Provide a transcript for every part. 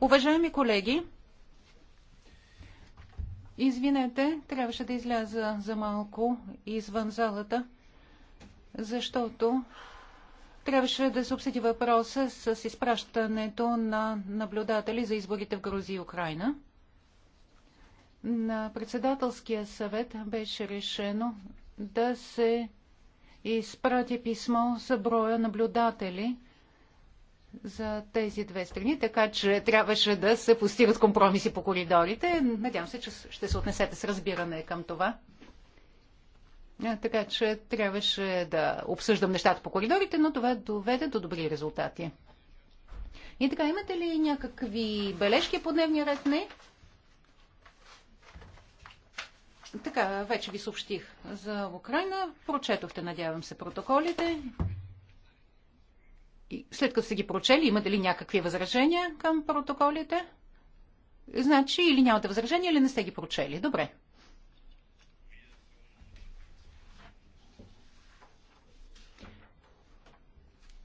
Уважаеми колеги, извинете, трябваше да изляза за малко извън залата, защото трябваше да се обсъди въпроса с изпращането на наблюдатели за изборите в Грузия и Украина. На председателския съвет беше решено да се изпрати писмо за броя наблюдатели за тези две страни, така че трябваше да се постигат компромиси по коридорите. Надявам се, че ще се отнесете с разбиране към това. Така че трябваше да обсъждам нещата по коридорите, но това доведе до добри резултати. И така, имате ли някакви бележки по дневния ред? Не. Така, вече ви съобщих за Украина. Прочетохте, надявам се, протоколите. И след като сте ги прочели, имате ли някакви възражения към протоколите? Значи или нямате възражения, или не сте ги прочели. Добре.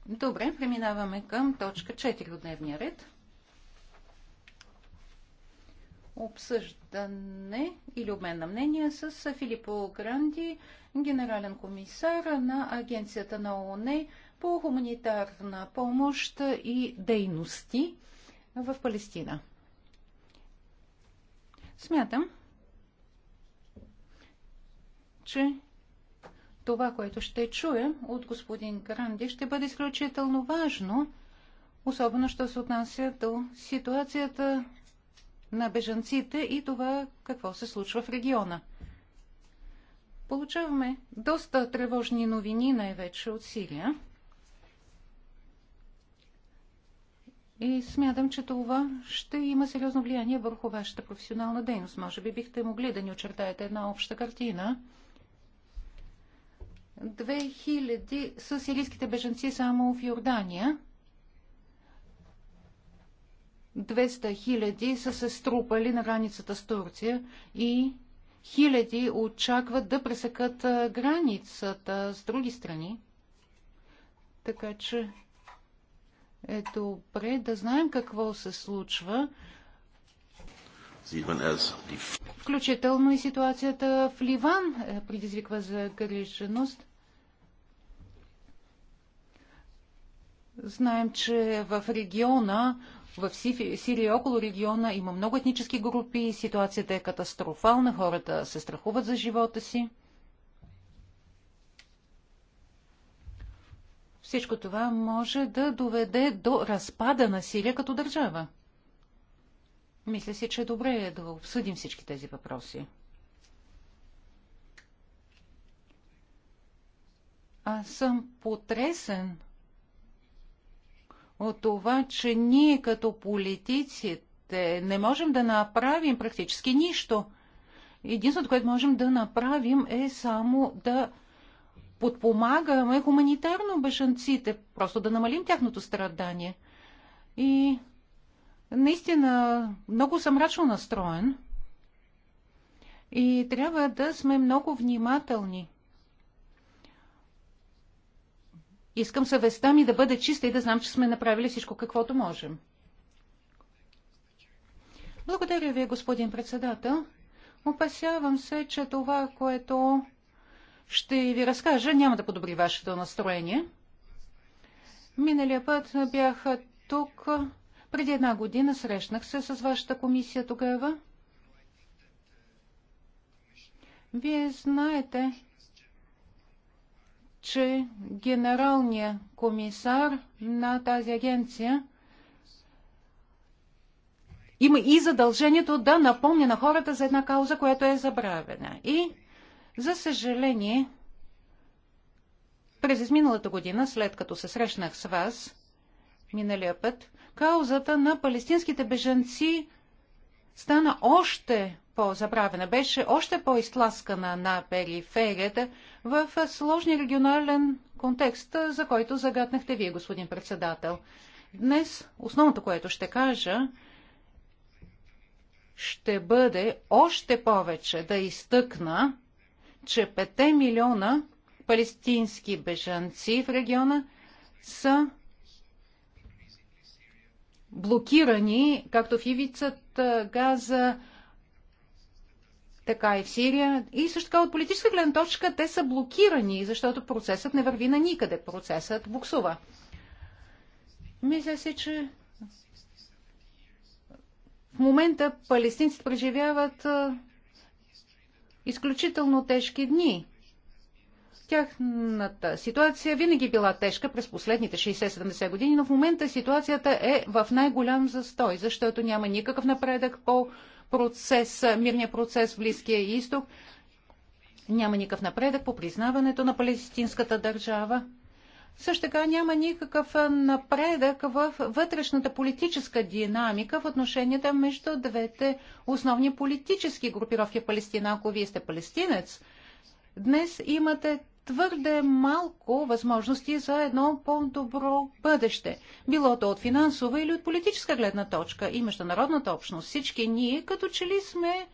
Добре, преминаваме към точка 4 от дневния ред обсъждане или обмен на мнения с Филипо Гранди, генерален комисар на Агенцията на ООН по хуманитарна помощ и дейности в Палестина. Смятам, че това, което ще чуем от господин Гранди, ще бъде изключително важно, особено що се отнася до ситуацията на бежанците и това какво се случва в региона. Получаваме доста тревожни новини, най-вече от Сирия. И смятам, че това ще има сериозно влияние върху вашата професионална дейност. Може би бихте могли да ни очертаете една обща картина. 2000 са сирийските беженци само в Йордания – 200 хиляди са се струпали на границата с Турция и хиляди очакват да пресекат границата с други страни. Така че е добре да знаем какво се случва. Включително и ситуацията в Ливан е, предизвиква за грешеност. Знаем, че в региона в Сирия и около региона има много етнически групи и ситуацията е катастрофална. Хората се страхуват за живота си. Всичко това може да доведе до разпада на Сирия като държава. Мисля си, че е добре да обсъдим всички тези въпроси. Аз съм потресен от това, че ние като политиците не можем да направим практически нищо. Единственото, което можем да направим е само да подпомагаме хуманитарно бежанците, просто да намалим тяхното страдание. И наистина много съм мрачно настроен. И трябва да сме много внимателни. Искам съвестта ми да бъде чиста и да знам, че сме направили всичко каквото можем. Благодаря ви, господин председател. Опасявам се, че това, което ще ви разкажа, няма да подобри вашето настроение. Миналия път бях тук. Преди една година срещнах се с вашата комисия тогава. Вие знаете, че генералният комисар на тази агенция има и задължението да напомня на хората за една кауза, която е забравена. И, за съжаление, през изминалата година, след като се срещнах с вас, миналия път, каузата на палестинските бежанци стана още по-забравена, беше още по-изтласкана на периферията в сложния регионален контекст, за който загаднахте вие, господин председател. Днес основното, което ще кажа, ще бъде още повече да изтъкна, че 5 милиона палестински бежанци в региона са блокирани, както в ивицата Газа, така и в Сирия. И също така от политическа гледна точка те са блокирани, защото процесът не върви на никъде. Процесът буксува. Мисля се, че в момента палестинците преживяват изключително тежки дни. Тяхната ситуация винаги била тежка през последните 60-70 години, но в момента ситуацията е в най-голям застой, защото няма никакъв напредък по процес, мирния процес в Близкия изток. Няма никакъв напредък по признаването на палестинската държава. Също така няма никакъв напредък в вътрешната политическа динамика в отношенията между двете основни политически групировки в Палестина. Ако вие сте палестинец, днес имате твърде малко възможности за едно по-добро бъдеще. Било то от финансова или от политическа гледна точка и международната общност. Всички ние като че ли сме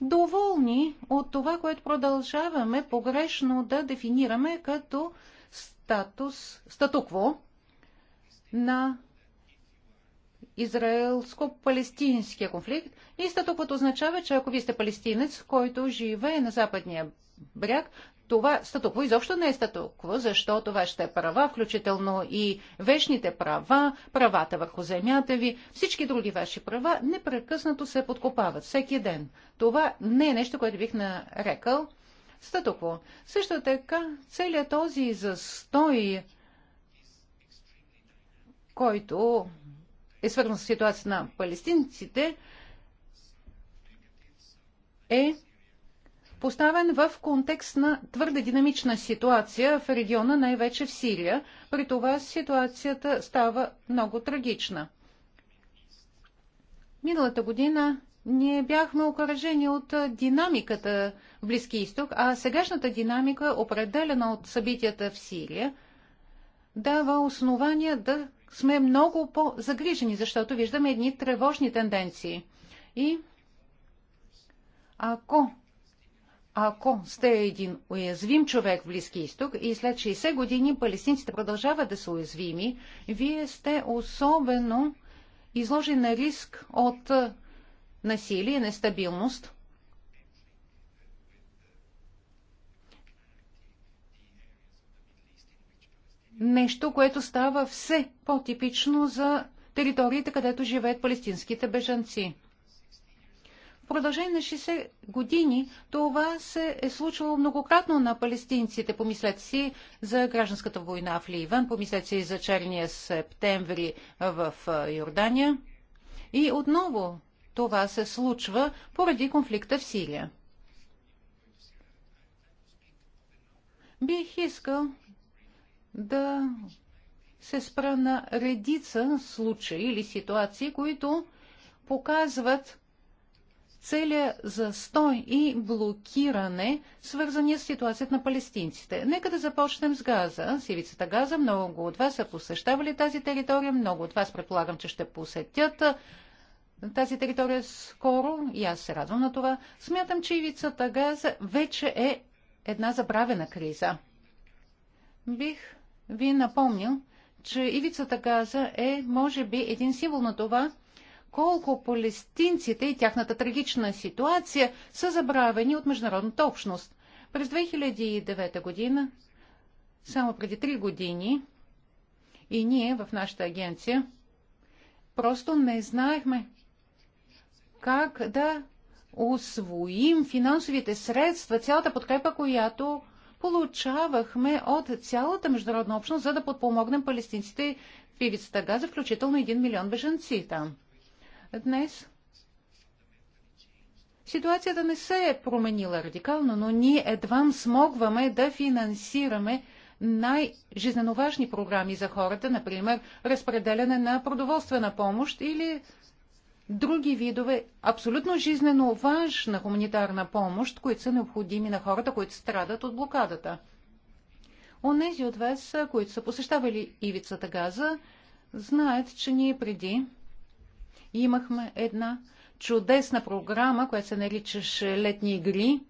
доволни от това, което продължаваме погрешно да дефинираме като статус, статукво на израелско-палестинския конфликт. И статуквото означава, че ако ви сте палестинец, който живее на западния бряг, това статукво изобщо не е статукво, защото вашите права, включително и вечните права, правата върху земята ви, всички други ваши права непрекъснато се подкопават всеки ден. Това не е нещо, което бих нарекал статукво. Също така, целият този застой, който е свързан с ситуация на палестинците, е поставен в контекст на твърде динамична ситуация в региона, най-вече в Сирия. При това ситуацията става много трагична. Миналата година ние бяхме окоръжени от динамиката в Близки изток, а сегашната динамика, определена от събитията в Сирия, дава основания да сме много по-загрижени, защото виждаме едни тревожни тенденции. И ако ако сте един уязвим човек в Близки изток и след 60 години палестинците продължават да са уязвими, вие сте особено изложен на риск от насилие, нестабилност. Нещо, което става все по-типично за териториите, където живеят палестинските бежанци продължение на 60 години това се е случвало многократно на палестинците. Помислете си за гражданската война в Ливан, помислете си за черния септември в Йордания. И отново това се случва поради конфликта в Сирия. Бих искал да се спра на редица случаи или ситуации, които показват целия застой и блокиране, свързани с ситуацията на палестинците. Нека да започнем с Газа, с ивицата Газа. Много от вас са посещавали тази територия, много от вас предполагам, че ще посетят тази територия скоро и аз се радвам на това. Смятам, че ивицата Газа вече е една забравена криза. Бих ви напомнил, че ивицата Газа е, може би, един символ на това, колко палестинците и тяхната трагична ситуация са забравени от международната общност. През 2009 година, само преди 3 години, и ние в нашата агенция просто не знаехме как да освоим финансовите средства, цялата подкрепа, която получавахме от цялата международна общност, за да подпомогнем палестинците в пивицата Газа, включително 1 милион беженци там. Днес ситуацията не се е променила радикално, но ние едва смогваме да финансираме най-жизненоважни програми за хората, например разпределяне на продоволствена помощ или други видове абсолютно жизнено важна хуманитарна помощ, които са необходими на хората, които страдат от блокадата. Онези от вас, които са посещавали ивицата Газа, знаят, че ние преди имахме една чудесна програма, която се наричаше Летни игри.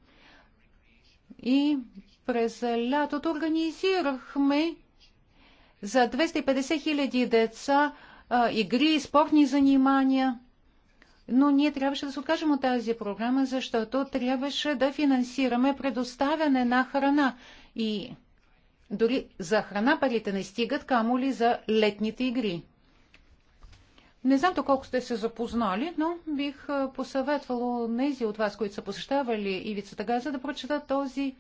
И през лятото организирахме за 250 хиляди деца а, игри, спортни занимания. Но ние трябваше да се откажем от тази програма, защото трябваше да финансираме предоставяне на храна. И дори за храна парите не стигат, камо ли за летните игри. Не знам доколко сте се запознали, но бих посъветвала нези от вас, които са посещавали Ивицата Газа, да прочитат този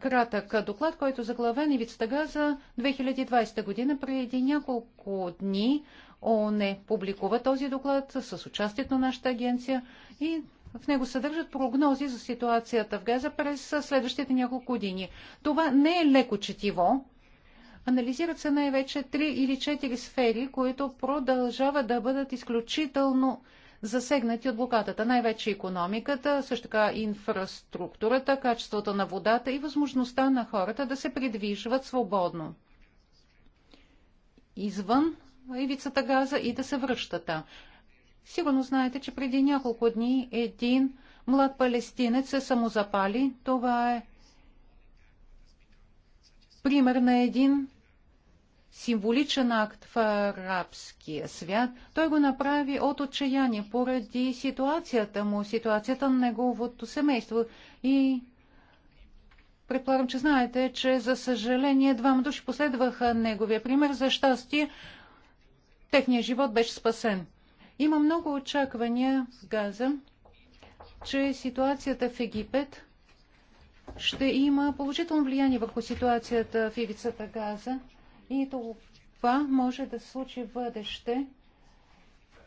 кратък доклад, който е заглавен Ивицата Газа 2020 година. Преди няколко дни ООН е публикува този доклад с участието на нашата агенция и в него съдържат прогнози за ситуацията в Газа през следващите няколко години. Това не е леко четиво, Анализират се най-вече три или четири сфери, които продължават да бъдат изключително засегнати от блокадата. Най-вече економиката, също така инфраструктурата, качеството на водата и възможността на хората да се придвижват свободно извън ивицата газа и да се връщат Сигурно знаете, че преди няколко дни един млад палестинец се самозапали. Това е пример на един символичен акт в арабския свят, той го направи от отчаяние поради ситуацията му, ситуацията на неговото семейство. И предполагам, че знаете, че за съжаление двама души последваха неговия пример. За щастие, техният живот беше спасен. Има много очаквания в Газа, че ситуацията в Египет ще има положително влияние върху ситуацията в ивицата Газа и това може да се случи в бъдеще.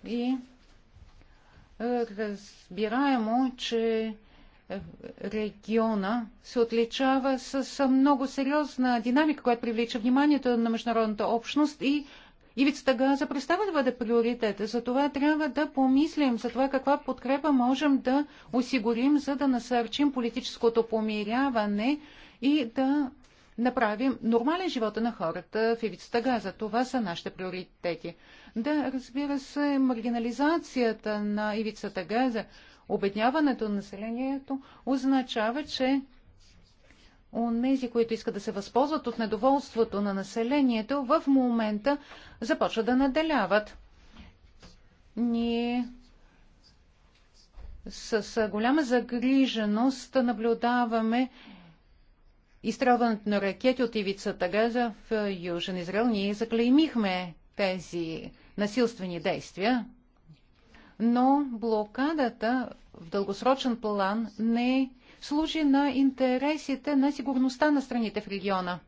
И е, разбираемо, че е, региона се отличава с много сериозна динамика, която привлича вниманието на международната общност и Ивицата газа престава да бъде приоритет. Затова трябва да помислим за това каква подкрепа можем да осигурим, за да насърчим политическото помиряване и да направим нормален живота на хората в ивицата газа. Това са нашите приоритети. Да, разбира се, маргинализацията на ивицата газа, обедняването на населението означава, че Онези, които искат да се възползват от недоволството на населението, в момента започват да наделяват. Ние с голяма загриженост наблюдаваме изстрелването на ракети от ивицата Газа в Южен Израел, ние заклеймихме тези насилствени действия, но блокадата в дългосрочен план не служи на интересите на сигурността на страните в региона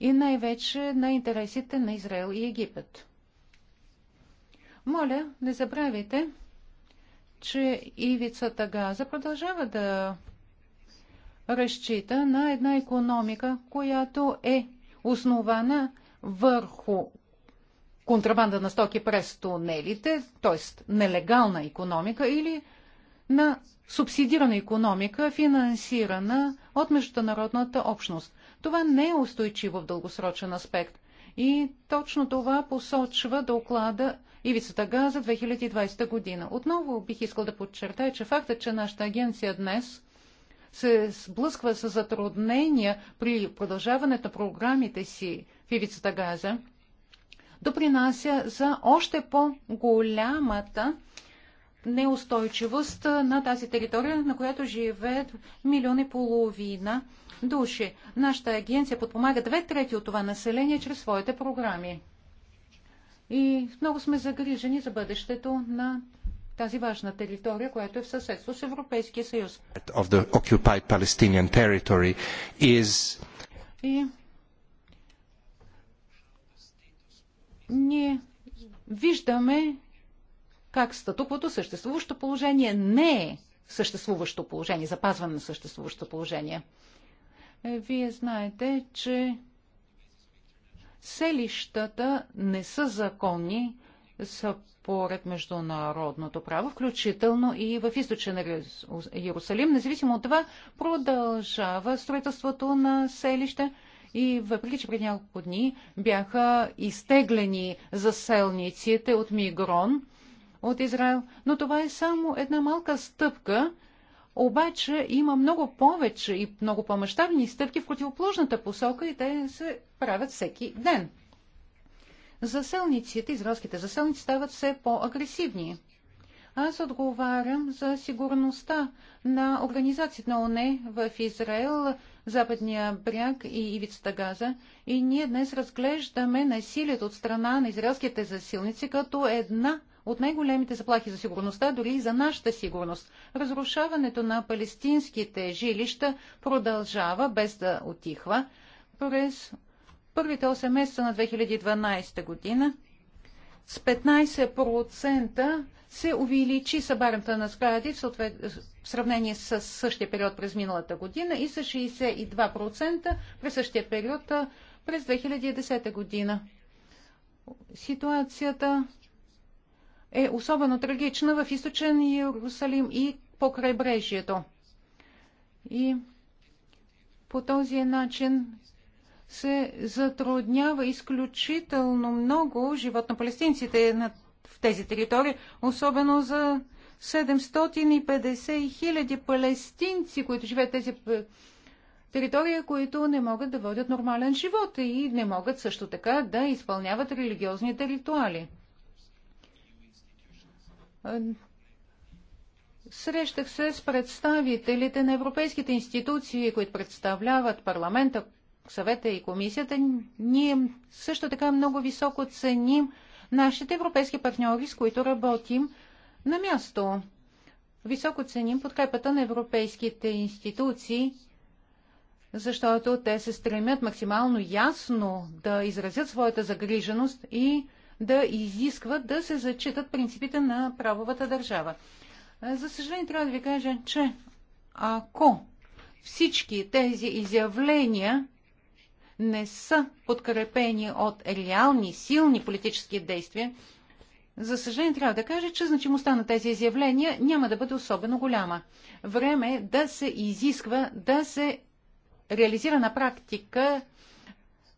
и най-вече на интересите на Израел и Египет. Моля, не забравяйте, че ивицата Газа продължава да разчита на една економика, която е основана върху контрабанда на стоки през тунелите, т.е. нелегална економика или на субсидирана економика, финансирана от международната общност. Това не е устойчиво в дългосрочен аспект. И точно това посочва доклада Ивицата Газа 2020 година. Отново бих искал да подчертая, че фактът, че нашата агенция днес се сблъсква с затруднения при продължаването на програмите си в ивицата Газа, допринася за още по-голямата неустойчивост на тази територия, на която живеят милиони и половина души. Нашата агенция подпомага две трети от това население чрез своите програми. И много сме загрижени за бъдещето на тази важна територия, която е в съседство с Европейския съюз. Is... И ние виждаме как статуквото съществуващо положение не е съществуващо положение, запазване на съществуващо положение. Е, вие знаете, че селищата не са законни, са според международното право, включително и в източен Иерусалим. Независимо от това, продължава строителството на селище и въпреки, че преди няколко дни бяха изтеглени заселниците от Мигрон, от Израел. Но това е само една малка стъпка, обаче има много повече и много по-масштабни стъпки в противоположната посока и те се правят всеки ден. Заселниците, израелските заселници стават все по-агресивни. Аз отговарям за сигурността на организацията на ОНЕ в Израел, Западния бряг и Ивицата Газа. И ние днес разглеждаме насилието от страна на израелските засилници като една от най-големите заплахи за сигурността, дори и за нашата сигурност. Разрушаването на палестинските жилища продължава без да отихва. През първите 8 месеца на 2012 година с 15% се увеличи събарната на сгради в, съответ... в сравнение с същия период през миналата година и с 62% през същия период през 2010 година. Ситуацията е особено трагична в източен Иерусалим и по крайбрежието. И по този начин се затруднява изключително много живот на палестинците в тези територии, особено за 750 хиляди палестинци, които живеят в тези е, територии, които не могат да водят нормален живот и не могат също така да изпълняват религиозните ритуали. Е, срещах се с представителите на европейските институции, които представляват парламента, съвета и комисията, ние също така много високо ценим нашите европейски партньори, с които работим на място. Високо ценим подкрепата на европейските институции, защото те се стремят максимално ясно да изразят своята загриженост и да изискват да се зачитат принципите на правовата държава. За съжаление, трябва да ви кажа, че ако всички тези изявления не са подкрепени от реални, силни политически действия, за съжаление трябва да кажа, че значимостта на тези изявления няма да бъде особено голяма. Време е да се изисква да се реализира на практика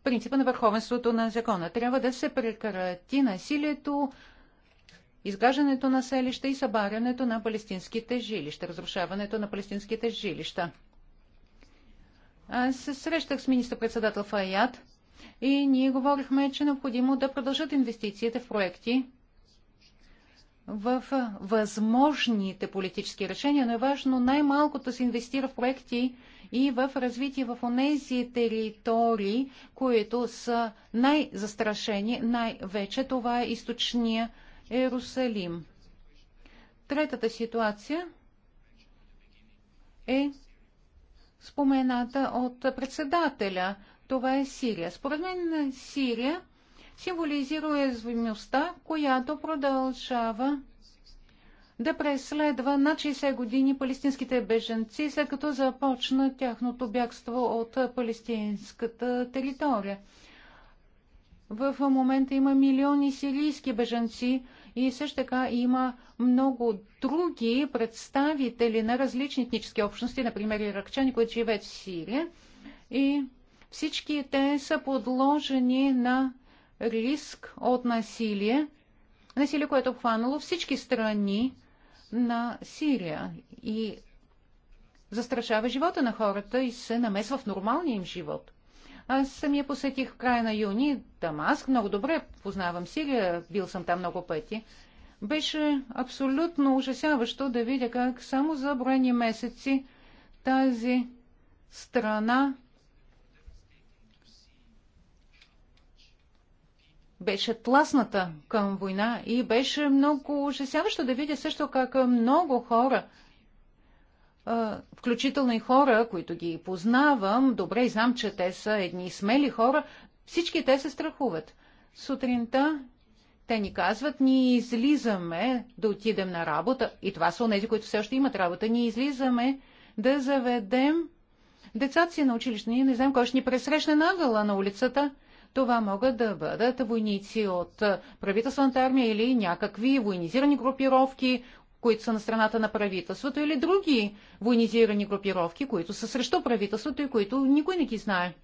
принципа на върховенството на закона. Трябва да се прекрати насилието, изграждането на селища и събарянето на палестинските жилища, разрушаването на палестинските жилища. Аз се срещах с министър-председател Фаят и ние говорихме, че е необходимо да продължат инвестициите в проекти в възможните политически решения, но е важно най малко да се инвестира в проекти и в развитие в онези територии, които са най-застрашени, най-вече това е източния Ерусалим. Третата ситуация е спомената от председателя. Това е Сирия. Според мен Сирия символизира уязвимостта, която продължава да преследва над 60 години палестинските беженци, след като започна тяхното бягство от палестинската територия. В момента има милиони сирийски беженци, и също така има много други представители на различни етнически общности, например иракчани, които живеят в Сирия. И всички те са подложени на риск от насилие, насилие, което е обхванало всички страни на Сирия и застрашава живота на хората и се намесва в нормалния им живот. Аз самия посетих в края на юни Дамаск. Много добре познавам Сирия, бил съм там много пъти. Беше абсолютно ужасяващо да видя как само за броени месеци тази страна беше тласната към война и беше много ужасяващо да видя също как много хора – включително и хора, които ги познавам, добре и знам, че те са едни смели хора, всички те се страхуват. Сутринта те ни казват, ние излизаме да отидем на работа, и това са онези, които все още имат работа, ние излизаме да заведем децата си на училище. Ние не знаем кой ще ни пресрещне нагъла на улицата. Това могат да бъдат войници от правителствената армия или някакви военизирани групировки които са на страната на правителството, или други военизирани групировки, които са срещу правителството и които никой не ги знае.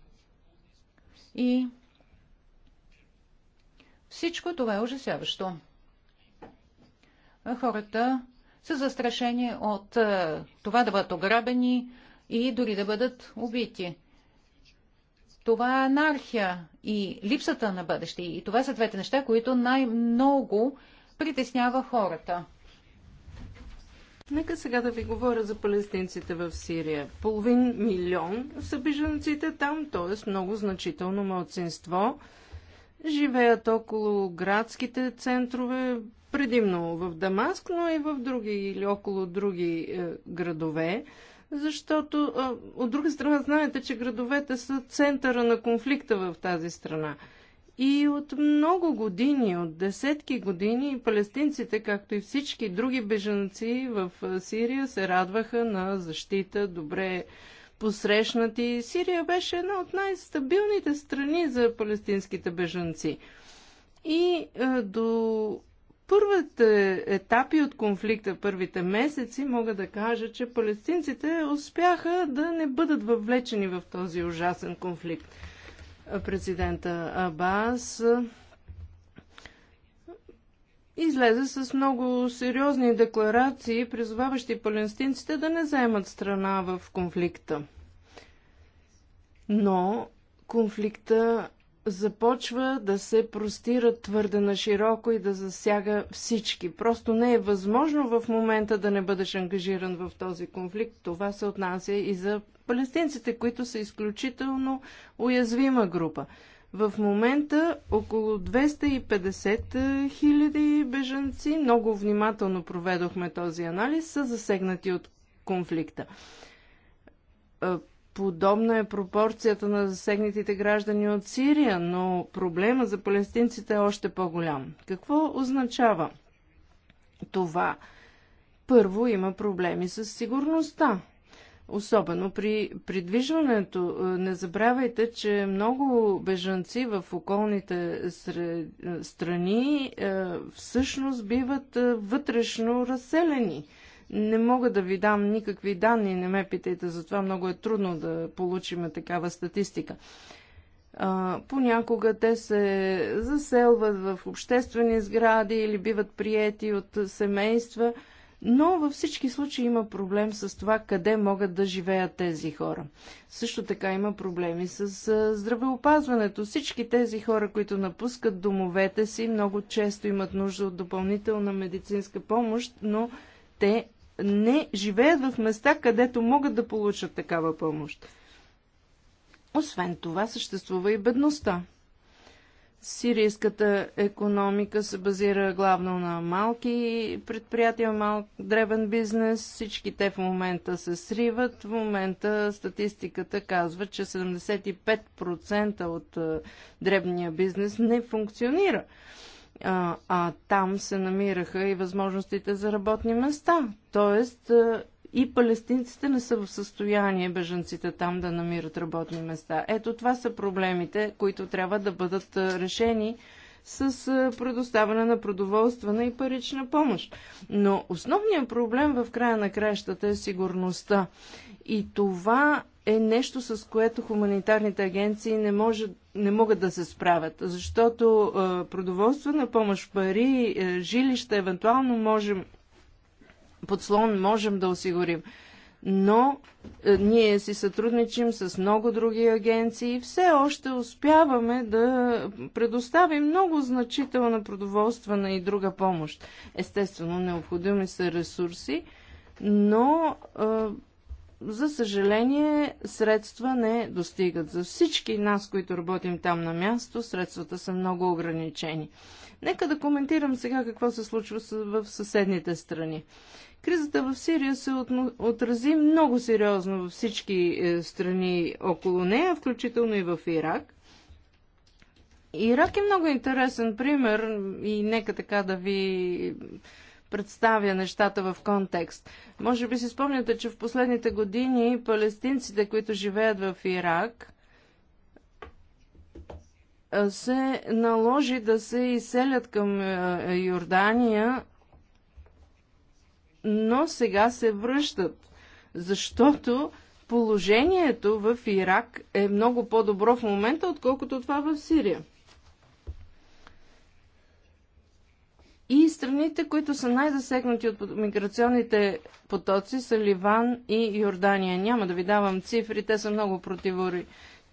И всичко това е ужасяващо. Хората са застрашени от е, това да бъдат ограбени и дори да бъдат убити. Това е анархия и липсата на бъдеще. И това са двете неща, които най-много притеснява хората. Нека сега да ви говоря за палестинците в Сирия. Половин милион са бежанците там, т.е. много значително младсинство. Живеят около градските центрове, предимно в Дамаск, но и в други или около други е, градове, защото е, от друга страна знаете, че градовете са центъра на конфликта в тази страна. И от много години, от десетки години, палестинците, както и всички други бежанци в Сирия, се радваха на защита, добре посрещнати. Сирия беше една от най-стабилните страни за палестинските бежанци. И е, до първите етапи от конфликта, първите месеци, мога да кажа, че палестинците успяха да не бъдат въвлечени в този ужасен конфликт президента Абас излезе с много сериозни декларации, призоваващи палестинците да не вземат страна в конфликта. Но конфликта започва да се простира твърде на широко и да засяга всички. Просто не е възможно в момента да не бъдеш ангажиран в този конфликт. Това се отнася и за палестинците, които са изключително уязвима група. В момента около 250 хиляди бежанци, много внимателно проведохме този анализ, са засегнати от конфликта. Е, подобна е пропорцията на засегнатите граждани от Сирия, но проблема за палестинците е още по-голям. Какво означава това? Първо има проблеми с сигурността особено при придвижването. Е, не забравяйте, че много бежанци в околните е, страни е, всъщност биват вътрешно разселени. Не мога да ви дам никакви данни, не ме питайте, затова много е трудно да получим такава статистика. понякога те се заселват в обществени сгради или биват приети от семейства – но във всички случаи има проблем с това къде могат да живеят тези хора. Също така има проблеми с здравеопазването. Всички тези хора, които напускат домовете си, много често имат нужда от допълнителна медицинска помощ, но те не живеят в места, където могат да получат такава помощ. Освен това съществува и бедността. Сирийската економика се базира главно на малки предприятия, малък дребен бизнес. Всички те в момента се сриват. В момента статистиката казва, че 75% от дребния бизнес не функционира. А, а там се намираха и възможностите за работни места. Тоест, и палестинците не са в състояние бежанците там да намират работни места. Ето това са проблемите, които трябва да бъдат решени с предоставяне на продоволствена и парична помощ. Но основният проблем в края на краищата е сигурността. И това е нещо, с което хуманитарните агенции не, може, не могат да се справят, защото е, продоволствена помощ, пари, е, жилища, евентуално можем подслон можем да осигурим. Но е, ние си сътрудничим с много други агенции. и Все още успяваме да предоставим много значителна продоволствена и друга помощ. Естествено, необходими са ресурси, но е, за съжаление, средства не достигат. За всички нас, които работим там на място, средствата са много ограничени. Нека да коментирам сега какво се случва в съседните страни. Кризата в Сирия се отрази много сериозно във всички е, страни около нея, включително и в Ирак. Ирак е много интересен пример и нека така да ви представя нещата в контекст. Може би си спомняте, че в последните години палестинците, които живеят в Ирак, е, се наложи да се изселят към е, Йордания но сега се връщат, защото положението в Ирак е много по-добро в момента, отколкото това в Сирия. И страните, които са най-засегнати от миграционните потоци са Ливан и Йордания. Няма да ви давам цифри, те са много противори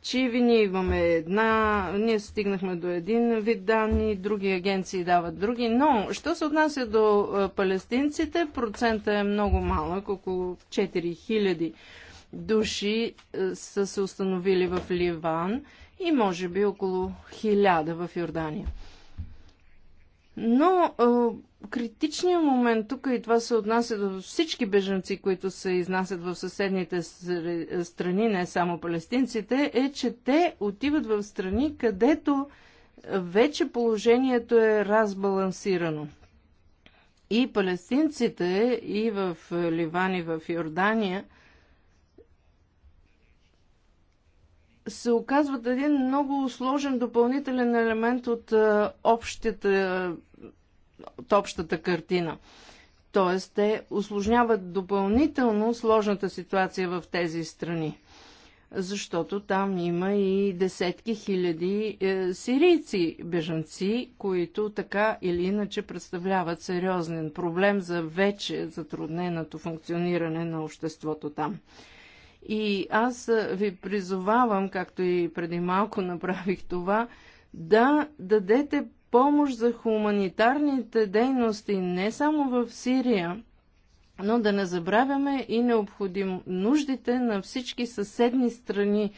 устойчиви. Ние имаме една, ние стигнахме до един вид данни, други агенции дават други, но що се отнася до палестинците, процента е много малък, около 4000 души са се установили в Ливан и може би около 1000 в Йордания. Но критичният момент тук, и това се отнася до всички бежанци, които се изнасят в съседните страни, не само палестинците, е, че те отиват в страни, където вече положението е разбалансирано. И палестинците, и в Ливан, и в Йордания се оказват един много сложен допълнителен елемент от общите от общата картина. Тоест, те осложняват допълнително сложната ситуация в тези страни. Защото там има и десетки хиляди е, сирийци бежанци, които така или иначе представляват сериозен проблем за вече затрудненото функциониране на обществото там. И аз ви призовавам, както и преди малко направих това, да дадете помощ за хуманитарните дейности не само в Сирия, но да не забравяме и необходим нуждите на всички съседни страни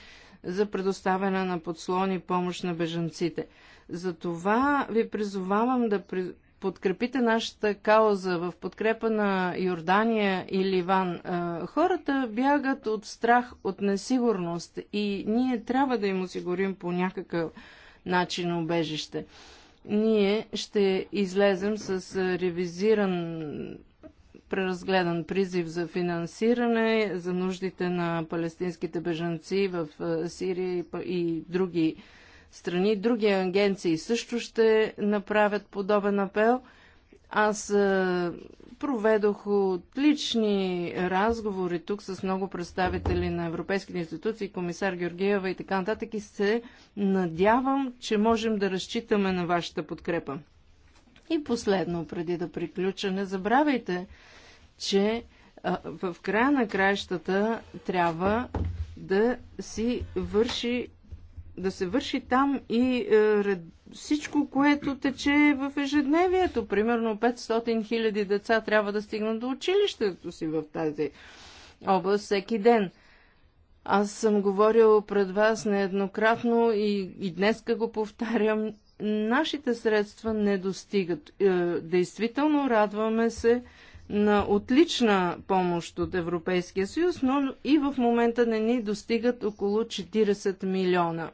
за предоставяне на подслони помощ на бежанците. Затова ви призовавам да при... подкрепите нашата кауза в подкрепа на Йордания и Ливан. Хората бягат от страх, от несигурност и ние трябва да им осигурим по някакъв начин убежище ние ще излезем с ревизиран преразгледан призив за финансиране за нуждите на палестинските бежанци в Сирия и други страни. Други агенции също ще направят подобен апел. Аз Проведох отлични разговори тук с много представители на европейските институции, комисар Георгиева и така нататък и се надявам, че можем да разчитаме на вашата подкрепа. И последно, преди да приключа, не забравяйте, че а, в края на краищата трябва да си върши да се върши там и е, всичко, което тече в ежедневието. Примерно 500 хиляди деца трябва да стигнат до училището си в тази област всеки ден. Аз съм говорил пред вас нееднократно и, и днес го повтарям. Нашите средства не достигат. Е, действително радваме се, на отлична помощ от Европейския съюз, но и в момента не ни достигат около 40 милиона.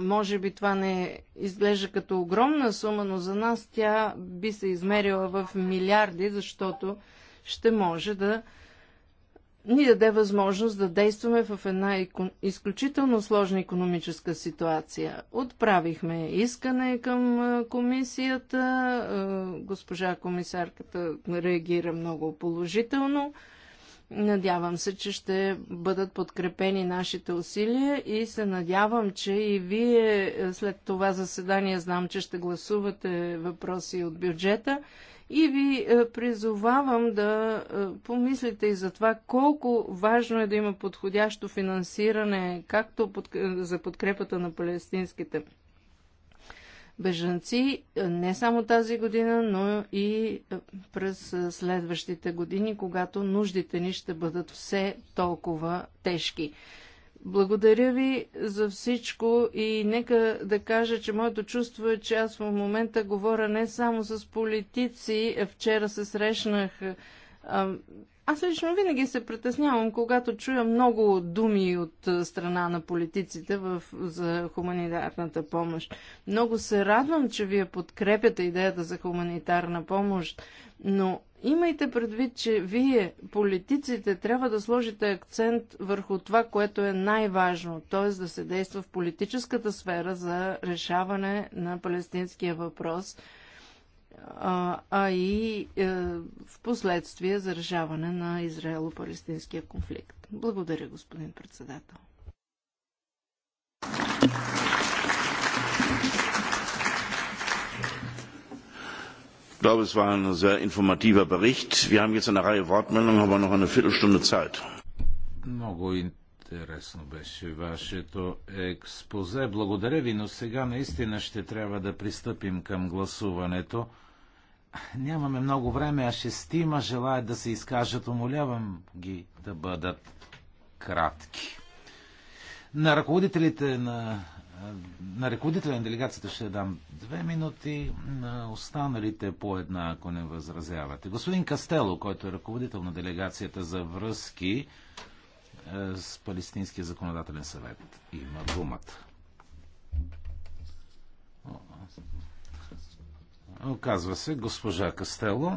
може би това не изглежда като огромна сума, но за нас тя би се измерила в милиарди, защото ще може да ни даде възможност да действаме в една изключително сложна економическа ситуация. Отправихме искане към комисията. Госпожа комисарката реагира много положително. Надявам се, че ще бъдат подкрепени нашите усилия и се надявам, че и вие след това заседание знам, че ще гласувате въпроси от бюджета и ви е, призовавам да е, помислите и за това колко важно е да има подходящо финансиране, както е, за подкрепата на палестинските бежанци, не само тази година, но и през следващите години, когато нуждите ни ще бъдат все толкова тежки. Благодаря ви за всичко и нека да кажа, че моето чувство е, че аз в момента говоря не само с политици. Вчера се срещнах аз лично винаги се притеснявам, когато чуя много думи от страна на политиците в, за хуманитарната помощ. Много се радвам, че вие подкрепяте идеята за хуманитарна помощ, но имайте предвид, че вие, политиците, трябва да сложите акцент върху това, което е най-важно, т.е. да се действа в политическата сфера за решаване на палестинския въпрос – а, а и е, в последствие заражаване на Израело-палестинския конфликт. Благодаря, господин председател. Ich glaube, es war ein sehr informativer Bericht. Wir haben jetzt eine Reihe Wortmeldungen, aber noch eine Viertelstunde Zeit. Много интересно беше вашето експозе. Благодаря ви, но сега наистина ще трябва да пристъпим към гласуването. Нямаме много време, а шестима желаят да се изкажат. Умолявам ги да бъдат кратки. На ръководителите на на ръководителя на делегацията ще дам две минути, на останалите по една, ако не възразявате. Господин Кастело, който е ръководител на делегацията за връзки е, с Палестинския законодателен съвет, има думата. Оказва се госпожа Кастело.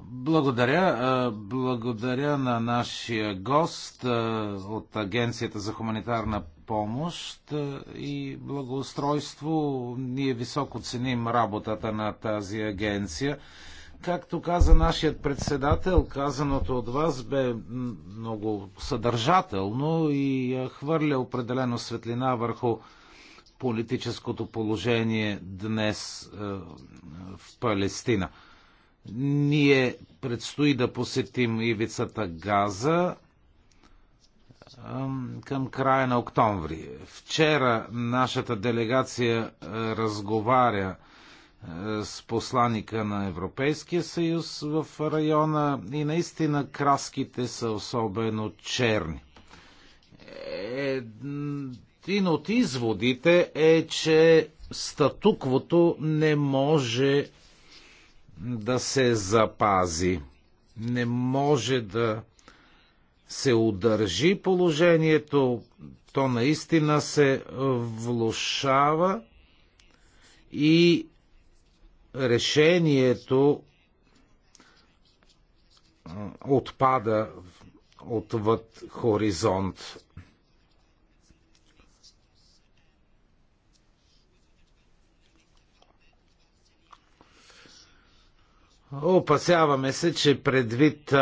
Благодаря. Благодаря на нашия гост от Агенцията за хуманитарна помощ и благоустройство. Ние високо ценим работата на тази агенция. Както каза нашият председател, казаното от вас бе много съдържателно и е хвърля определено светлина върху политическото положение днес е, в Палестина. Ние предстои да посетим ивицата Газа е, към края на октомври. Вчера нашата делегация е, разговаря с посланика на Европейския съюз в района и наистина краските са особено черни. Един от изводите е, че статуквото не може да се запази. Не може да се удържи положението, то наистина се влушава и решението отпада отвъд хоризонт. Опасяваме се, че предвид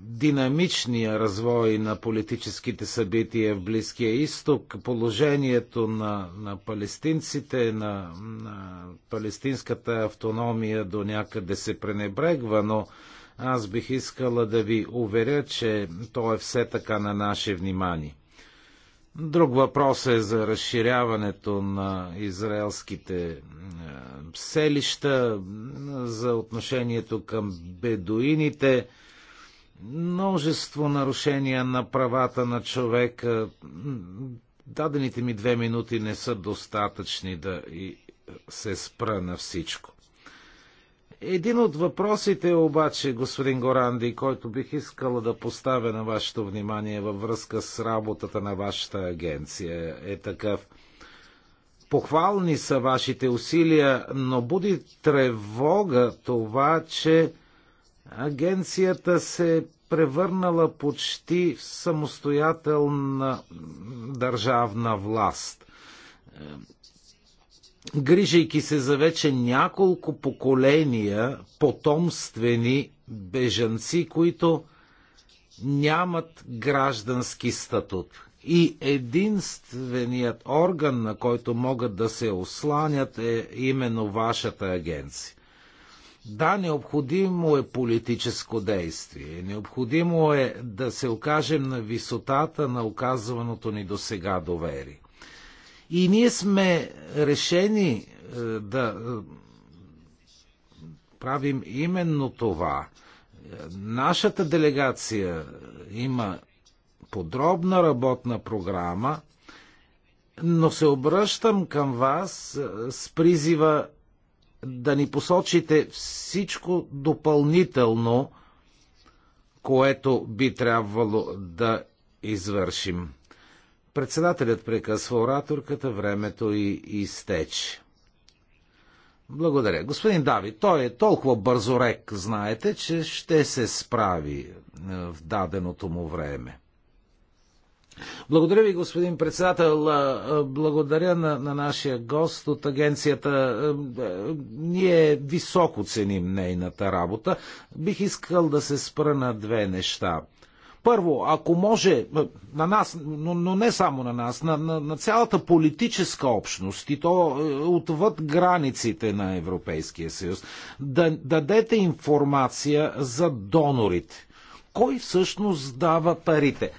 динамичния развой на политическите събития в Близкия изток, положението на, на палестинците, на, на палестинската автономия до някъде се пренебрегва, но аз бих искала да ви уверя, че то е все така на наше внимание. Друг въпрос е за разширяването на израелските е, селища, за отношението към бедуините, множество нарушения на правата на човека. Дадените ми две минути не са достатъчни да и се спра на всичко. Един от въпросите обаче, господин Горанди, който бих искала да поставя на вашето внимание във връзка с работата на вашата агенция е такъв. Похвални са вашите усилия, но буди тревога това, че агенцията се е превърнала почти в самостоятелна държавна власт грижайки се за вече няколко поколения потомствени бежанци, които нямат граждански статут. И единственият орган, на който могат да се осланят, е именно вашата агенция. Да, необходимо е политическо действие. Необходимо е да се окажем на висотата на оказваното ни до сега доверие. И ние сме решени е, да е, правим именно това. Нашата делегация има подробна работна програма, но се обръщам към вас е, с призива да ни посочите всичко допълнително, което би трябвало да извършим. Председателят прекъсва ораторката, времето и изтече. Благодаря. Господин Дави, той е толкова бързорек, знаете, че ще се справи е, в даденото му време. Благодаря ви, господин председател. Е, е, благодаря на, на нашия гост от агенцията. Ние високо ценим нейната работа. Бих искал да се спра на две неща. Първо, ако може на нас, но, но не само на нас, на, на, на цялата политическа общност и то е, отвъд границите на Европейския съюз, да дадете информация за донорите. Кой всъщност дава парите?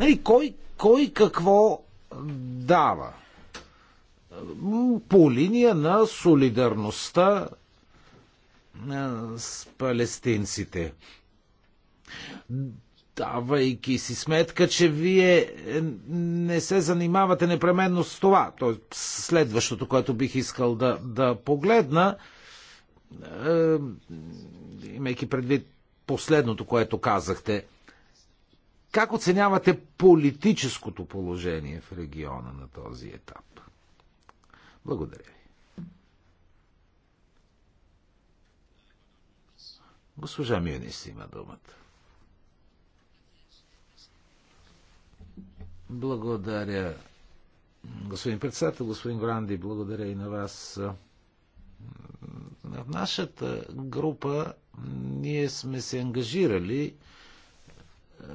Нали, кой, кой какво дава? По линия на солидарността с палестинците. Давайки си сметка, че вие е, не се занимавате непременно с това, т.е. следващото, което бих искал да, да погледна, е, имайки предвид последното, което казахте, как оценявате политическото положение в региона на този етап? Благодаря. Госпожа Мюнис има думата. Благодаря, господин председател, господин Гранди, благодаря и на вас. В нашата група ние сме се ангажирали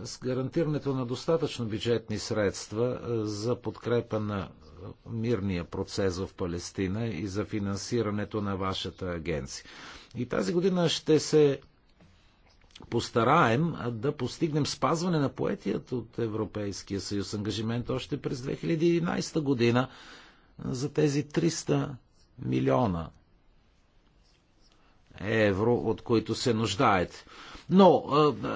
с гарантирането на достатъчно бюджетни средства за подкрепа на мирния процес в Палестина и за финансирането на вашата агенция. И тази година ще се постараем да постигнем спазване на поетият от Европейския съюз ангажимент още през 2011 година за тези 300 милиона евро, от които се нуждаете. Но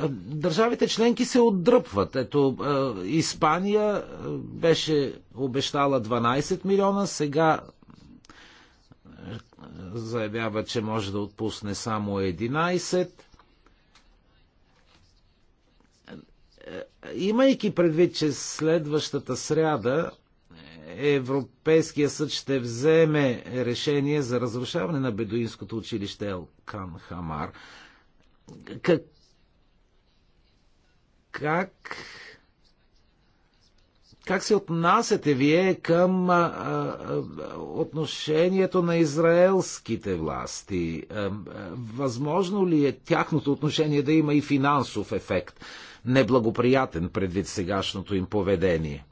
е, държавите членки се отдръпват. Ето, е, Испания беше обещала 12 милиона, сега заявява, че може да отпусне само 11. Имайки предвид, че следващата сряда Европейския съд ще вземе решение за разрушаване на бедуинското училище Ел Кан Хамар. Как, как как се отнасяте вие към а, а, отношението на израелските власти? А, а, възможно ли е тяхното отношение да има и финансов ефект, неблагоприятен предвид сегашното им поведение?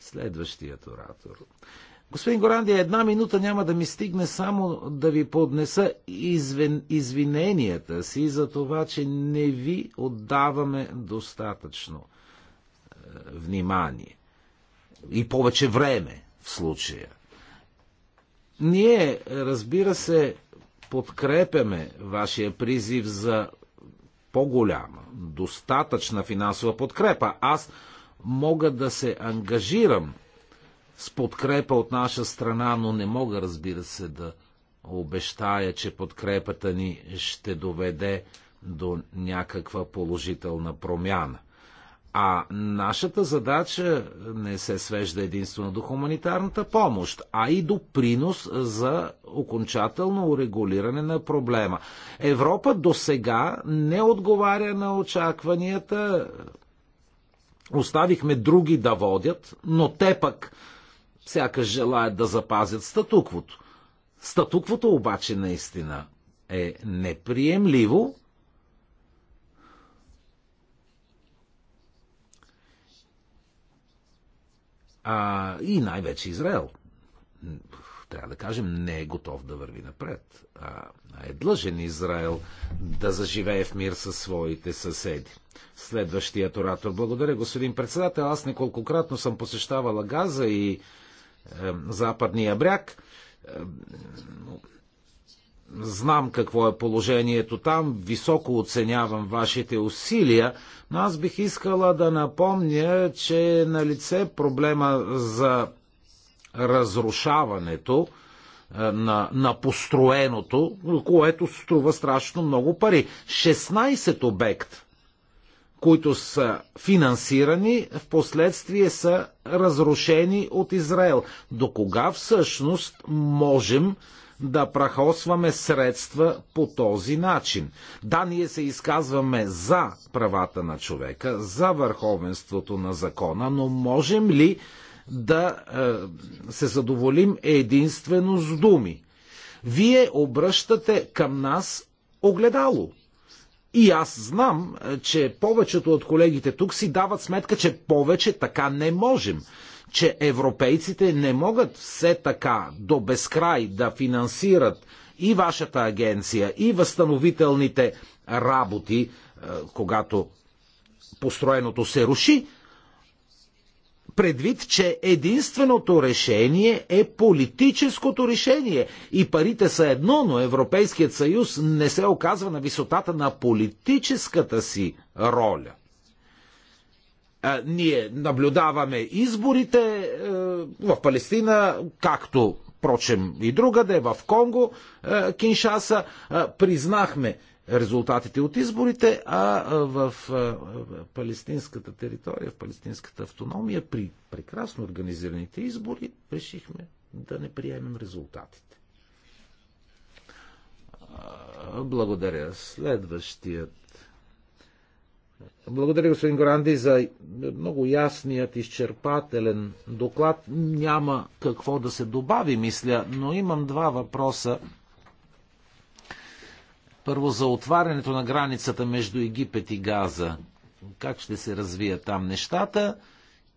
Следващият оратор. Господин Горандия, една минута няма да ми стигне само да ви поднеса извин, извиненията си за това, че не ви отдаваме достатъчно е, внимание и повече време в случая. Ние, разбира се, подкрепяме вашия призив за по-голяма, достатъчна финансова подкрепа. Аз мога да се ангажирам с подкрепа от наша страна, но не мога, разбира се, да обещая, че подкрепата ни ще доведе до някаква положителна промяна. А нашата задача не се свежда единствено до хуманитарната помощ, а и до принос за окончателно урегулиране на проблема. Европа до сега не отговаря на очакванията. Оставихме други да водят, но те пък сякаш желаят да запазят статуквото. Статуквото обаче наистина е неприемливо А, и най-вече Израел, трябва да кажем, не е готов да върви напред, а е длъжен Израел да заживее в мир със своите съседи. Следващият оратор. Благодаря, господин председател. Аз неколкократно съм посещавала Газа и е, Западния бряг. Е, Знам какво е положението там, високо оценявам вашите усилия, но аз бих искала да напомня, че е на лице проблема за разрушаването е, на, на построеното, което струва страшно много пари. 16 обект, които са финансирани, в последствие са разрушени от Израел. До кога всъщност можем да прахосваме средства по този начин. Да, ние се изказваме за правата на човека, за върховенството на закона, но можем ли да е, се задоволим единствено с думи? Вие обръщате към нас огледало. И аз знам, е, че повечето от колегите тук си дават сметка, че повече така не можем че европейците не могат все така до безкрай да финансират и вашата агенция, и възстановителните работи, е, когато построеното се руши, предвид, че единственото решение е политическото решение. И парите са едно, но Европейският съюз не се оказва на висотата на политическата си роля. Ние наблюдаваме изборите е, в Палестина, както впрочем и другаде, в Конго, е, Киншаса. Признахме резултатите от изборите, а в е, палестинската територия, в палестинската автономия, при прекрасно организираните избори, решихме да не приемем резултатите. Благодаря. Следващият благодаря, господин Горанди, за много ясният, изчерпателен доклад. Няма какво да се добави, мисля, но имам два въпроса. Първо за отварянето на границата между Египет и Газа. Как ще се развият там нещата?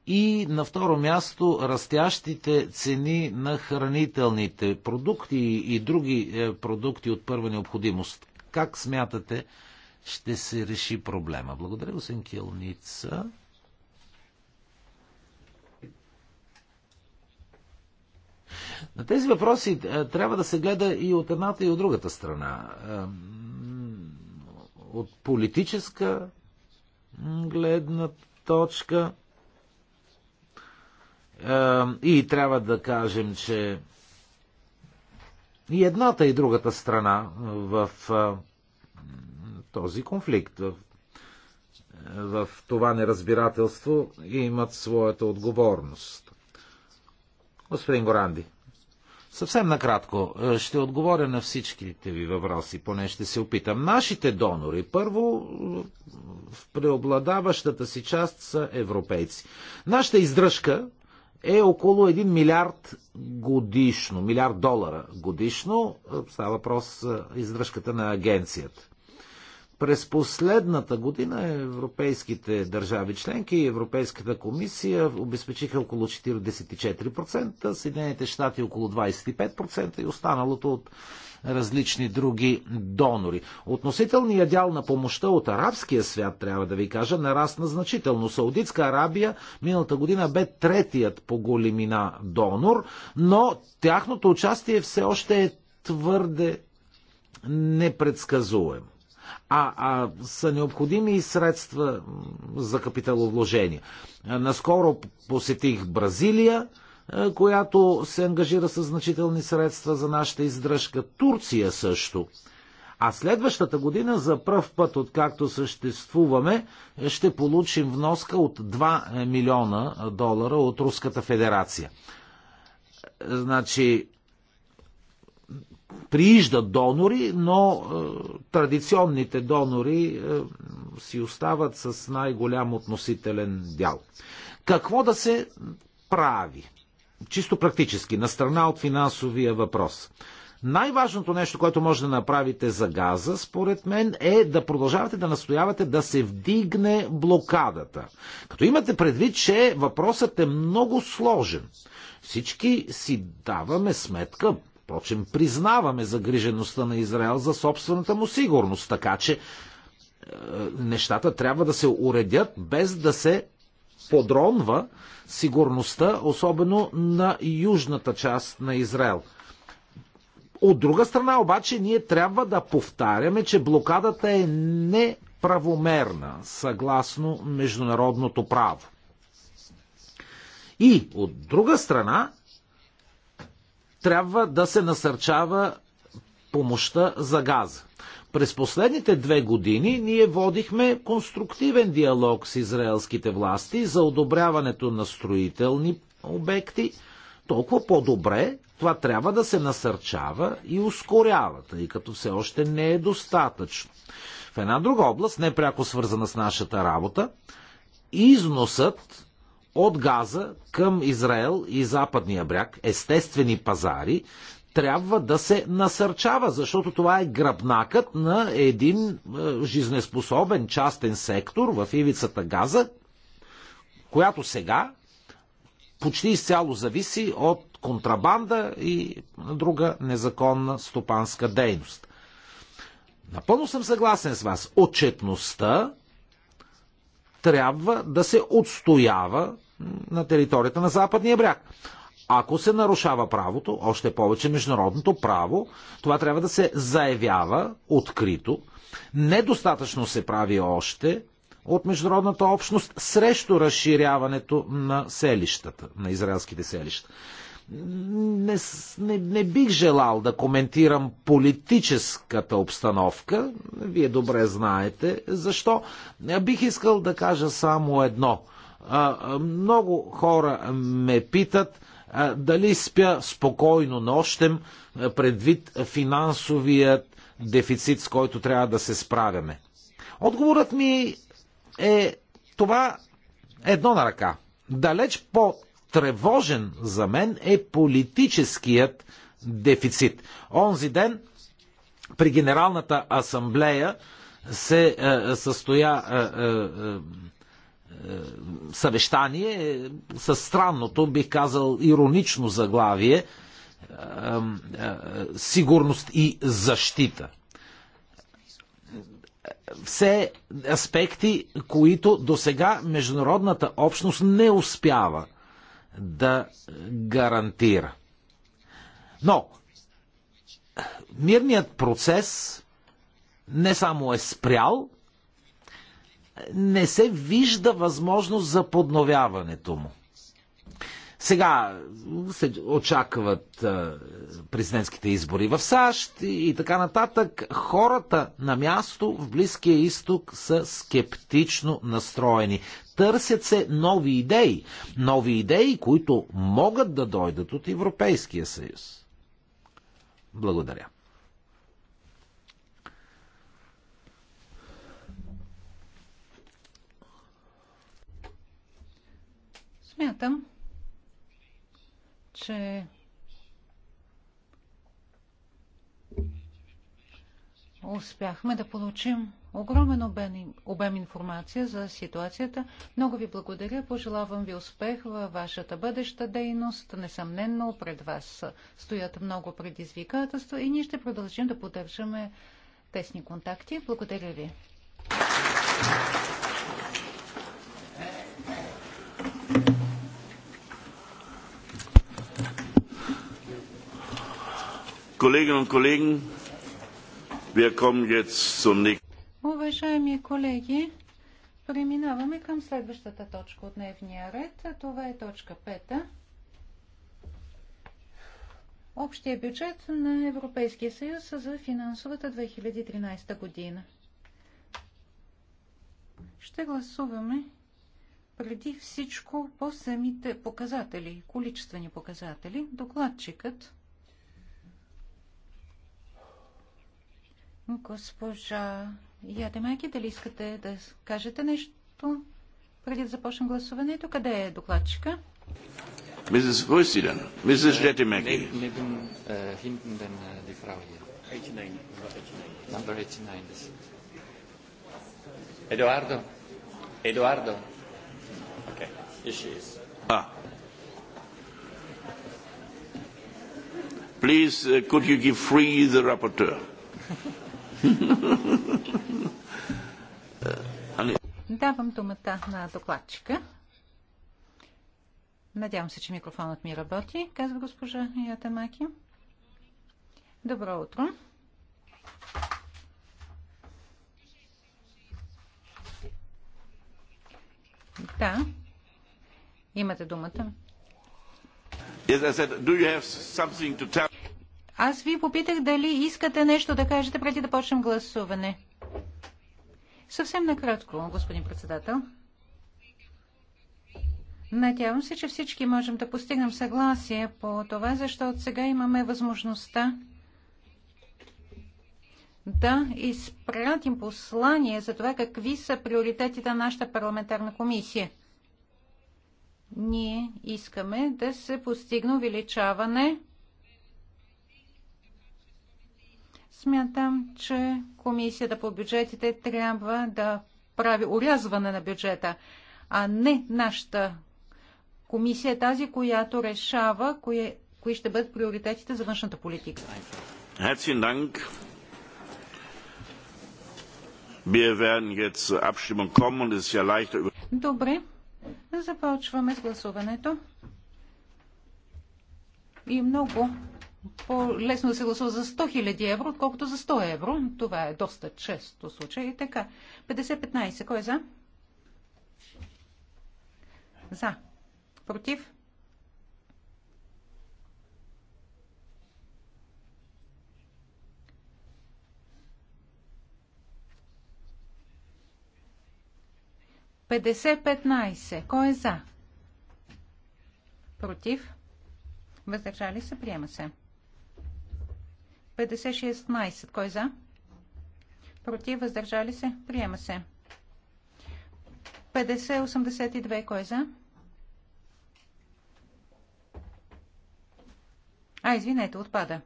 И на второ място растящите цени на хранителните продукти и други е, продукти от първа необходимост. Как смятате ще се реши проблема. Благодаря, господин Килница. На тези въпроси е, трябва да се гледа и от едната и от другата страна. Е, от политическа гледна точка. Е, и трябва да кажем, че и едната и другата страна в този конфликт, в, в това неразбирателство имат своята отговорност. Господин Горанди, съвсем накратко е, ще отговоря на всичките ви въпроси, поне ще се опитам. Нашите донори, първо, в преобладаващата си част са европейци. Нашата издръжка е около 1 милиард годишно, милиард долара годишно. Е, става въпрос издръжката на агенцията. През последната година европейските държави членки и Европейската комисия обезпечиха около 44%, Съединените щати около 25% и останалото от различни други донори. Относителният дял на помощта от арабския свят, трябва да ви кажа, нарасна значително. Саудитска Арабия миналата година бе третият по големина донор, но тяхното участие все още е твърде непредсказуемо а, а са необходими и средства за капиталовложение. Наскоро посетих Бразилия, която се ангажира с значителни средства за нашата издръжка. Турция също. А следващата година, за първ път, откакто съществуваме, ще получим вноска от 2 милиона долара от Руската федерация. Значи, прииждат донори, но е, традиционните донори е, си остават с най-голям относителен дял. Какво да се прави? Чисто практически, на страна от финансовия въпрос. Най-важното нещо, което може да направите за газа, според мен, е да продължавате да настоявате да се вдигне блокадата. Като имате предвид, че въпросът е много сложен. Всички си даваме сметка, Впрочем, признаваме загрижеността на Израел за собствената му сигурност, така че е, нещата трябва да се уредят без да се подронва сигурността, особено на южната част на Израел. От друга страна обаче ние трябва да повтаряме, че блокадата е неправомерна, съгласно международното право. И от друга страна, трябва да се насърчава помощта за газа. През последните две години ние водихме конструктивен диалог с израелските власти за одобряването на строителни обекти. Толкова по-добре това трябва да се насърчава и ускорява, тъй като все още не е достатъчно. В една друга област, непряко свързана с нашата работа, износът от Газа към Израел и Западния бряг, естествени пазари, трябва да се насърчава, защото това е гръбнакът на един е, жизнеспособен частен сектор в ивицата Газа, която сега почти изцяло зависи от контрабанда и друга незаконна стопанска дейност. Напълно съм съгласен с вас. Отчетността трябва да се отстоява на територията на Западния бряг. Ако се нарушава правото, още повече международното право, това трябва да се заявява открито. Недостатъчно се прави още от международната общност срещу разширяването на селищата, на израелските селища не, не, не бих желал да коментирам политическата обстановка. Вие добре знаете защо. Бих искал да кажа само едно. Много хора ме питат дали спя спокойно нощем предвид финансовият дефицит, с който трябва да се справяме. Отговорът ми е това едно на ръка. Далеч по тревожен за мен е политическият дефицит. Онзи ден при Генералната асамблея се е, е състоя е е, е, е, съвещание със странното, бих казал, иронично заглавие сигурност и защита. Все аспекти, които до сега международната общност не успява – да гарантира. Но мирният процес не само е спрял, не се вижда възможност за подновяването му. Сега се очакват президентските избори в САЩ и така нататък. Хората на място в Близкия изток са скептично настроени. Търсят се нови идеи. Нови идеи, които могат да дойдат от Европейския съюз. Благодаря. Смятам, че успяхме да получим огромен обем, обем информация за ситуацията. Много ви благодаря. Пожелавам ви успех във вашата бъдеща дейност. Несъмненно пред вас стоят много предизвикателства и ние ще продължим да поддържаме тесни контакти. Благодаря ви. Kolleginnen und Kollegen, wir kommen jetzt zum nächsten. Уважаеми колеги, преминаваме към следващата точка от дневния ред. Това е точка 5. Общия бюджет на Европейския съюз за финансовата 2013 година. Ще гласуваме преди всичко по самите показатели, количествени показатели. Докладчикът Госпожа Ядемайки, дали искате да кажете нещо преди да започнем гласуването? Къде е докладчика? Мисис, кой си ден? Едуардо? Едуардо? А. Please, uh, could you give free the rapporteur? Ами- Давам думата на докладчика. Надявам се, че микрофонът ми работи, казва госпожа Ятамаки. Добро утро. Да. Имате думата. Yes, I said, do you have something to tell? Аз ви попитах дали искате нещо да кажете преди да почнем гласуване. Съвсем накратко, господин председател. Надявам се, че всички можем да постигнем съгласие по това, защото сега имаме възможността да изпратим послание за това какви са приоритетите на нашата парламентарна комисия. Ние искаме да се постигне увеличаване Смятам, че комисията по бюджетите трябва да прави урязване на бюджета, а не нашата комисия е тази, която решава кои, кои ще бъдат приоритетите за външната политика. Добре, започваме с гласуването. И много по-лесно да се гласува за 100 000 евро, отколкото за 100 евро. Това е доста често случай. И така, 50-15, кой е за? За. Против? Петдесет петнайсе. Кой е за? Против? Въздържали се? Приема се. 50-16. Кой за? Против, въздържали се? Приема се. 50-82. Кой за? А, извинете, отпада.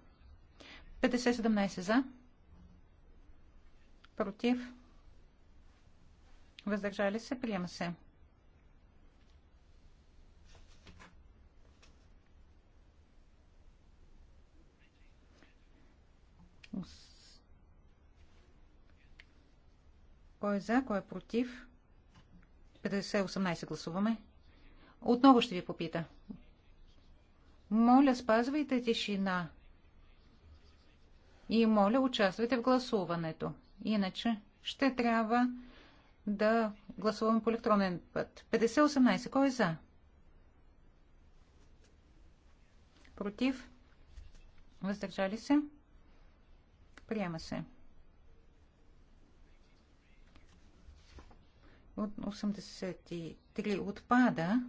50-17 за. Против. Въздържали се. Приема се. Кой е за, кой е против? 50-18 гласуваме. Отново ще ви попита. Моля, спазвайте тишина. И моля, участвайте в гласуването. Иначе ще трябва да гласуваме по електронен път. 50-18. Кой е за? Против? Въздържали се? приемаше. От 83 отпада,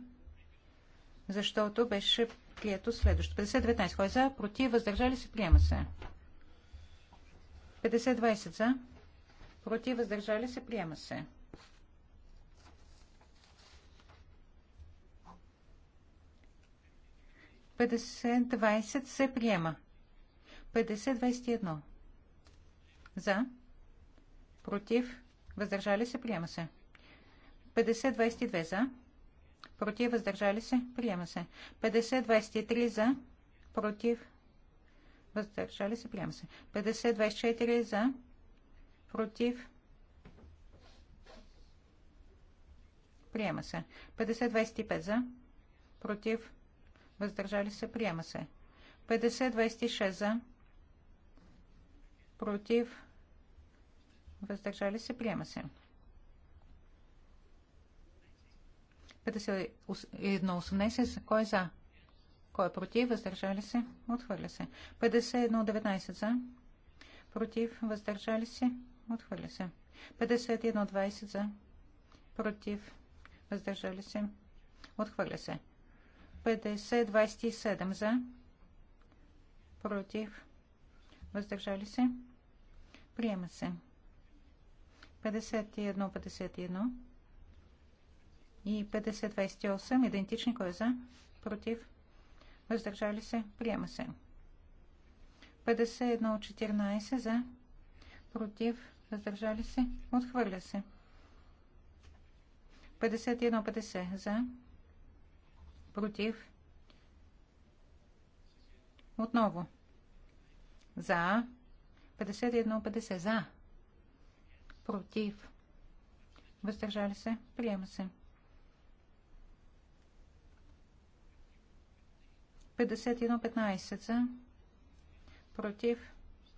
защото беше прието следващо. 50-19. Кой е за? Против? Въздържали се? Приема се. 50-20 за. Против? Въздържали се? Приема се. 50-20 се приема. 50-21. За. Против. Въздържали се. Приема се. 50-22 за. Против. Въздържали се. Приема се. 50-23 за. Против. Въздържали се. Приема се. 50-24 за. Против. Приема се. 50-25 за. Против. Въздържали се. Приема се. 50-26 за против, въздържали се, приема се. 51.18. Кой е за? Кой е против? Въздържали се? Отхвърля се. 51.19 за. Против? Въздържали се? Отхвърля се. 51.20 за. Против? Въздържали се? Отхвърля се. 50.27 за. Против? Въздържали се? Приема се. 51, 51 и 50-28. идентични. Кой е за? Против? Въздържали се? Приема се. 51-14 за? Против? Въздържали се? Отхвърля се. 51-50 за? Против? Отново. За? 51-50 за. Против. Въздържали се. Приема се. 51-15 за. Против.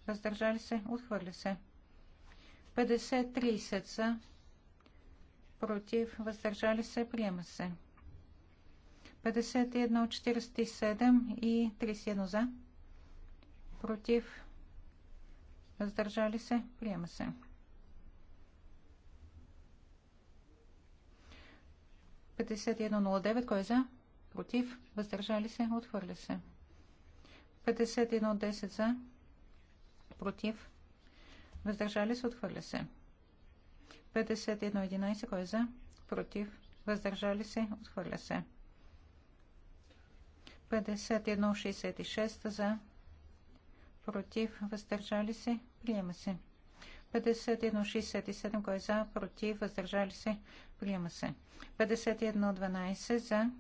Въздържали се. Отхвърля се. 50-30 за. Против. Въздържали се. Приема се. 51-47 и 31 за. Против Въздържали се? Приема се. Петдесет кой е за? Против? Въздържали се? Отхвърля се. 5110 за? Против? Въздържали се? Отхвърля се. 5111 кой е за? Против? Въздържали се? Отхвърля се. 5166 за? против, въздържали се, приема се. 51-67, кой е за, против, въздържали се, приема се. 51-12 за,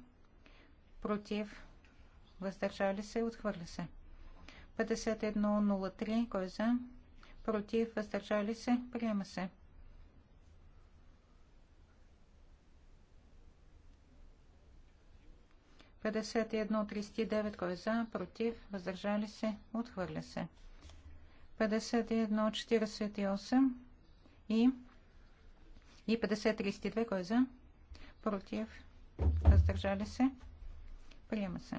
против, въздържали се, отхвърля се. 51-03, кой е за, против, въздържали се, приема се. 51 12 за против въздържали се отхвърля се 51 03 кой е за против въздържали се приема се 51.39. Кой е за? Против? Въздържали се? Отхвърля се. 51.48 и, и 50.32. Кой е за? Против? Въздържали се? Приема се.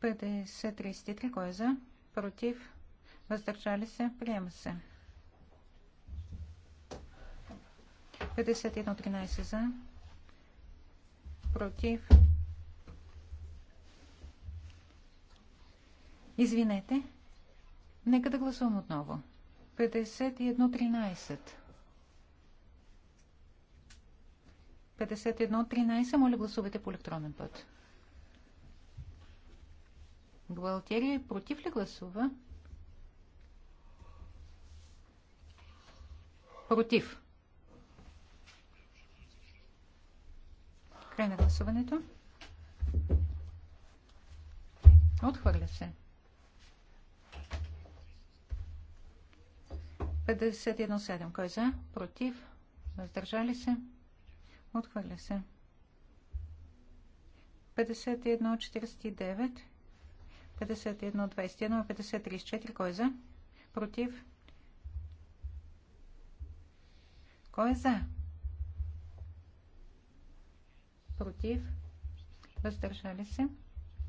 50.33. Кой е за? Против? Въздържали се? Приема се. 51.13 за против. Извинете. Нека да гласувам отново. 51.13. 51.13. Моля гласувайте по електронен път. Бухгалтерия против ли гласува? Против. Край на гласуването. Отхвърля се. 51-7. Кой е за? Против? Въздържали се? Отхвърля се. 51, 49. 51.49. 51.21. 50.34. Кой е за? Против? Кой е за? против, въздържали се,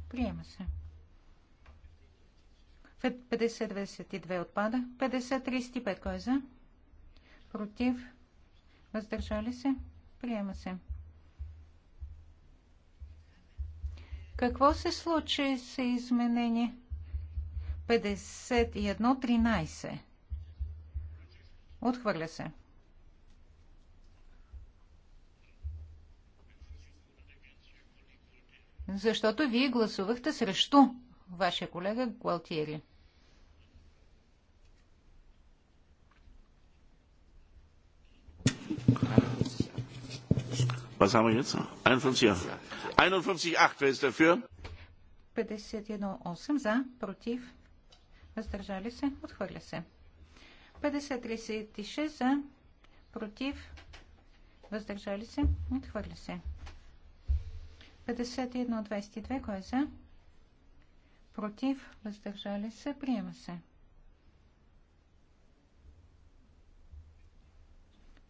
приема се. 50 22 отпада. 50-35 кой е за? Против, въздържали се, приема се. Какво се случи с изменение? 51-13. Отхвърля се. защото вие гласувахте срещу вашия колега Гуалтиери. Was haben wir jetzt? 51. 51,8. Wer ist dafür? 51,8 за, против, въздържали се, отхвърля се. 50,36 за, против, въздържали се, отхвърля се. 51-22, кой е за? Против, въздържали се, приема се.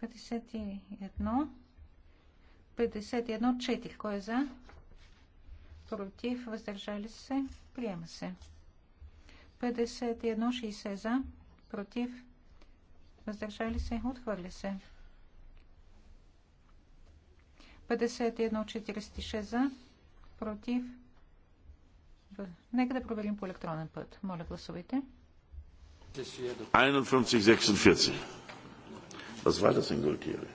51. 51-4, кой е за? Против, въздържали се, приема се. 51-60 за, против, въздържали се, отхвърля се. 51-46 за, против. Нека да проверим по електронен път. Моля, гласувайте. 51-46. Was war das in Gultiere?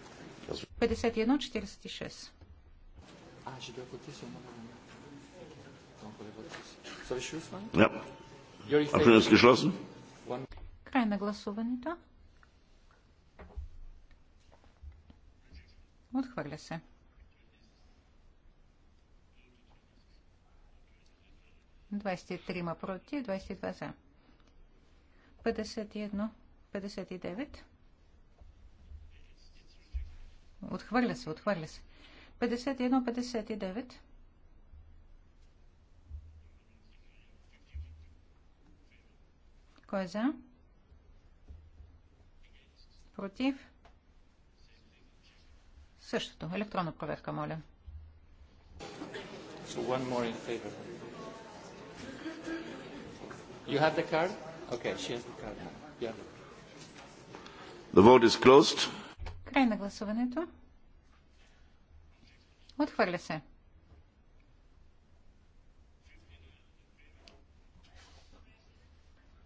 51-46. Ja. Abstimmung ist geschlossen. Край на гласуването. Отхвърля се. 23 против, 22 за. 51, 59. Отхвърля се, отхвърля се. 51, 59. Кой е за? Против? Същото. Електронна проверка, моля. So one more in favor. You have the card? Okay, she has the card now. Yeah. The vote is closed. Край на гласуването. Отхвърля се.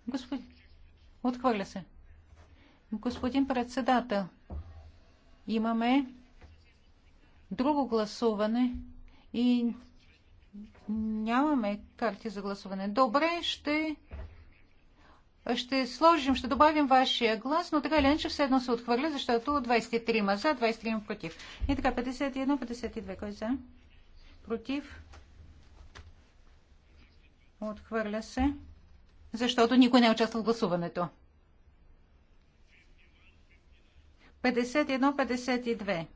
Господин. Отхвърля се. Господин председател, имаме друго гласуване и нямаме карти за гласуване. Добре, ще ще сложим, ще добавим вашия глас, но така или иначе все едно се отхвърля, защото 23 ма за, 23 ма против. И така, 51, 52, кой за? Против. Отхвърля се, защото никой не е участвал в гласуването. 51-52.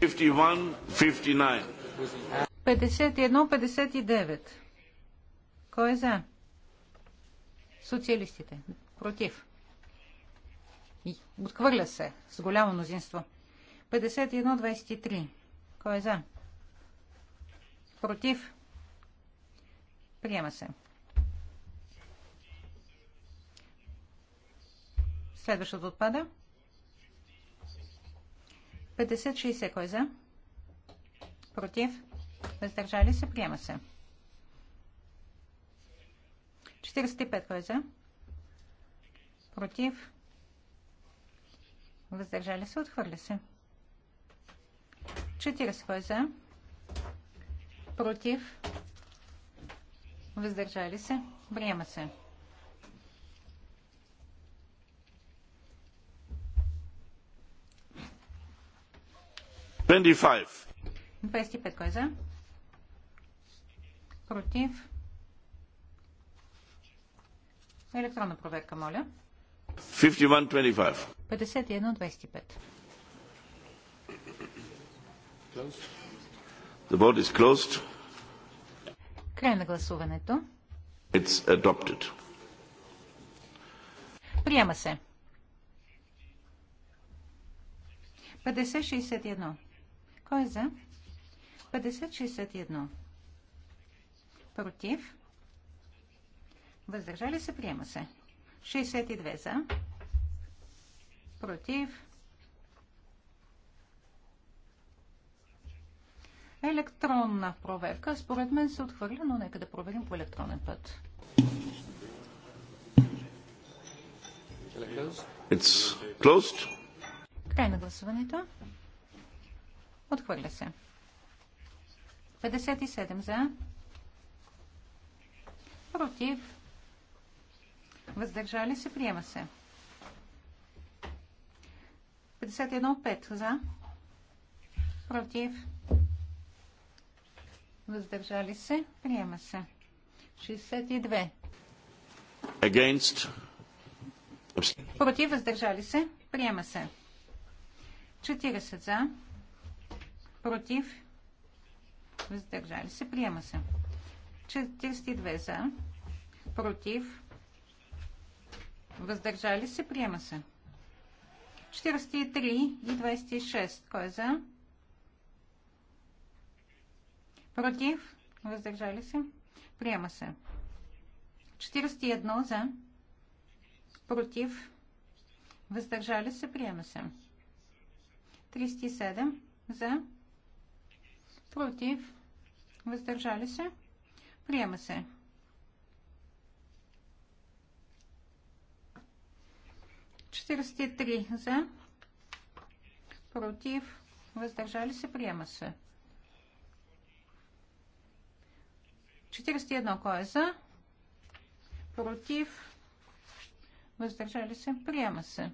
51-59. Кой е за? Социалистите. Против. Отхвърля се с голямо мнозинство. 51-23. Кой е за? Против. Приема се. Следващото отпада. 50-60. Кой е за? Против. Въздържали се. Приема се. 45 кой е за? Против? Въздържали се? Отхвърля се. 40 кой е за? Против? Въздържали се? Приема се. Twenty-five. кой е за? Против? Електронна проверка, моля. 51-25. The vote Край на гласуването. It's adopted. Приема се. 50-61. Кой е за? 50-61. Против? 51-25. Въздържали се, приема се. 62 за. Против. Електронна проверка. Според мен се отхвърля, но нека да проверим по електронен път. It's closed. Край на гласуването. Отхвърля се. 57 за. Против. Въздържали се. Приема се. 51.5 за. Против. Въздържали се. Приема се. 62. Against. Против. Въздържали се. Приема се. 40 за. Против. Въздържали се. Приема се. 42 за. Против въздържали се, приема се. 43 и 26, кой е за? Против, въздържали се, приема се. 41 за, против, въздържали се, приема се. 37 за, против, въздържали се, приема се. 43 за, против, въздържали се, приема се. 41 кой е за, против, въздържали се, приема се.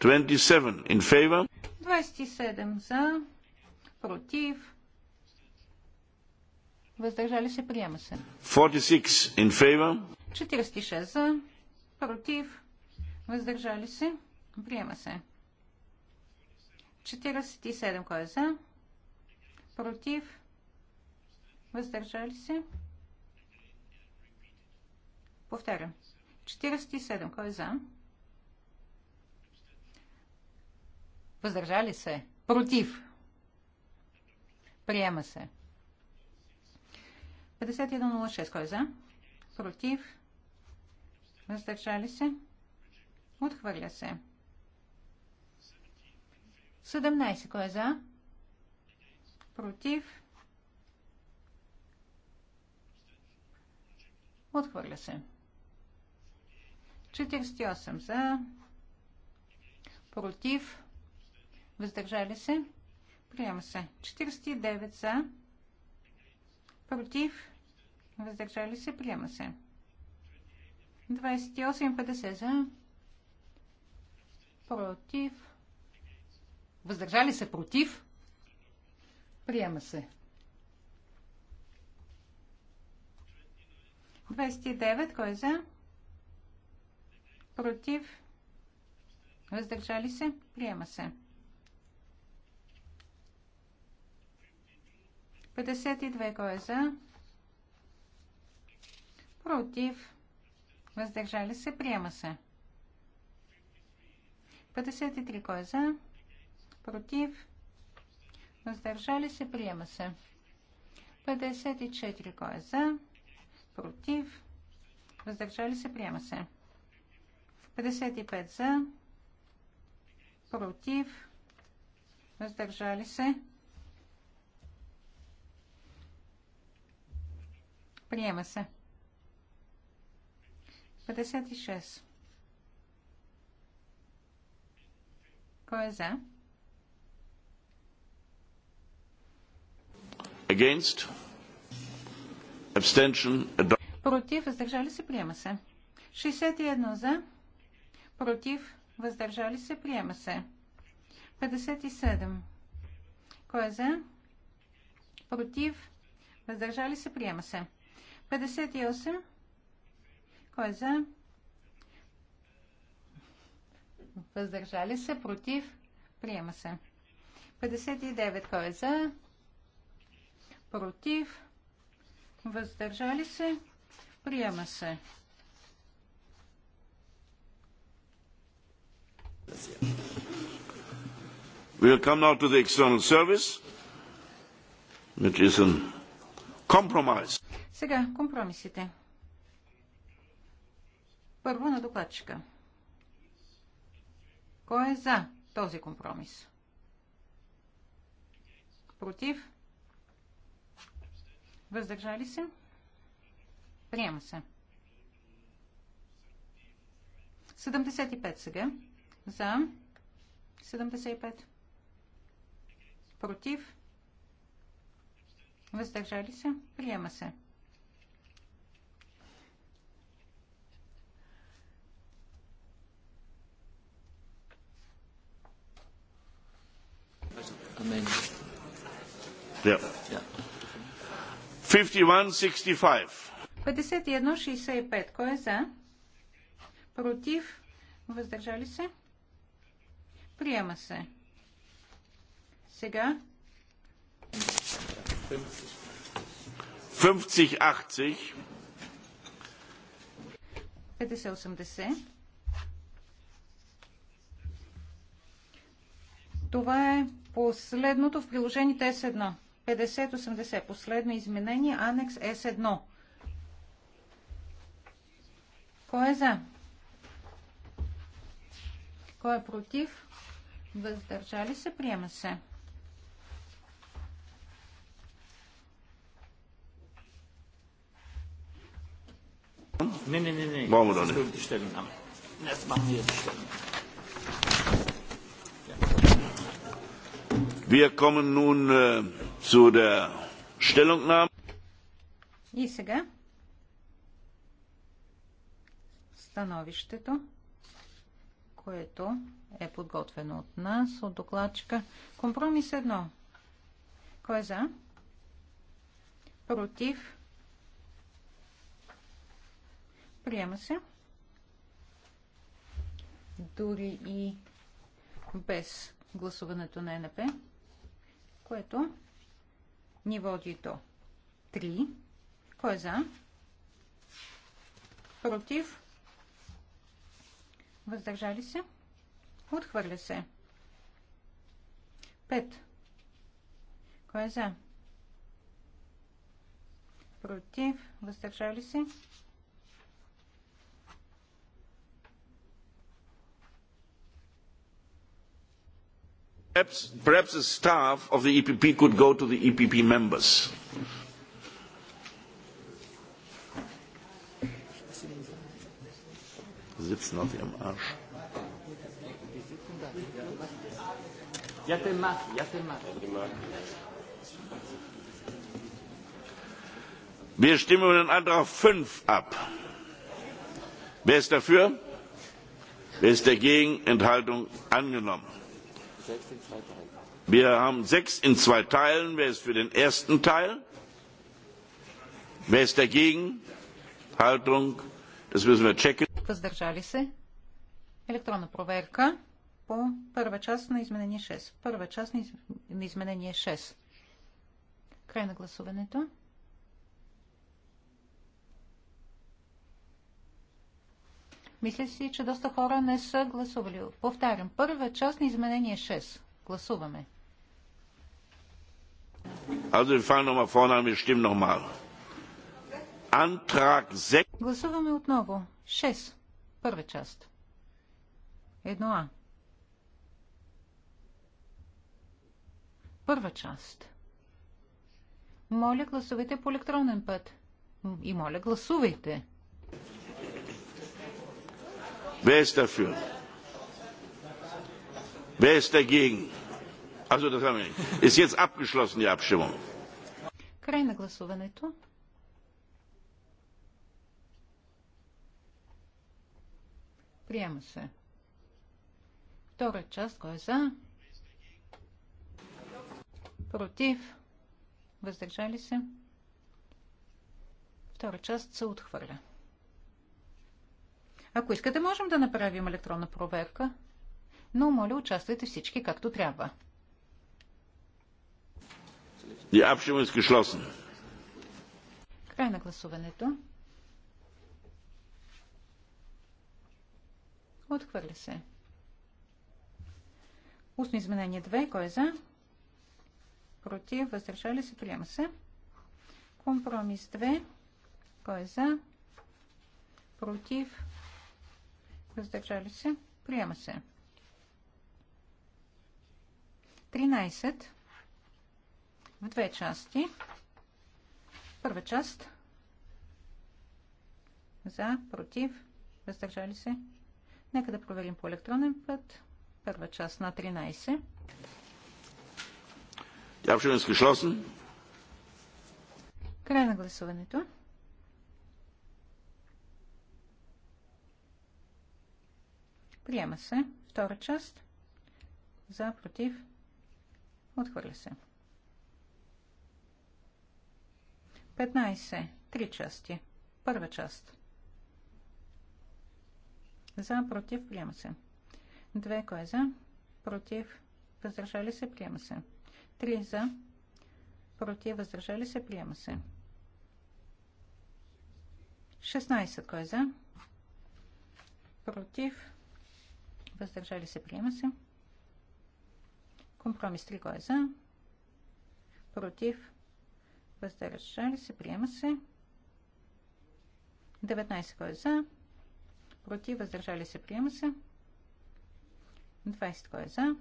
27 in favor. 27 за, против, въздържали се, приема се. 46 in favor. 46 за, против, Въздържали се? Приема се. 47. Кой е за? Против? Въздържали се? Повтарям. 47. Кой е за? Въздържали се? Против? Приема се. 51.06. Кой е за? Против? Въздържали се? Отхвърля се. 17. Кой е за? Против. Отхвърля се. 48 за. Против. Въздържали се. Приема се. 49 за. Против. Въздържали се. Приема се. 28,50 за против, въздържали се против, приема се. 29, кой е за? Против, въздържали се, приема се. 52, кой е за? Против, въздържали се, приема се. 53 кой е за? Против? Въздържали се? Приема се. 54 кой е за? Против? Въздържали се? Приема се. 55 за? Против? Въздържали се? Приема се. 56. Кой е за? Against. Abstention. Против. Въздържали се. Приема се. 61 за. Против. Въздържали се. Приема се. 57. Кой е за? Против. Въздържали се. Приема се. 58. Кой е за? въздържали се, против, приема се. 59 кой е за, против, въздържали се, приема се. We'll come now to the external service, which is a compromise. Сега компромисите. Първо на докладчика. Кой е за този компромис? Против? Въздържали се? Приема се. 75 сега. За. 75. Против? Въздържали се? Приема се. amendment. Yeah. Yeah. 51-65. 51-65. Кой е за? Против? Въздържали се? Приема се. Сега. 50-80. 50-80. Това е Последното в приложените S1. 50-80. Последно изменение. Анекс S1. Кой е за? Кой е против? Въздържали се? Приема се. Не, не, не, не. Bon, das ist die Stellungnahme. Das machen wir jetzt Wir kommen nun äh, zu der Stellungnahme. И сега становището, което е подготвено от нас, от докладчика. Компромис едно. Кой е за? Против? Приема се. Дори и без гласуването на НП което ни води до 3. Кой е за? Против? Въздържали се? Отхвърля се. 5. Кой е за? Против? Въздържали се? Perhaps, perhaps the staff of the EPP could go to the EPP members. Sitzt noch im Arsch. Wir stimmen über den Antrag 5 ab. Wer ist dafür? Wer ist dagegen? Enthaltung angenommen. Wir haben sechs in zwei Teilen. Wer ist für den ersten Teil? Wer ist dagegen? Haltung? Das müssen wir checken. Въздържали се. Електронна проверка по първа част на изменение 6. Първа част на изменение 6. Край на гласуването. Мисля си, че доста хора не са гласували. Повтарям, първа част на изменение 6. Гласуваме. Гласуваме отново. 6. Първа част. Едно а Първа част. Моля, гласувайте по електронен път. И моля, гласувайте. Wer ist dafür? Wer ist dagegen? Also das haben wir nicht. Ist jetzt abgeschlossen die Abstimmung. Край на гласуването. Приема се. Втора част, кой е за? Против? Въздържали се? Втора част се отхвърля. Ако искате, можем да направим електронна проверка, но моля, участвайте всички както трябва. Край на гласуването. Отхвърля се. Устно изменение 2. Кой е за? Против. Въздържали се. Приема се. Компромис 2. Кой е за? Против. Въздържали се. Приема се. 13 в две части. Първа част за, против, въздържали се. Нека да проверим по електронен път. Първа част на 13. Тя е Край на гласуването. Приема се. Втора част. За, против. Отхвърля се. 15. Три части. Първа част. За, против, приема се. 2. Кой е за? Против, въздържали се, приема се. 3. За, против, въздържали се, приема се. 16. Кой е за? Против, въздържали се, приема се. Компромис 3, кой е за? Против, въздържали се, приема се. 19, кой е за? Против, въздържали се, приема се. 20, кой е за?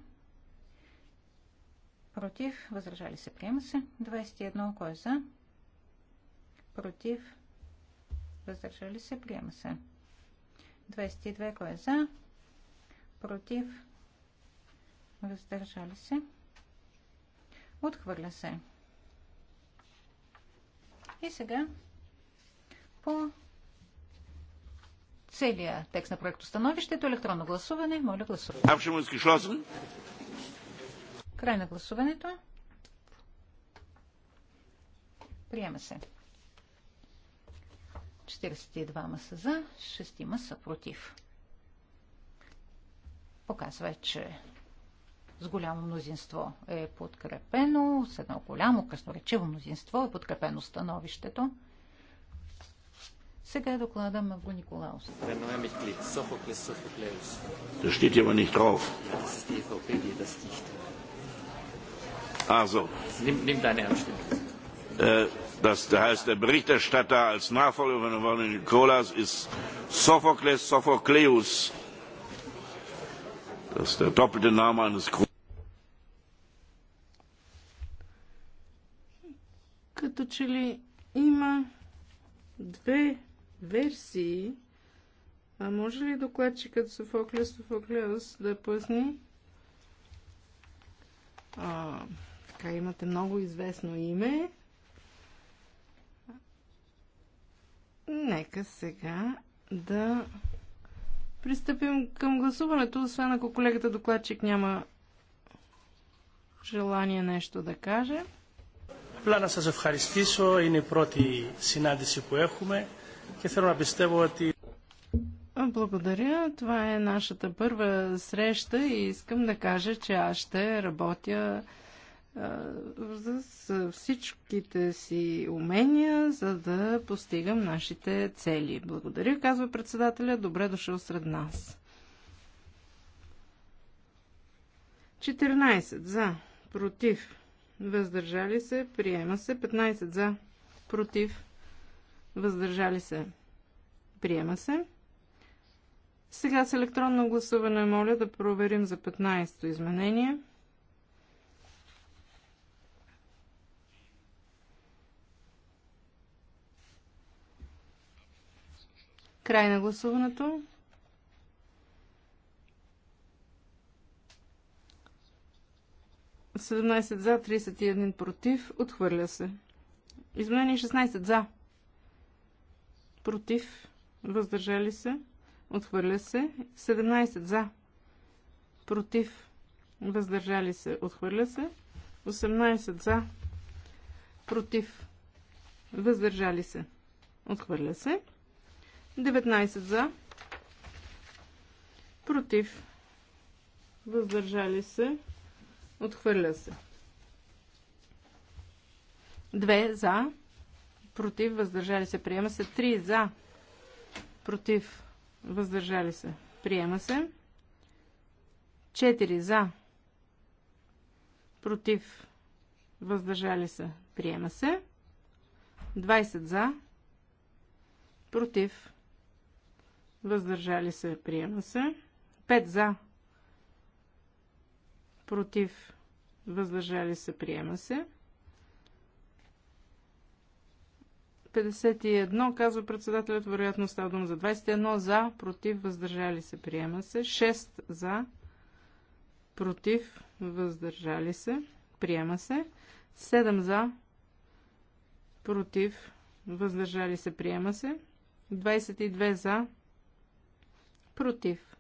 Против, въздържали се, приема се. 21, кой е за? Против, въздържали се, приема се. 22, кой е за? против, въздържали се, отхвърля се. И сега по целия текст на проекто становището електронно гласуване. Моля гласуване. Край на гласуването. Приема се. 42 са за, 6 са против показва, че с голямо мнозинство е подкрепено, с едно голямо красноречиво мнозинство е подкрепено становището. Сега е доклада Мавро Николаус. Das steht hier aber nicht drauf. Also, das heißt, der Berichterstatter als Nachfolger von Nikolaus ist Sophokles Sophokleus dass der doppelte Name eines Като че ли има две версии, а може ли докладчикът Софоклес Софоклеос да пъсни? А, така имате много известно име. Нека сега да пристъпим към гласуването, освен ако колегата докладчик няма желание нещо да каже. Απλά να σας ευχαριστήσω. Είναι η πρώτη συνάντηση που έχουμε και θέλω να πιστεύω ότι... Благодаря. Това е нашата първа среща и искам да кажа, че аз ще работя с всичките си умения, за да постигам нашите цели. Благодаря, казва председателя. Добре дошъл сред нас. 14 за, против, въздържали се, приема се. 15 за, против, въздържали се, приема се. Сега с електронно гласуване моля да проверим за 15-то изменение. 15 Край на гласуването. Седемнайсет за, 31 против. Отхвърля се. Изменение 16 за. Против. Въздържали се. Отхвърля се. 17 за. Против. Въздържали се. Отхвърля се. 18 за. Против. Въздържали се. Отхвърля се. 19 за. Против. Въздържали се. Отхвърля се. 2 за. Против. Въздържали се. Приема се. 3 за. Против. Въздържали се. Приема се. 4 за. Против. Въздържали се. Приема се. 20 за. Против въздържали се, приема се. 5 за, против, въздържали се, приема се. 51, казва председателят, вероятно става дума за 21, за, против, въздържали се, приема се. 6 за, против, въздържали се, приема се. 7 за, против, въздържали се, приема се. 22 за, против,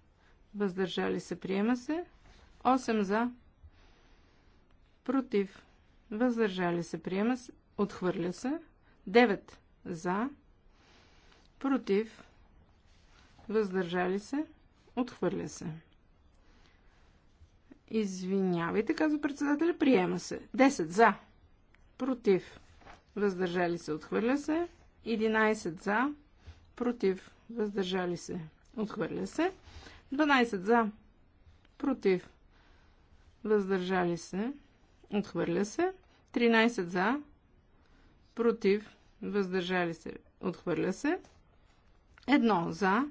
въздържали се, приема се. 8 за, против, въздържали се, приема се, отхвърля се. 9 за, против, въздържали се, отхвърля се. Извинявайте, казва председателя, приема се. 10 за, против, въздържали се, отхвърля се. 11 за, против, въздържали се, Отхвърля се. 12 за. Против. Въздържали се. Отхвърля се. 13 за. Против. Въздържали се. Отхвърля се. 1 за.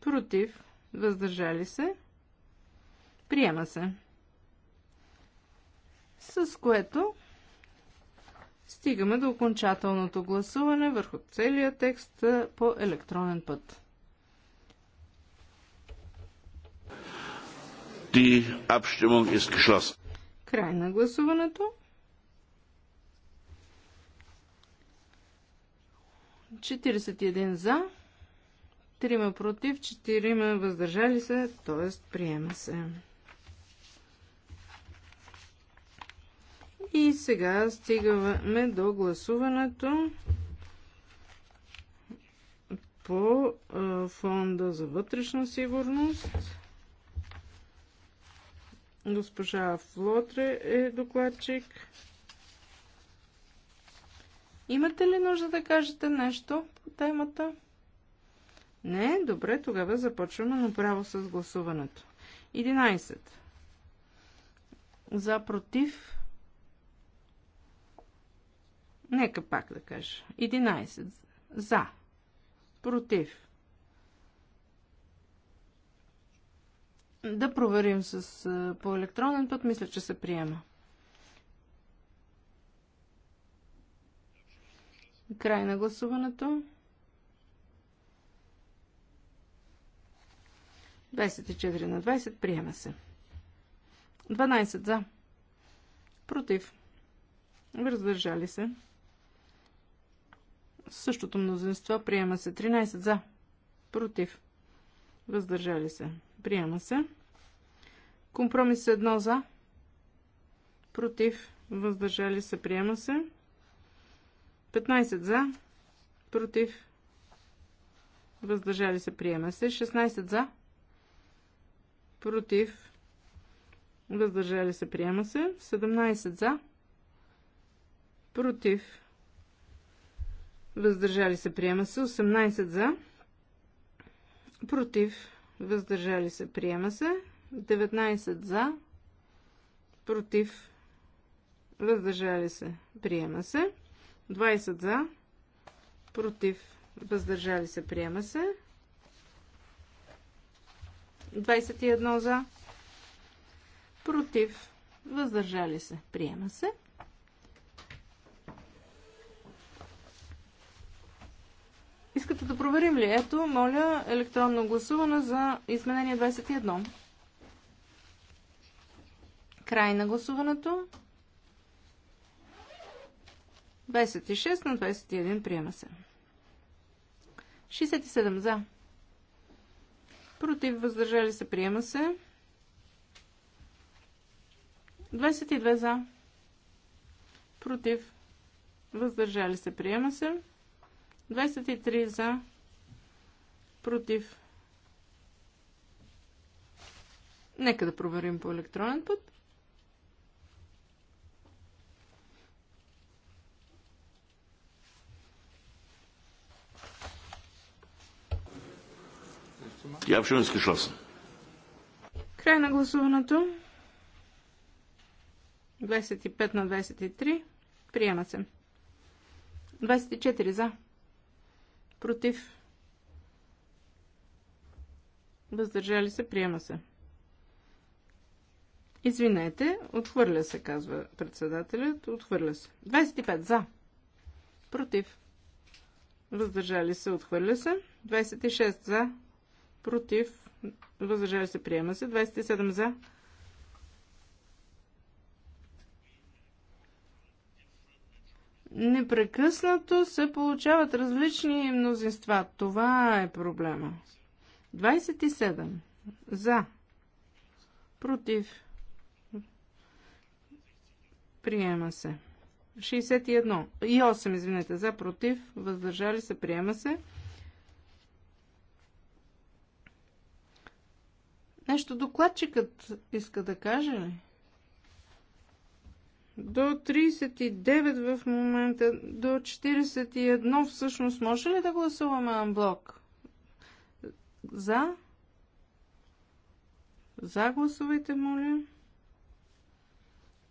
Против. Въздържали се. Приема се. С което стигаме до окончателното гласуване върху целия текст по електронен път. Die Abstimmung ist geschlossen. Край на гласуването. 41 за, 3 против, 4 въздържали се, т.е. приема се. И сега стигаме до гласуването по фонда за вътрешна сигурност. Госпожа Флотре е докладчик. Имате ли нужда да кажете нещо по темата? Не, добре, тогава започваме направо с гласуването. 11. За против. Нека пак да кажа. 11. За. Против. Да проверим с, по електронен път. Мисля, че се приема. Край на гласуването. 24 на 20. Приема се. 12 за. Против. Въздържали се. Същото мнозинство приема се. 13 за. Против. Въздържали се. Приема се. Компромис 1 за. Против. Въздържали се. Приема се. 15 за. Против. Въздържали се. Приема се. 16 за. Против. Въздържали се. Приема се. 17 за. Против. Въздържали се. Приема се. 18 за против, въздържали се, приема се. 19 за, против, въздържали се, приема се. 20 за, против, въздържали се, приема се. 21 за, против, въздържали се, приема се. Искате да проверим ли? Ето, моля, електронно гласуване за изменение 21. Край на гласуването. 26 на 21 приема се. 67 за. Против въздържали се приема се. 22 за. Против въздържали се приема се. 23 за, против. Нека да проверим по електронен път. Die Abstimmung ist geschlossen. Край на гласуването. 25 на 23. Приема се. 24 за. Против. Въздържали се, приема се. Извинете, отхвърля се, казва председателят. Отхвърля се. 25 за. Против. Въздържали се, отхвърля се. 26 за. Против. Въздържали се, приема се. 27 за. непрекъснато се получават различни мнозинства. Това е проблема. 27. За. Против. Приема се. 61. И 8, извинете. За, против. Въздържали се. Приема се. Нещо докладчикът иска да каже ли? до 39 в момента, до 41 всъщност. Може ли да гласуваме анблок? За? За гласувайте, моля.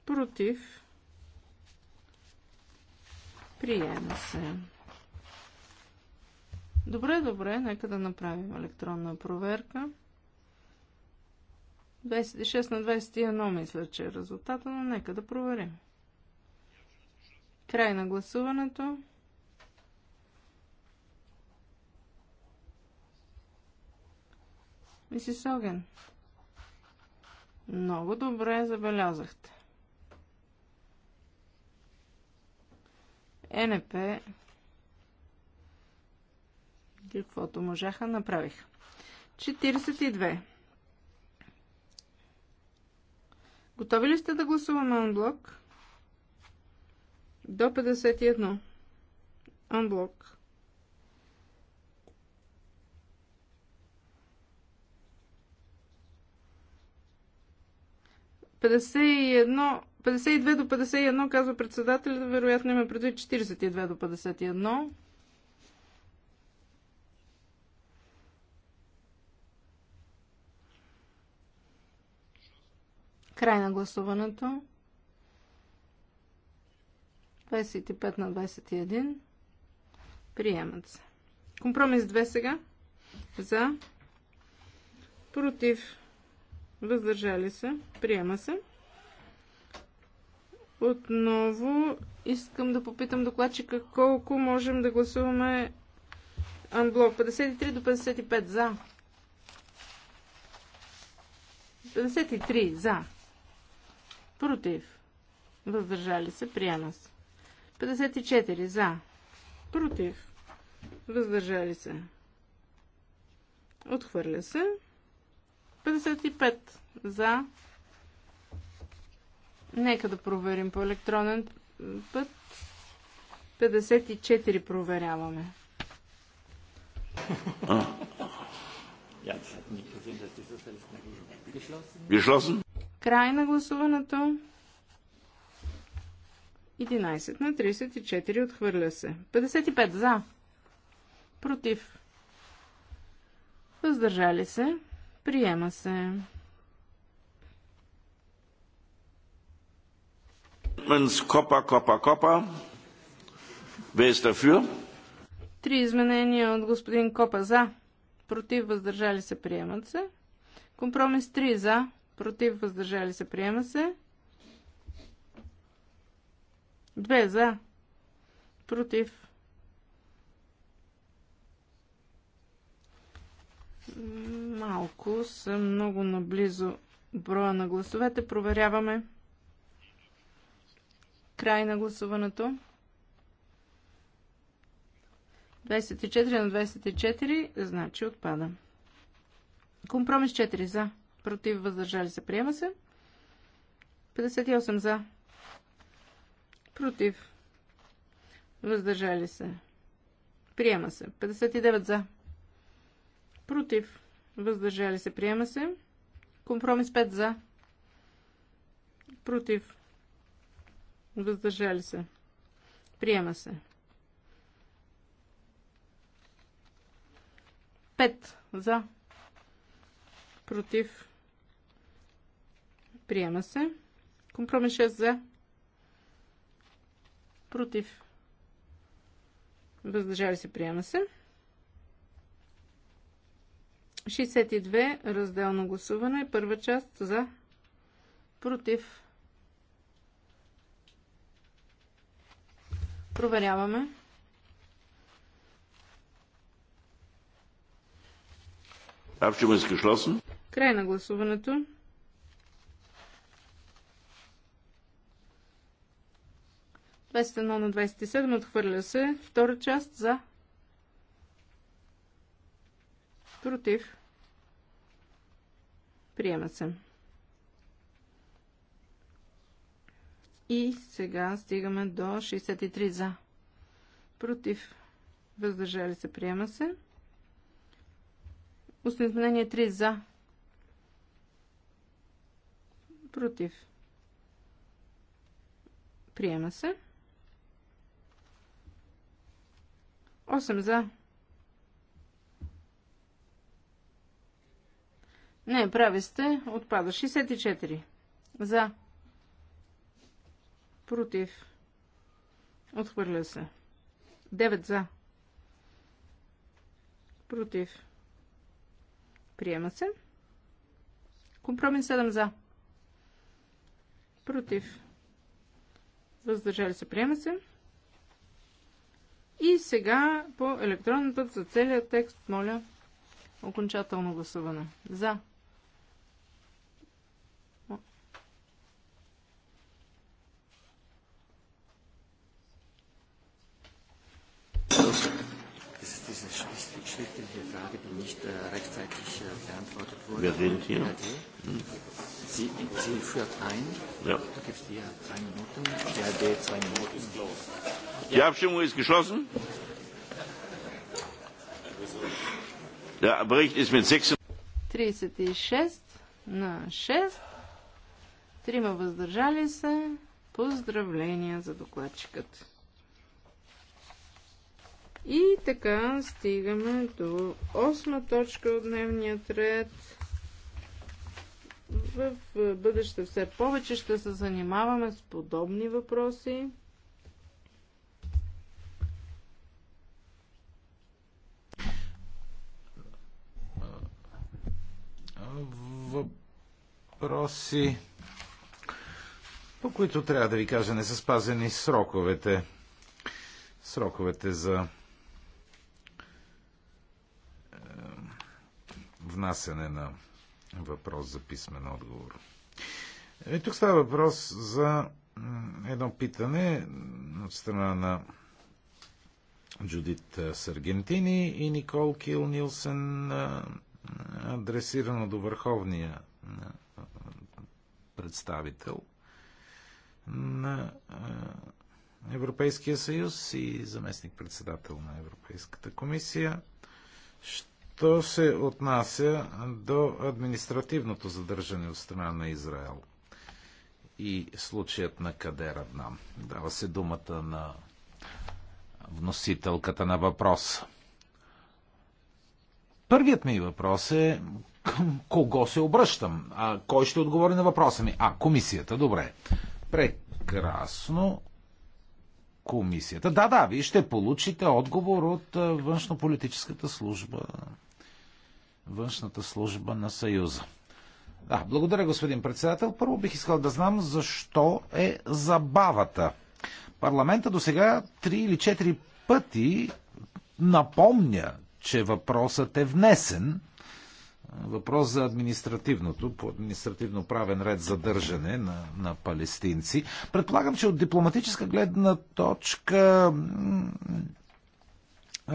Против? Приема се. Добре, добре, нека да направим електронна проверка. 26 на 21 мисля, че е резултата, но нека да проверим. Край на гласуването. Мисис Оген. Много добре забелязахте. Е НП каквото можаха направиха. 42. Готови ли сте да гласуваме анблок? До 51. Анблок. едно 52 до 51, казва председателя, вероятно има предвид 42 до 51. Край на гласуването. 25 на 21. Приемат се. Компромис 2 сега. За. Против. Въздържали се. Приема се. Отново искам да попитам докладчика колко можем да гласуваме анблок. 53 до 55 за. 53 за против, въздържали се, приема се. 54 за, против, въздържали се, отхвърля се. 55 за, нека да проверим по електронен път. 54 проверяваме. Geschlossen? Край на гласуването. 11 на 34 отхвърля се. 55 за. Против. Въздържали се. Приема се. Копа, копа, копа. Три изменения от господин Копа за. Против въздържали се приемат се. Компромис 3 за против, въздържали се, приема се. 2 за, против. Малко са много наблизо броя на гласовете. Проверяваме. Край на гласуването. 24 на 24, значи отпада. Компромис 4 за против, въздържали се, приема се. 58 за, против, въздържали се, приема се. 59 за, против, въздържали се, приема се. Компромис 5 за, против, въздържали се, приема се. 5 за, против, Приема се. Компромис 6 за. Против. Въздържали се. Приема се. 62. Разделно гласуване. Първа част за. Против. Проверяваме. Край на гласуването. 21 на 27 отхвърля се. Втора част за. Против. Приема се. И сега стигаме до 63 за. Против. Въздържали се. Приема се. Устно 3 за. Против. Приема се. 8 за. Не, прави сте. Отпада. 64. За. Против. Отхвърля се. 9 за. Против. Приема се. Компромис 7 за. Против. Въздържали се. Приема се. И сега по електронен път за целият текст, моля, окончателно гласуване. За. schriftliche Frage, die nicht rechtzeitig beantwortet wurde. Wir sind hier. Sie, Sie führt ein. Ja. Da gibt es hier Minuten. zwei Minuten. Die Abstimmung ist geschlossen. Der Bericht ist mit 36 на 6. Трима въздържали се. Поздравления за докладчиката. И така стигаме до осма точка от дневния ред. В бъдеще все повече ще се занимаваме с подобни въпроси. Въпроси, по които трябва да ви кажа, не са спазени сроковете. Сроковете за внасене на въпрос за писмен отговор. И е, тук става въпрос за едно питане от страна на Джудит Саргентини и Никол Кил Нилсен, адресирано до върховния представител на Европейския съюз и заместник-председател на Европейската комисия. Ще що се отнася до административното задържане от страна на Израел и случаят на Кадер Аднам. Дава се думата на вносителката на въпроса. Първият ми въпрос е към кого се обръщам? А, кой ще отговори на въпроса ми? А, комисията, добре. Прекрасно. Комисията. Да, да, вие ще получите отговор от външнополитическата служба външната служба на Съюза. Да, благодаря, господин председател. Първо бих искал да знам защо е забавата. Парламента до сега три или четири пъти напомня, че въпросът е внесен. Въпрос за административното, по административно правен ред задържане на, на палестинци. Предполагам, че от дипломатическа гледна точка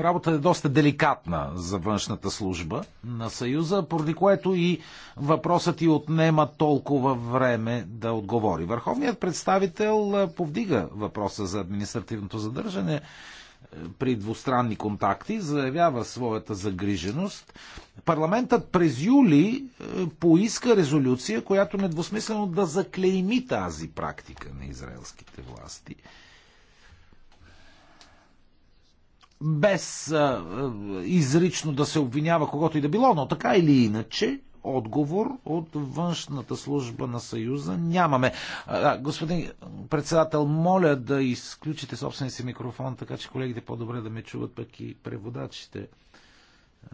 работа е доста деликатна за външната служба на Съюза, поради което и въпросът и отнема толкова време да отговори. Върховният представител повдига въпроса за административното задържане при двустранни контакти, заявява своята загриженост. Парламентът през юли поиска резолюция, която е недвусмислено да заклейми тази практика на израелските власти – без а, изрично да се обвинява когото и да било, но така или иначе, отговор от външната служба на Съюза нямаме. А, господин председател, моля да изключите собствения си микрофон, така че колегите по-добре да ме чуват, пък и преводачите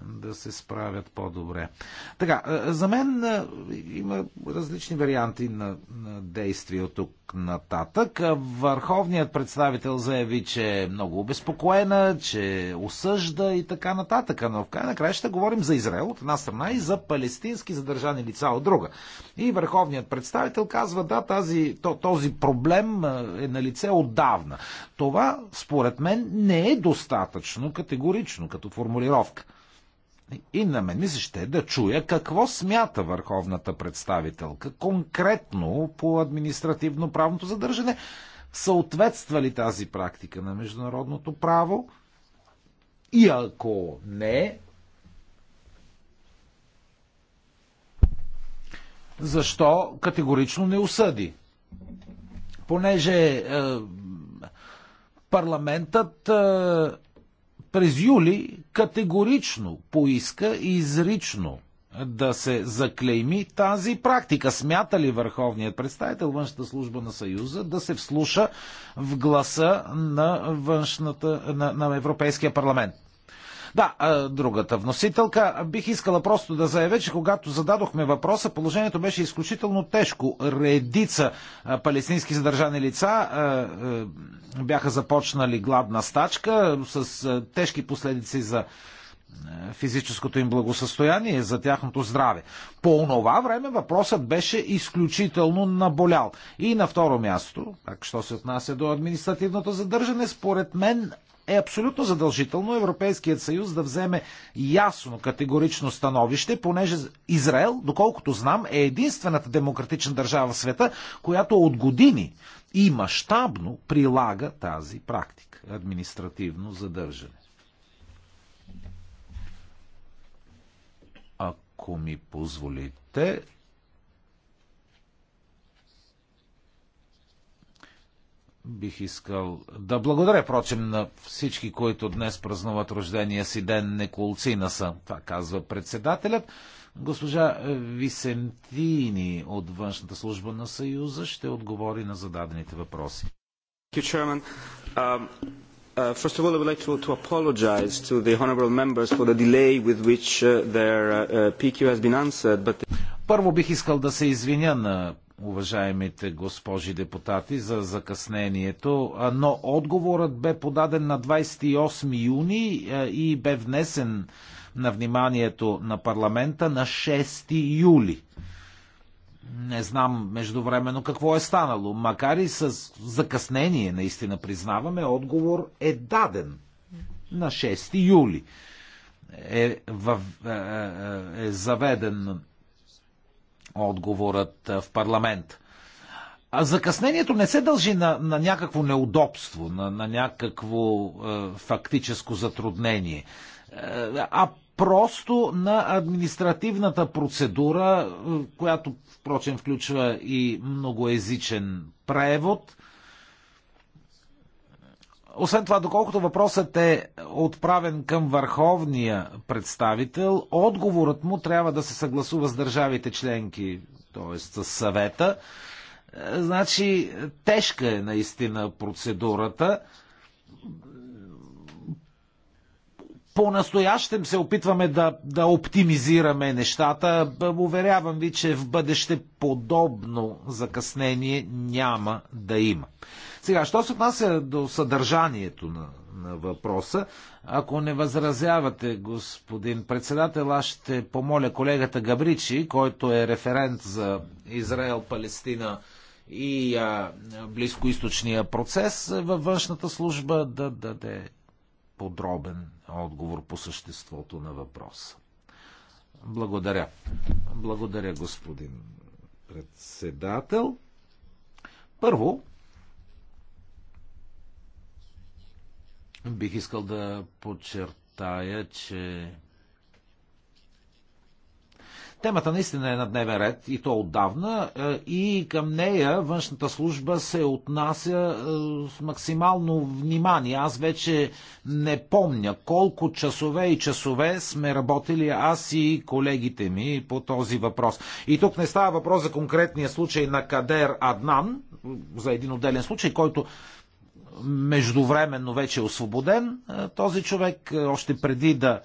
да се справят по-добре. Така, е, за мен е, има различни варианти на, на действие от тук нататък. Е, върховният представител заяви, че е много обезпокоена, че осъжда и така нататък. Но в край на края ще говорим за Израел от една страна и за палестински задържани лица от друга. И върховният представител казва, да, тази, този проблем е на лице отдавна. Това, според мен, не е достатъчно категорично като формулировка. И на мен ми се ще е да чуя какво смята върховната представителка конкретно по административно-правното задържане. Съответства ли тази практика на международното право? И ако не, защо категорично не осъди? Понеже е, парламентът е, през юли категорично поиска и изрично да се заклейми тази практика. Смята ли върховният представител външната служба на Съюза да се вслуша в гласа на, външната, на, на Европейския парламент? Да, другата вносителка. Бих искала просто да заявя, че когато зададохме въпроса, положението беше изключително тежко. Редица палестински задържани лица бяха започнали гладна стачка с тежки последици за физическото им благосъстояние, за тяхното здраве. По онова време въпросът беше изключително наболял. И на второ място, так, що се отнася до административното задържане, според мен е абсолютно задължително Европейският съюз да вземе ясно, категорично становище, понеже Израел, доколкото знам, е единствената демократична държава в света, която от години и мащабно прилага тази практика административно задържане. Ако ми позволите, бих искал да благодаря, прочим, на всички, които днес празнуват рождения си ден, неколцина са, това казва председателят. Госпожа Висентини от външната служба на Съюза ще отговори на зададените въпроси. Um, uh, first of all, I would like to, to apologize to the members for the delay with which uh, their uh, uh PQ has been answered. But... Първо бих искал да се извиня на уважаемите госпожи депутати, за закъснението, но отговорът бе подаден на 28 юни и бе внесен на вниманието на парламента на 6 юли. Не знам междувременно какво е станало. Макар и с закъснение, наистина признаваме, отговор е даден на 6 юли. Е, във, е, е, е заведен отговорът в парламент. А закъснението не се дължи на, на някакво неудобство, на, на някакво е, фактическо затруднение, е, а просто на административната процедура, която, впрочем, включва и многоезичен превод освен това, доколкото въпросът е отправен към върховния представител, отговорът му трябва да се съгласува с държавите членки, т.е. с съвета. Е, значи, тежка е наистина процедурата. По-настоящем се опитваме да, да оптимизираме нещата. Уверявам ви, че в бъдеще подобно закъснение няма да има. Сега, що се отнася до съдържанието на, на въпроса, ако не възразявате, господин председател, аз ще помоля колегата Габричи, който е референт за Израел, Палестина и а, близкоисточния процес във външната служба да даде подробен отговор по съществото на въпроса. Благодаря. Благодаря, господин председател. Първо, Бих искал да подчертая, че Темата наистина е на дневен ред и то отдавна е, и към нея външната служба се отнася е, с максимално внимание. Аз вече не помня колко часове и часове сме работили аз и колегите ми по този въпрос. И тук не става въпрос за конкретния случай на Кадер Аднан, за един отделен случай, който междувременно вече е освободен този човек, още преди да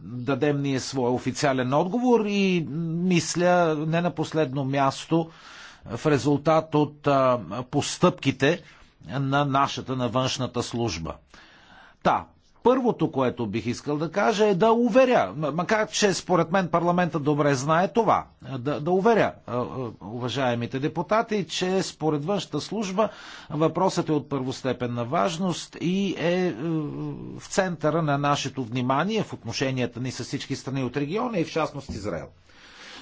дадем ние своя официален отговор и мисля не на последно място в резултат от постъпките на нашата, на външната служба. Та, Първото, което бих искал да кажа е да уверя, макар че според мен парламента добре знае това, да, да уверя уважаемите депутати, че според външната служба въпросът е от първостепенна важност и е, е в центъра на нашето внимание в отношенията ни с всички страни от региона и в частност Израел.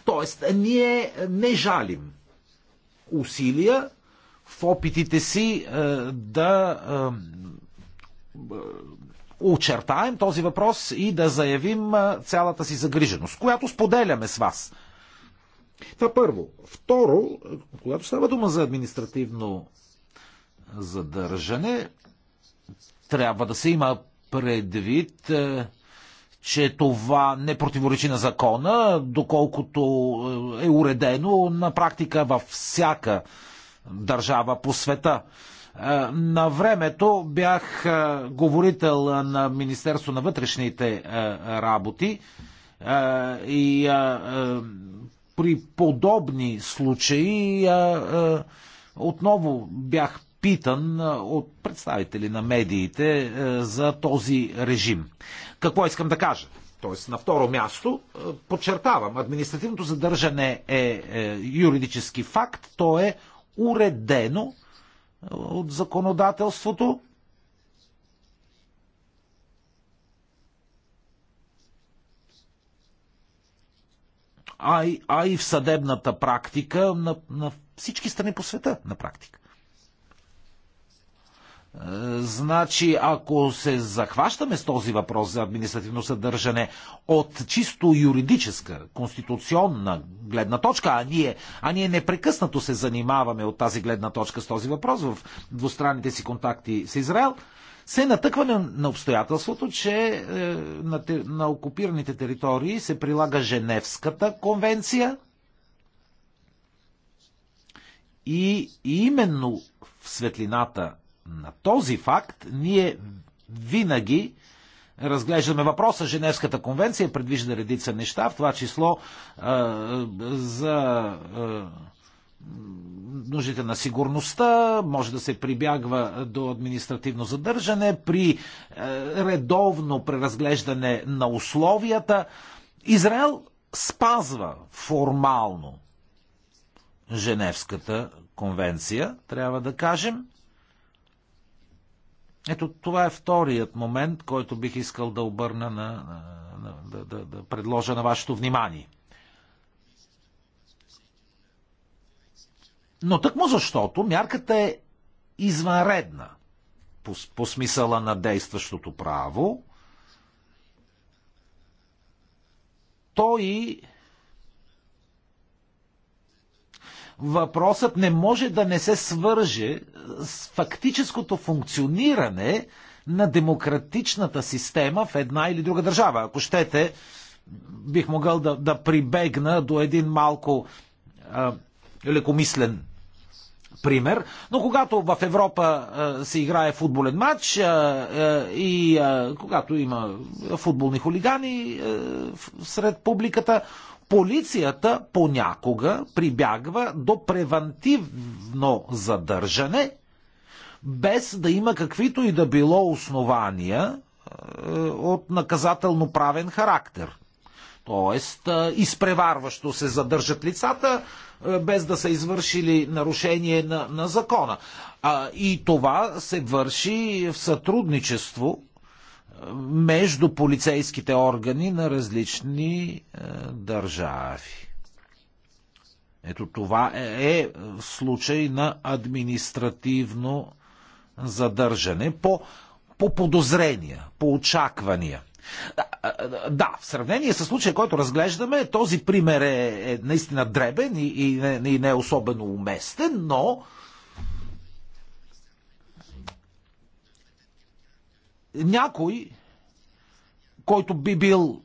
Тоест, ние не жалим усилия в опитите си е, да е, очертаем този въпрос и да заявим цялата си загриженост, която споделяме с вас. Това първо. Второ, когато става дума за административно задържане, трябва да се има предвид, че това не противоречи на закона, доколкото е уредено на практика във всяка държава по света. Е, на времето бях е, говорител на Министерство на вътрешните е, работи и при подобни случаи отново бях питан от представители на медиите за този режим. Какво искам да кажа? Тоест, на второ място, подчертавам, административното задържане е юридически факт, то е уредено от законодателството. А и, а и в съдебната практика на, на всички страни по света, на практика. Значи, ако се захващаме с този въпрос за административно съдържане от чисто юридическа, конституционна гледна точка, а ние, а ние непрекъснато се занимаваме от тази гледна точка с този въпрос в двустранните си контакти с Израел, се натъкваме на обстоятелството, че е, на, на окупираните територии се прилага Женевската конвенция и именно в светлината на този факт ние винаги разглеждаме въпроса. Женевската конвенция предвижда редица неща, в това число а, за а, нуждите на сигурността, може да се прибягва до административно задържане при а, редовно преразглеждане на условията. Израел спазва формално Женевската конвенция, трябва да кажем. Ето това е вторият момент, който бих искал да обърна на, на, да, да, да предложа на вашето внимание. Но тъкмо защото мярката е извънредна по, по смисъла на действащото право, Той и въпросът не може да не се свърже с фактическото функциониране на демократичната система в една или друга държава. Ако щете, бих могъл да, да прибегна до един малко а, лекомислен пример, но когато в Европа а, се играе футболен матч а, а, и а, когато има футболни хулигани а, сред публиката, полицията понякога прибягва до превантивно задържане, без да има каквито и да било основания е, от наказателно-правен характер. Тоест, е, изпреварващо се задържат лицата, е, без да са извършили нарушение на, на закона. А, и това се върши в сътрудничество между полицейските органи на различни е, държави. Ето това е, е случай на административно задържане по, по подозрения, по очаквания. Да, е, да, в сравнение с случая, който разглеждаме, този пример е, е наистина дребен и, и, не, и не е особено уместен, но някой, който би бил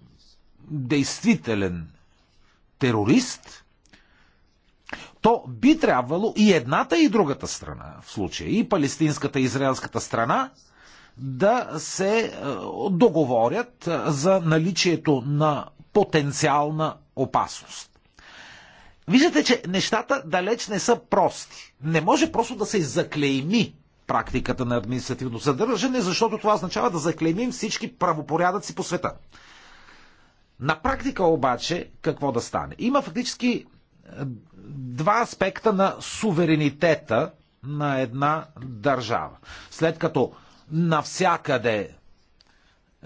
действителен терорист, то би трябвало и едната и другата страна, в случая и палестинската и израелската страна, да се е, договорят е, за наличието на потенциална опасност. Виждате, че нещата далеч не са прости. Не може просто да се заклейми практиката на административно съдържане, защото това означава да заклеймим всички правопорядъци по света. На практика обаче какво да стане? Има фактически е, два аспекта на суверенитета на една държава. След като навсякъде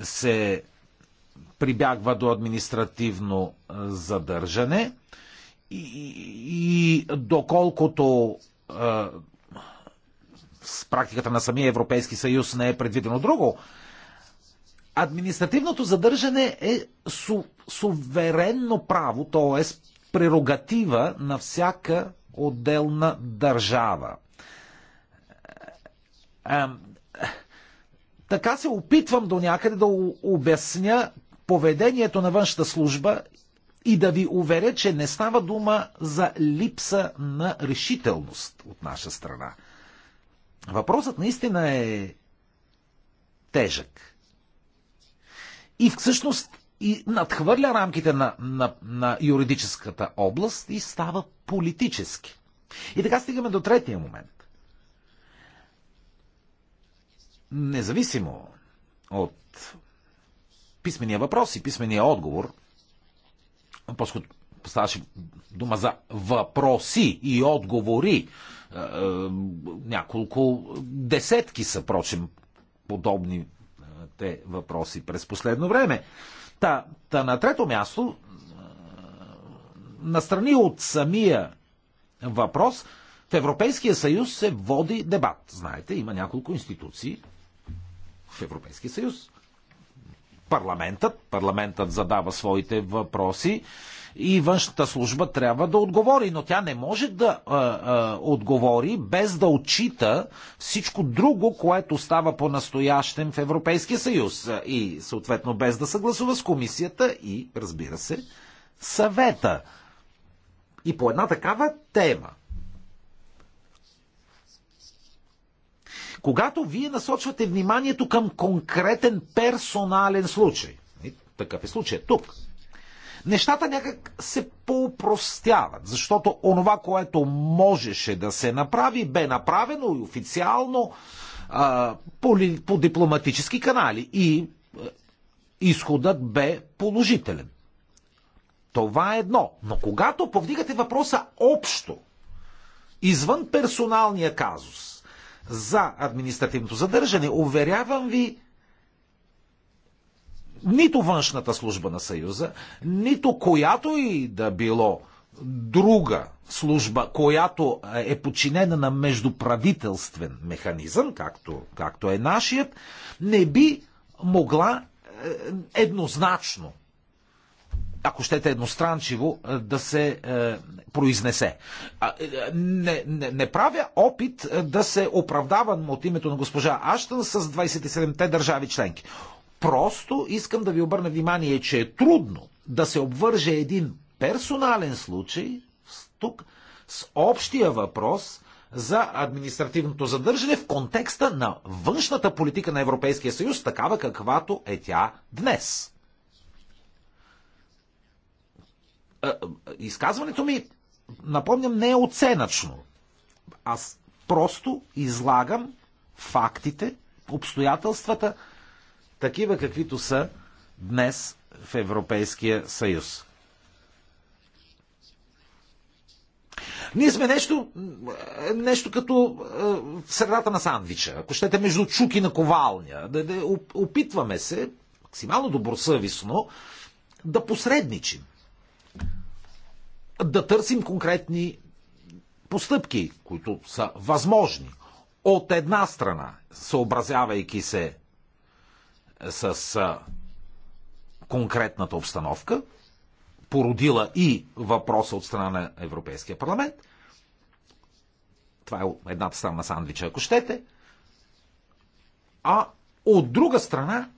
се прибягва до административно е, задържане и, и, и доколкото е, с практиката на самия Европейски съюз не е предвидено друго. Административното задържане е су, суверенно право, т.е. прерогатива на всяка отделна държава. Така се опитвам до някъде да обясня поведението на външната служба и да ви уверя, че не става дума за липса на решителност от наша страна. Въпросът наистина е тежък. И всъщност и надхвърля рамките на, на, на юридическата област и става политически. И така стигаме до третия момент. Независимо от писмения въпрос и писмения отговор, по-скоро ставаше дума за въпроси и отговори. Е, е, няколко десетки са, прочим, подобни е, те въпроси през последно време. Та, та на трето място, настрани от самия въпрос, в Европейския съюз се води дебат. Знаете, има няколко институции в Европейския съюз. Парламентът, парламентът задава своите въпроси и външната служба трябва да отговори, но тя не може да а, а, отговори без да отчита всичко друго, което става по-настоящем в Европейския съюз и съответно без да съгласува с комисията и, разбира се, съвета. И по една такава тема. Когато вие насочвате вниманието към конкретен персонален случай, такъв е случай тук, нещата някак се поупростяват, защото онова, което можеше да се направи, бе направено и официално а, по, по дипломатически канали и а, изходът бе положителен. Това е едно. Но когато повдигате въпроса общо, извън персоналния казус, за административното задържане, уверявам ви, нито външната служба на Съюза, нито която и да било друга служба, която е подчинена на междуправителствен механизъм, както, както е нашият, не би могла е, еднозначно, ако щете едностранчиво, е, да се е, произнесе. Е, не, не, не правя опит да се оправдавам от името на госпожа Аштън с 27-те държави членки. Просто искам да ви обърна внимание, че е трудно да се обвърже един персонален случай тук с общия въпрос за административното задържане в контекста на външната политика на Европейския съюз, такава каквато е тя днес. Е, е, изказването ми, напомням, не е оценъчно. Аз просто излагам фактите, обстоятелствата, такива каквито са днес в Европейския съюз. Ние сме нещо, нещо като е, в средата на сандвича, ако щете между Чуки на ковалня. Да, да, опитваме се максимално добросъвестно да посредничим. Да търсим конкретни постъпки, които са възможни. От една страна, съобразявайки се с конкретната обстановка, породила и въпроса от страна на Европейския парламент. Това е едната страна на сандвича, ако щете. А от друга страна,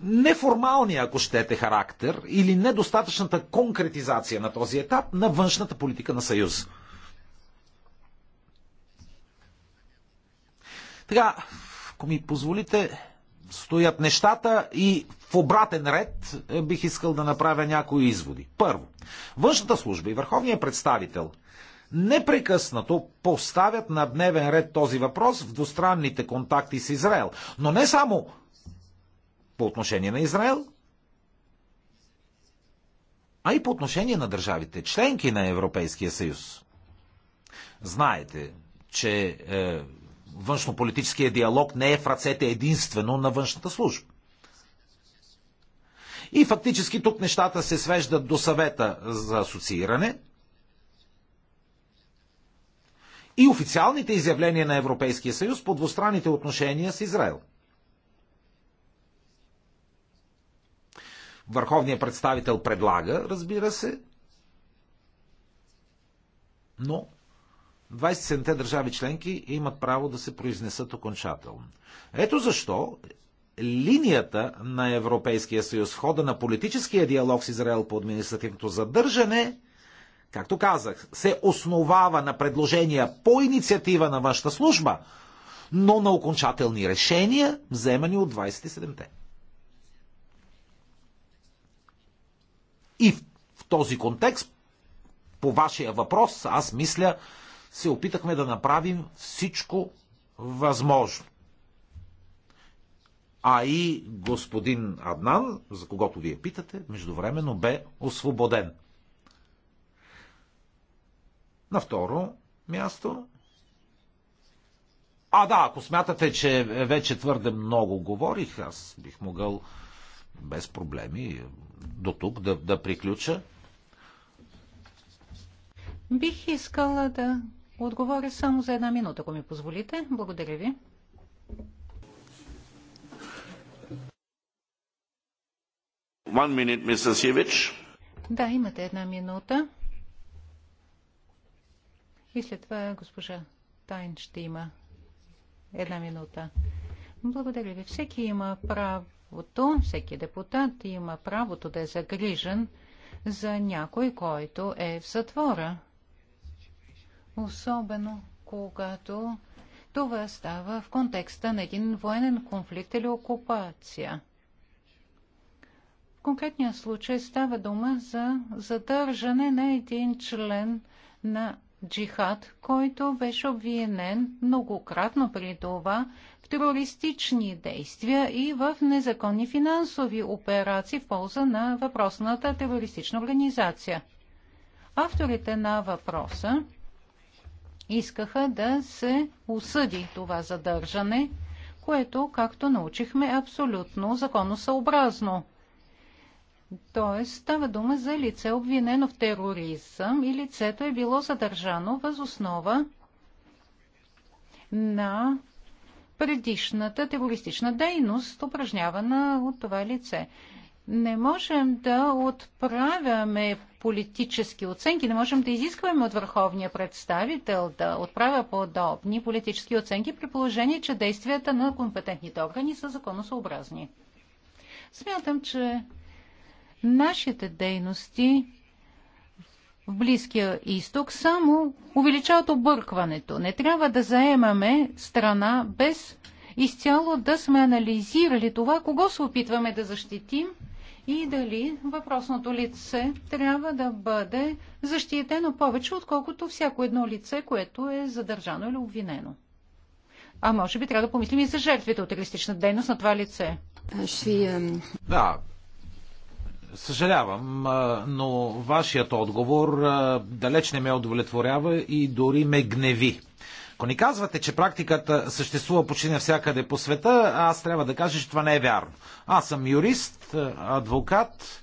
неформалния, ако щете, характер или недостатъчната конкретизация на този етап на външната политика на Съюз. Така, ако ми позволите, стоят нещата и в обратен ред е, бих искал да направя някои изводи. Първо, външната служба и върховният представител непрекъснато поставят на дневен ред този въпрос в двустранните контакти с Израел. Но не само по отношение на Израел, а и по отношение на държавите, членки на Европейския съюз. Знаете, че е, външнополитическия диалог не е в ръцете единствено на външната служба. И фактически тук нещата се свеждат до съвета за асоцииране и официалните изявления на Европейския съюз по двустранните отношения с Израел. Върховният представител предлага, разбира се, но 27-те държави членки имат право да се произнесат окончателно. Ето защо линията на Европейския съюз в хода на политическия диалог с Израел по административното задържане, както казах, се основава на предложения по инициатива на вашата служба, но на окончателни решения, вземани от 27-те. И в този контекст, по вашия въпрос, аз мисля, се опитахме да направим всичко възможно. А и господин Аднан, за когото вие питате, междувременно бе освободен. На второ място. А, да, ако смятате, че вече твърде много говорих, аз бих могъл без проблеми до тук да, да приключа. Бих искала да отговоря само за една минута, ако ми позволите. Благодаря ви. One minute, Да, имате една минута. И след това госпожа Тайн ще има една минута. Благодаря ви. Всеки има правото, всеки депутат има правото да е загрижен за някой, който е в затвора особено когато това става в контекста на един военен конфликт или окупация. В конкретния случай става дума за задържане на един член на джихад, който беше обвинен многократно при това в терористични действия и в незаконни финансови операции в полза на въпросната терористична организация. Авторите на въпроса искаха да се осъди това задържане, което, както научихме, е абсолютно законосъобразно. Тоест става дума за лице обвинено в тероризъм и лицето е било задържано въз основа на предишната терористична дейност, упражнявана от това лице не можем да отправяме политически оценки, не можем да изискваме от върховния представител да отправя подобни политически оценки при положение, че действията на компетентните органи са законосъобразни. Смятам, че нашите дейности в Близкия изток само увеличават объркването. Не трябва да заемаме страна без изцяло да сме анализирали това, кого се опитваме да защитим – и дали въпросното лице трябва да бъде защитено повече, отколкото всяко едно лице, което е задържано или обвинено. А може би трябва да помислим и за жертвите от терористична дейност на това лице. Да, Съжалявам, но вашият отговор далеч не ме удовлетворява и дори ме гневи. Ако ни казвате, че практиката съществува почти навсякъде по света, аз трябва да кажа, че това не е вярно. Аз съм юрист, адвокат.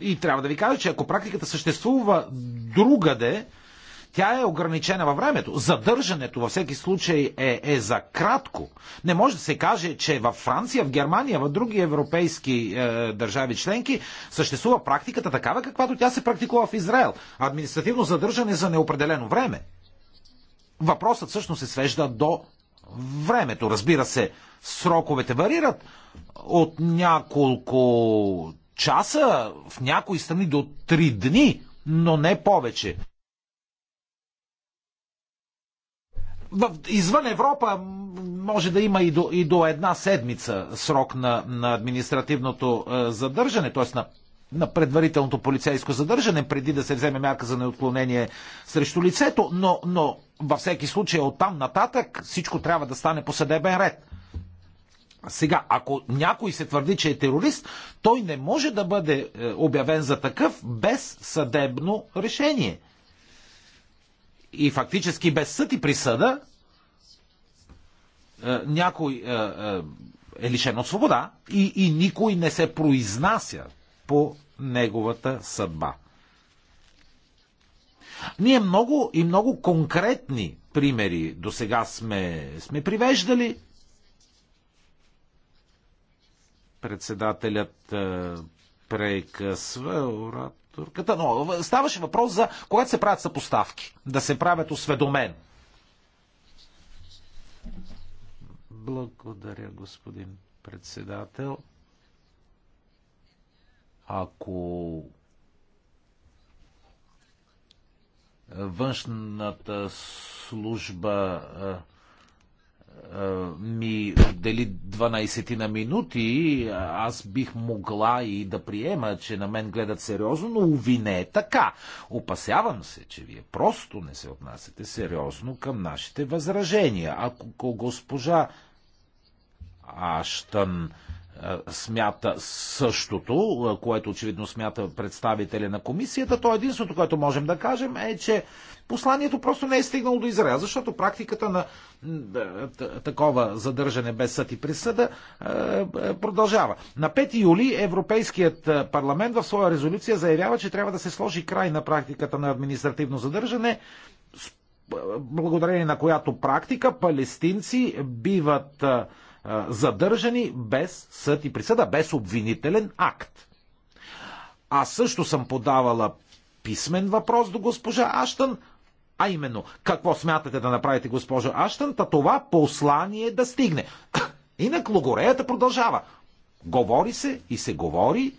И трябва да ви кажа, че ако практиката съществува другаде, тя е ограничена във времето. Задържането във всеки случай е, е за кратко. Не може да се каже, че във Франция, в Германия, в други европейски е, държави членки съществува практиката такава, каквато тя се практикува в Израел. Административно задържане за неопределено време. Въпросът всъщност се свежда до времето. Разбира се, сроковете варират от няколко часа, в някои страни до три дни, но не повече. в, извън Европа може да има и до, и до една седмица срок на, на административното е, задържане, т.е. На, на предварителното полицейско задържане, преди да се вземе мярка за неотклонение срещу лицето, но, но във всеки случай оттам нататък всичко трябва да стане по съдебен ред. Сега, ако някой се твърди, че е терорист, той не може да бъде е, обявен за такъв без съдебно решение и фактически без съд и присъда е, някой е, е, е лишен от свобода и, и никой не се произнася по неговата съдба. Ние много и много конкретни примери до сега сме, сме привеждали. Председателят прекъсва турката, но е, ставаше въпрос за когато се правят съпоставки, да се правят осведомен. Благодаря, господин председател. Ако външната служба е, ми отдели 12 на минути, аз бих могла и да приема, че на мен гледат сериозно, но уви не е така. Опасявам се, че вие просто не се отнасяте сериозно към нашите възражения. Ако госпожа Аштън е, смята същото, е, което очевидно смята представителя на комисията, то единството, което можем да кажем е, че посланието просто не е стигнало до Израел, защото практиката на е, такова задържане без съд и присъда продължава. На 5 юли Европейският парламент в своя резолюция заявява, че трябва да се сложи край на практиката на административно задържане благодарение на която практика палестинци биват задържани без съд и присъда, без обвинителен акт. Аз също съм подавала писмен въпрос до госпожа Аштън, а именно, какво смятате да направите, госпожа Аштън, та това послание да стигне. Инак логореята продължава. Говори се и се говори.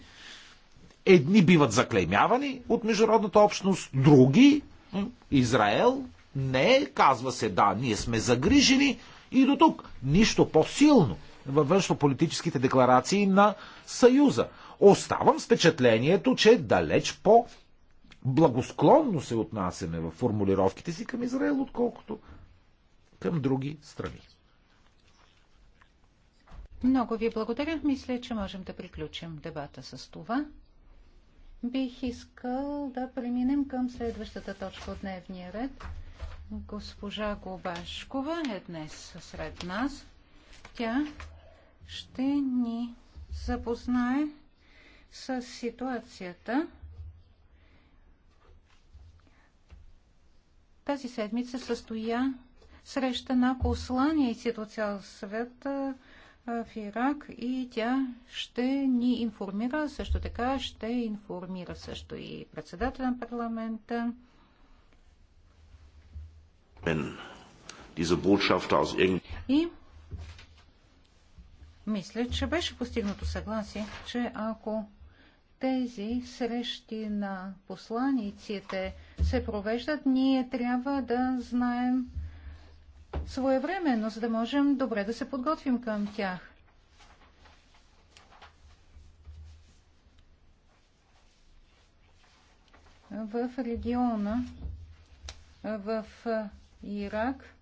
Едни биват заклеймявани от международната общност, други, Израел, не, казва се, да, ние сме загрижени, и до тук. Нищо по-силно във политическите декларации на Съюза. Оставам с впечатлението, че далеч по благосклонно се отнасяме в формулировките си към Израел, отколкото към други страни. Много ви благодаря. Мисля, че можем да приключим дебата с това. Бих искал да преминем към следващата точка от дневния ред. Госпожа Глобашкова е днес сред нас. Тя ще ни запознае с ситуацията Тази седмица състоя среща на посланиците от цял свет в Ирак и тя ще ни информира, също така ще информира също и председателя на парламента wenn diese Botschafter aus И мисля, че беше постигнато съгласие, че ако тези срещи на посланиците се провеждат, ние трябва да знаем своевременно, за да можем добре да се подготвим към тях. В региона, в Ирак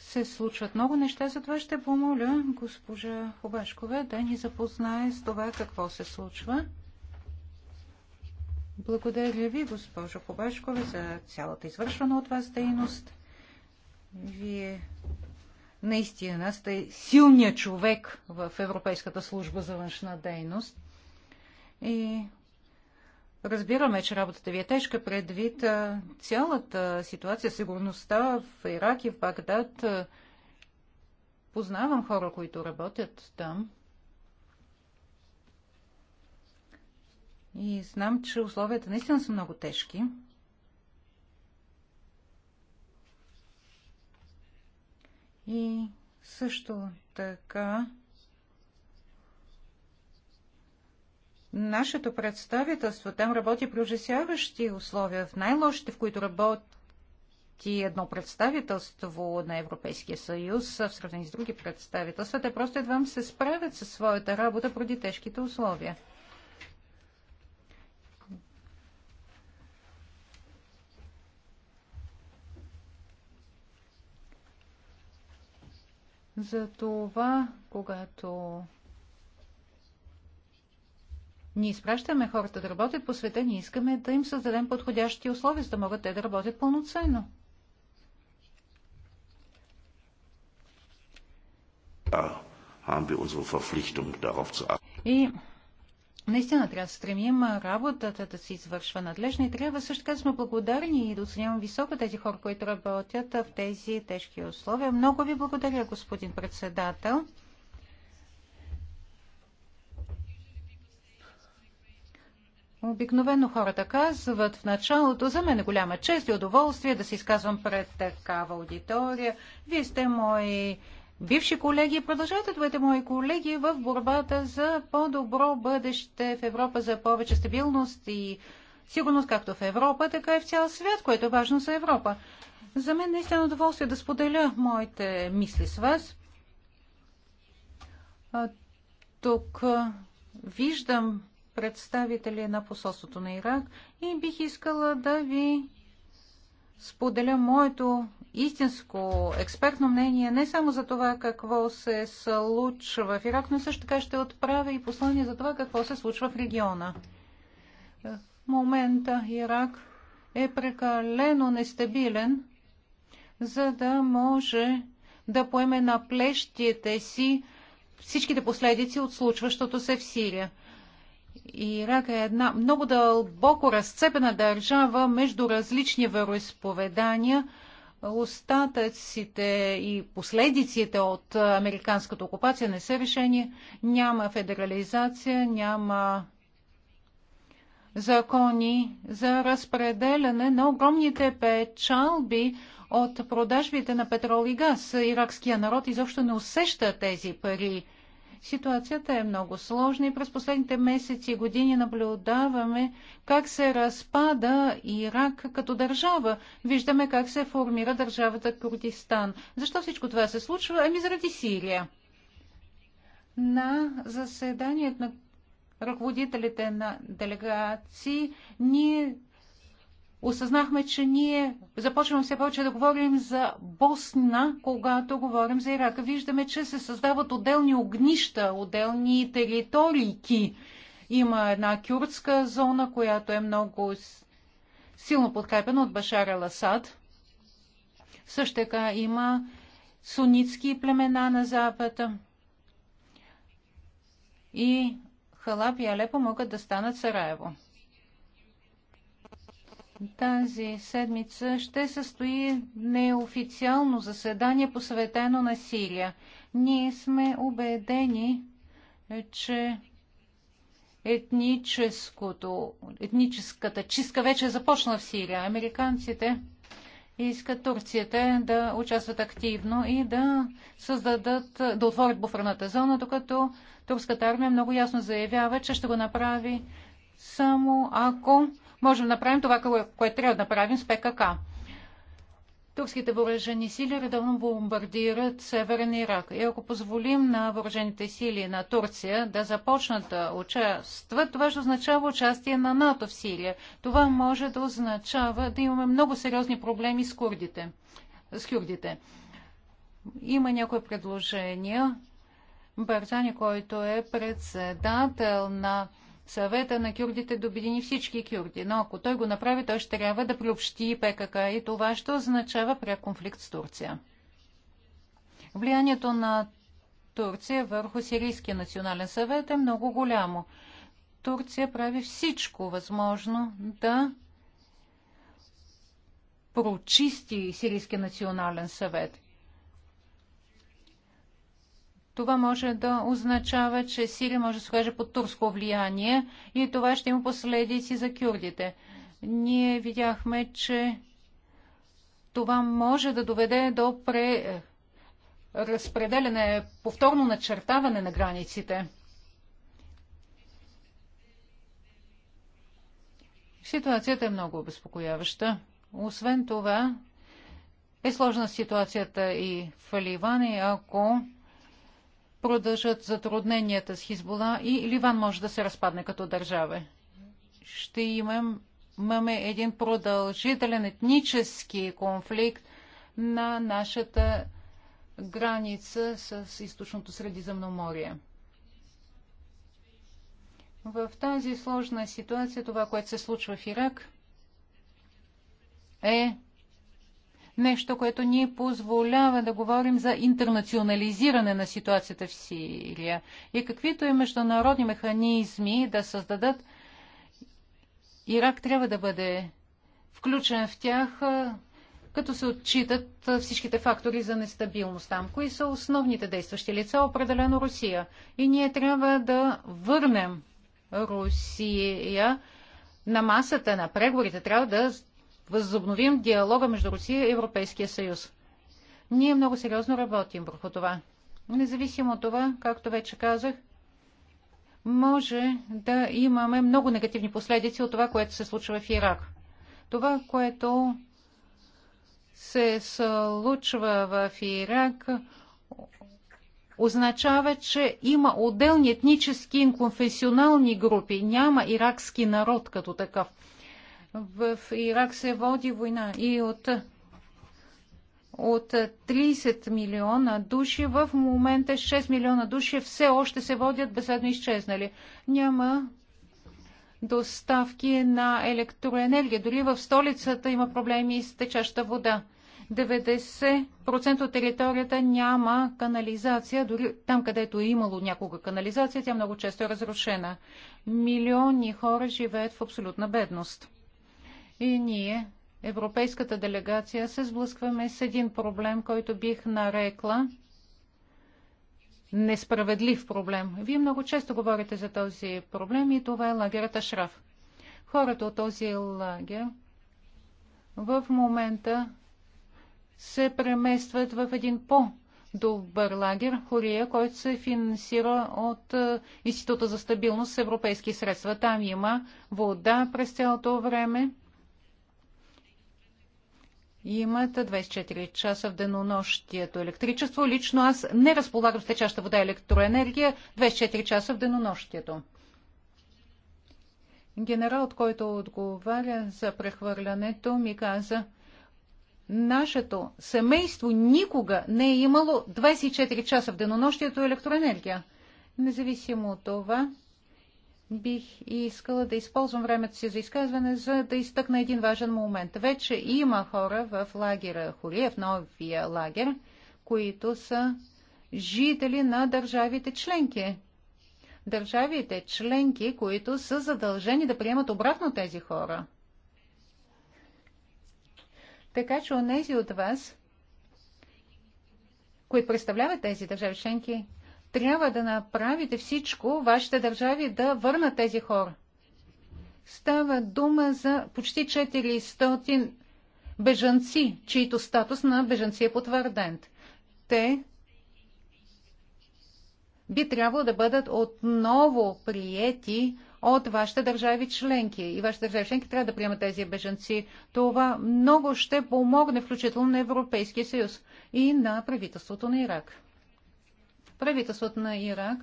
се случват много неща, затова ще помоля госпожа Хубашкова да ни запознае с това какво се случва. Благодаря ви, госпожо Хубашкова, за цялата извършвана от вас дейност. Вие наистина сте силният човек в Европейската служба за външна дейност. И Разбираме, че работата ви е тежка предвид цялата ситуация, сигурността в Ирак и в Багдад. Познавам хора, които работят там. И знам, че условията наистина са много тежки. И също така Нашето представителство там работи при ужасяващи условия, в най-лошите, в които работи едно представителство на Европейския съюз, в сравнение с други представителства, те просто едва се справят със своята работа преди тежките условия. За това, когато ние изпращаме хората да работят по света, ние искаме да им създадем подходящи условия, за да могат те да работят пълноценно. И наистина трябва да стремим работата да се извършва надлежно и трябва също така сме благодарни и да оценявам високо тези хора, които работят в тези тежки условия. Много ви благодаря, господин председател. Обикновено хората казват в началото, за мен е голяма чест и удоволствие да се изказвам пред такава аудитория. Вие сте мои бивши колеги, продължавате да бъдете мои колеги в борбата за по-добро бъдеще в Европа, за повече стабилност и сигурност както в Европа, така и в цял свят, което е важно за Европа. За мен наистина е удоволствие да споделя моите мисли с вас. тук виждам представители на посолството на Ирак и бих искала да ви споделя моето истинско експертно мнение не само за това какво се случва в Ирак, но също така ще отправя и послание за това какво се случва в региона. В момента Ирак е прекалено нестабилен, за да може да поеме на плещите си всичките последици от случващото се в Сирия. Ирак е една много дълбоко разцепена държава между различни вероисповедания. Остатъците и последиците от американската окупация не са решени. Няма федерализация, няма закони за разпределяне на огромните печалби от продажбите на петрол и газ. Иракския народ изобщо не усеща тези пари. Ситуацията е много сложна и през последните месеци и години наблюдаваме как се разпада Ирак като държава. Виждаме как се формира държавата Курдистан. Защо всичко това се случва? Ами заради Сирия. На заседанието на ръководителите на делегации ние осъзнахме, че ние започваме все повече да говорим за Босна, когато говорим за Ирак. Виждаме, че се създават отделни огнища, отделни територийки. Има една кюрдска зона, която е много силно подкрепена от Башар Ласад. Също така има сунитски племена на Запада. И Халап и Алепо могат да станат Сараево. Тази седмица ще състои неофициално заседание, посветено на Сирия. Ние сме убедени, че етническото, етническата чистка вече е започна в Сирия. Американците искат Турцията да участват активно и да създадат, да отворят буферната зона, докато турската армия много ясно заявява, че ще го направи само ако можем да направим това, което трябва да направим с ПКК. Турските въоръжени сили редовно бомбардират Северен Ирак. И ако позволим на въоръжените сили на Турция да започнат да участват, това ще означава участие на НАТО в Сирия. Това може да означава да имаме много сериозни проблеми с курдите. С кюрдите. Има някои предложения. Барзани, който е председател на съвета на кюрдите да обедини всички кюрди. Но ако той го направи, той ще трябва да приобщи ПКК и това ще означава пряк конфликт с Турция. Влиянието на Турция върху Сирийския национален съвет е много голямо. Турция прави всичко възможно да прочисти Сирийския национален съвет това може да означава, че Сирия може да се каже под турско влияние и това ще има последици за кюрдите. Ние видяхме, че това може да доведе до пре... повторно начертаване на границите. Ситуацията е много обезпокояваща. Освен това, е сложна ситуацията и в Ливан и ако продължат затрудненията с Хизбола и Ливан може да се разпадне като държава. Ще имам, имаме един продължителен етнически конфликт на нашата граница с източното Средиземноморие. В тази сложна ситуация това, което се случва в Ирак, е нещо, което ни позволява да говорим за интернационализиране на ситуацията в Сирия и каквито и международни механизми да създадат, Ирак трябва да бъде включен в тях, като се отчитат всичките фактори за нестабилност там. Кои са основните действащи лица? Определено Русия. И ние трябва да върнем Русия на масата на преговорите. Трябва да възобновим диалога между Русия и Европейския съюз. Ние много сериозно работим върху това. Независимо от това, както вече казах, може да имаме много негативни последици от това, което се случва в Ирак. Това, което се случва в Ирак, означава, че има отделни етнически и конфесионални групи. Няма иракски народ като такъв. В Ирак се води война и от, от 30 милиона души, в момента 6 милиона души все още се водят безследно изчезнали. Няма доставки на електроенергия. Дори в столицата има проблеми с течаща вода. 90% от територията няма канализация. Дори там, където е имало някога канализация, тя много често е разрушена. Милиони хора живеят в абсолютна бедност. И ние, европейската делегация, се сблъскваме с един проблем, който бих нарекла несправедлив проблем. Вие много често говорите за този проблем и това е лагерът Ашраф. Хората от този лагер в момента се преместват в един по-добър лагер, Хория, който се финансира от е, Института за стабилност с европейски средства. Там има вода през цялото време имат 24 часа в денонощието електричество. Лично аз не разполагам с течаща вода електроенергия 24 часа в денонощието. Генералът, който отговаря за прехвърлянето, ми каза, нашето семейство никога не е имало 24 часа в денонощието електроенергия. Независимо от това, бих искала да използвам времето си за изказване, за да изтъкна един важен момент. Вече има хора в лагера Хурия, в новия лагер, които са жители на държавите членки. Държавите членки, които са задължени да приемат обратно тези хора. Така че онези от вас, които представляват тези държави членки, трябва да направите всичко, вашите държави да върнат тези хора. Става дума за почти 400 бежанци, чието статус на бежанци е потвърден. Те би трябвало да бъдат отново приети от вашите държави членки. И вашите държави членки трябва да приемат тези беженци. Това много ще помогне, включително на Европейския съюз и на правителството на Ирак. Правителството на Ирак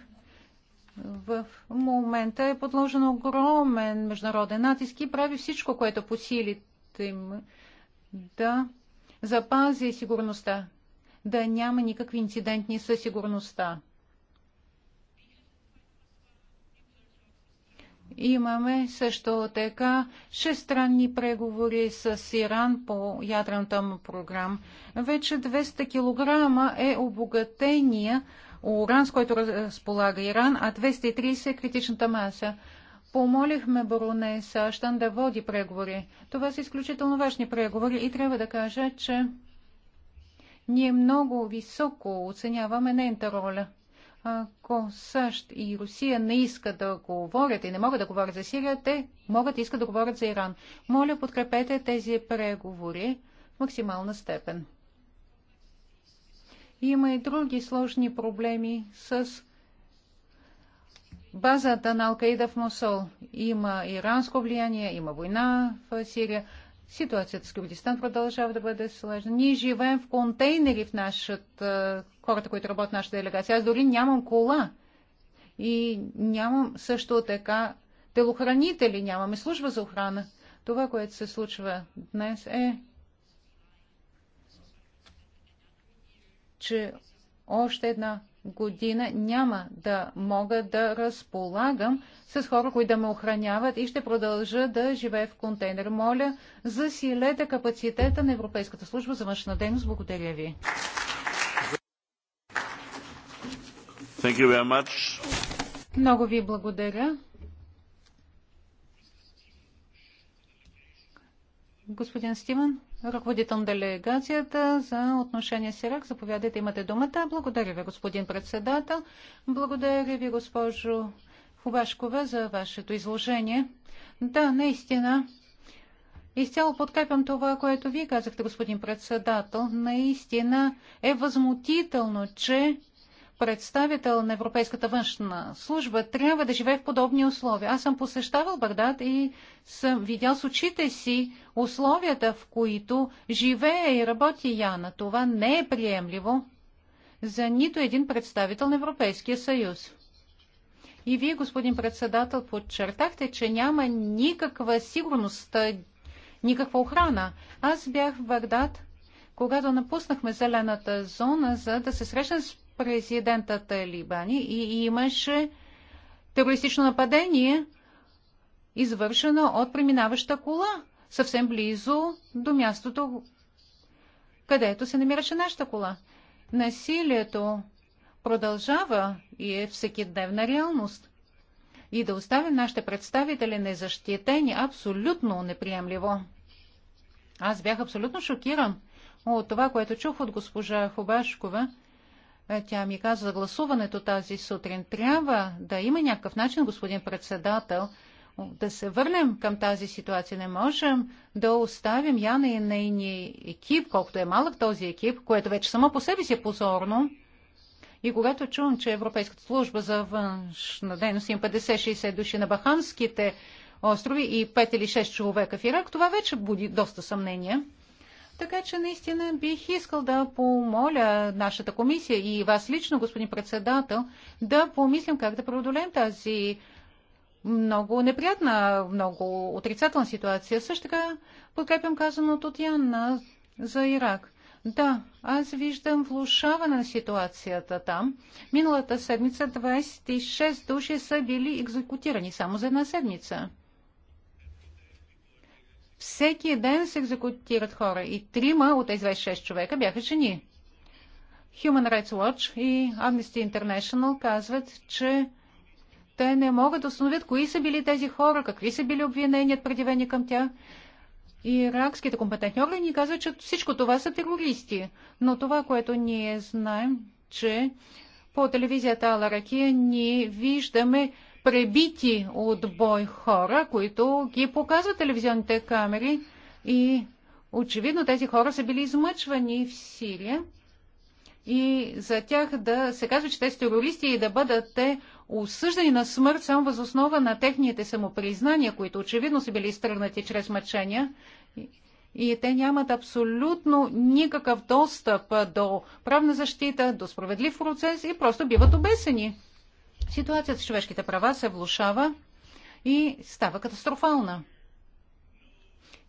в момента е подложено огромен международен натиск и прави всичко, което по силите им да запази сигурността, да няма никакви инцидентни със сигурността. Имаме също така шестранни преговори с Иран по ядрената му програма. Вече 200 кг е обогатения уран, с който разполага Иран, а 230 е критичната маса. Помолихме баронеса Штан да води преговори. Това са изключително важни преговори и трябва да кажа, че ние много високо оценяваме нейната роля. Ако САЩ и Русия не искат да говорят и не могат да говорят за Сирия, те могат и искат да говорят за Иран. Моля, подкрепете тези преговори в максимална степен. Има и други сложни проблеми с базата на Алкаида в Мосол. Има иранско влияние, има война в Сирия. Ситуацията с Кюрдистан продължава да бъде сложна. Ние живеем в контейнери в нашата, хората, които работят в нашата делегация. Аз дори нямам кола и нямам също така телохранители, нямаме служба за охрана. Това, което се случва днес е, че още една година няма да мога да разполагам с хора, които да ме охраняват и ще продължа да живея в контейнер. Моля, засилете капацитета на Европейската служба за външна дейност. Благодаря ви. Много ви благодаря. господин Стивен, ръководител на делегацията за отношение с Ирак. Заповядайте, имате думата. Благодаря ви, господин председател. Благодаря ви, госпожо Хубашкова, за вашето изложение. Да, наистина, Изцяло подкрепям това, което вие казахте, господин председател. Наистина е възмутително, че представител на Европейската външна служба трябва да живее в подобни условия. Аз съм посещавал Багдад и съм видял с очите си условията, в които живее и работи Яна. Това не е приемливо за нито един представител на Европейския съюз. И вие, господин председател, подчертахте, че няма никаква сигурност, никаква охрана. Аз бях в Багдад, когато напуснахме зелената зона, за да се срещна с президента Талибани и имаше терористично нападение, извършено от преминаваща кола, съвсем близо до мястото, където се намираше нашата кола. Насилието продължава и е всекидневна реалност. И да оставим нашите представители незащитени абсолютно неприемливо. Аз бях абсолютно шокиран от това, което чух от госпожа Хубашкова – е, тя ми каза за гласуването тази сутрин. Трябва да има някакъв начин, господин председател, да се върнем към тази ситуация. Не можем да оставим Яна и нейния екип, колкото е малък този екип, което вече само по себе си е позорно. И когато чувам, че Европейската служба за външна дейност има 50-60 души на Баханските острови и 5 или 6 човека в Ирак, това вече буди доста съмнение. Така че наистина бих искал да помоля нашата комисия и вас лично, господин председател, да помислим как да преодолеем тази много неприятна, много отрицателна ситуация. Също така подкрепям казаното от Яна за Ирак. Да, аз виждам влушаване на ситуацията там. Миналата седмица 26 души са били екзекутирани само за една седмица. Всеки ден се екзекутират хора и трима от тези 26 човека бяха жени. Human Rights Watch и Amnesty International казват, че те не могат да установят кои са били тези хора, какви са били обвинения, предявени към тях. Иракските компетентни органи казват, че всичко това са терористи. Но това, което ние знаем, че по телевизията Аларакия ние виждаме пребити от бой хора, които ги показват телевизионните камери и очевидно тези хора са били измъчвани в Сирия и за тях да се казва, че те са терористи и да бъдат те осъждани на смърт само възоснова на техните самопризнания, които очевидно са били изтръгнати чрез мъчения. И те нямат абсолютно никакъв достъп до правна защита, до справедлив процес и просто биват обесени. Ситуацията с човешките права се влушава и става катастрофална.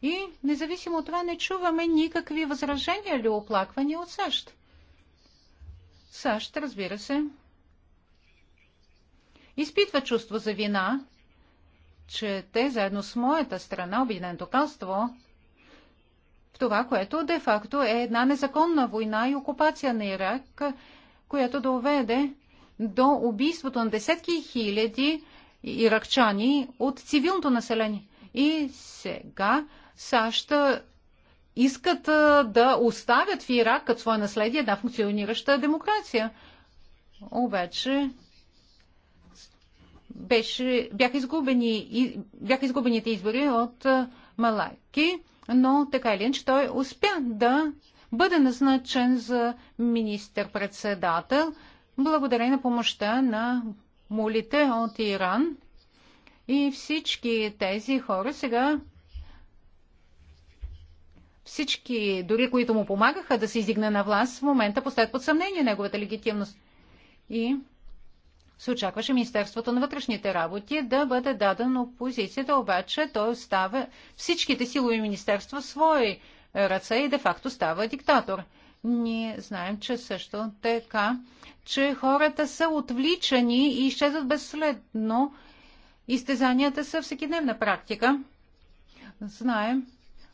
И независимо от това не чуваме никакви възражения или оплаквания от САЩ. САЩ, разбира се, изпитва чувство за вина, че те заедно с моята страна, Обединеното кралство, в това, което де-факто е една незаконна война и окупация на Ирак, която доведе до убийството на десетки хиляди иракчани от цивилното население. И сега САЩ искат да оставят в Ирак като свое наследие една функционираща демокрация. Обаче беше, бяха, изгубени, бяха изгубените избори от Малаки, но така или иначе той успя да бъде назначен за министър-председател благодарение на помощта на молите от Иран. И всички тези хора сега всички, дори които му помагаха да се издигне на власт, в момента поставят под съмнение неговата легитимност. И се очакваше Министерството на вътрешните работи да бъде дадено опозицията, обаче той става всичките силови министерства в свои ръце и де-факто става диктатор. Ние знаем, че също така, че хората са отвличани и изчезват безследно. Изтезанията са всекидневна практика. Знаем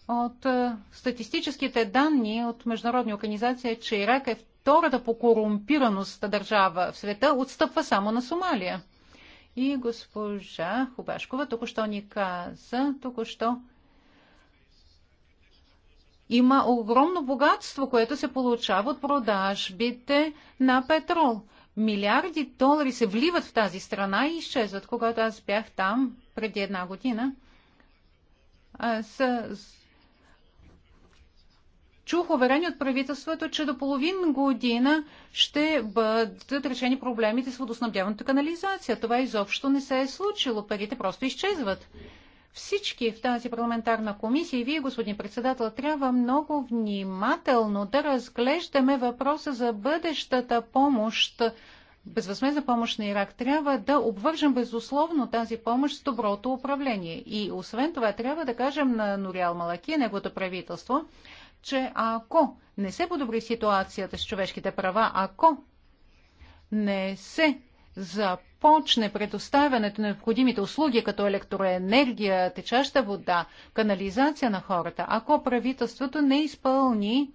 от е, статистическите данни от международни организации, че Ирак е втората по корумпираност държава в света, отстъпва само на Сомалия. И госпожа Хубашкова току-що ни каза, току-що има огромно богатство, което се получава от продажбите на петрол. Милиарди долари се вливат в тази страна и изчезват. Когато аз бях там преди една година, аз чух уверени от правителството, че до половин година ще бъдат решени проблемите с водоснабдяването и канализация. Това изобщо не се е случило. Парите просто изчезват. Всички в тази парламентарна комисия и вие, господин председател, трябва много внимателно да разглеждаме въпроса за бъдещата помощ, безвъзмезна помощ на Ирак. Трябва да обвържем безусловно тази помощ с доброто управление. И освен това трябва да кажем на Нориал Малаки, неговото правителство, че ако не се подобри ситуацията с човешките права, ако не се започне предоставянето на необходимите услуги, като електроенергия, течаща вода, канализация на хората, ако правителството не изпълни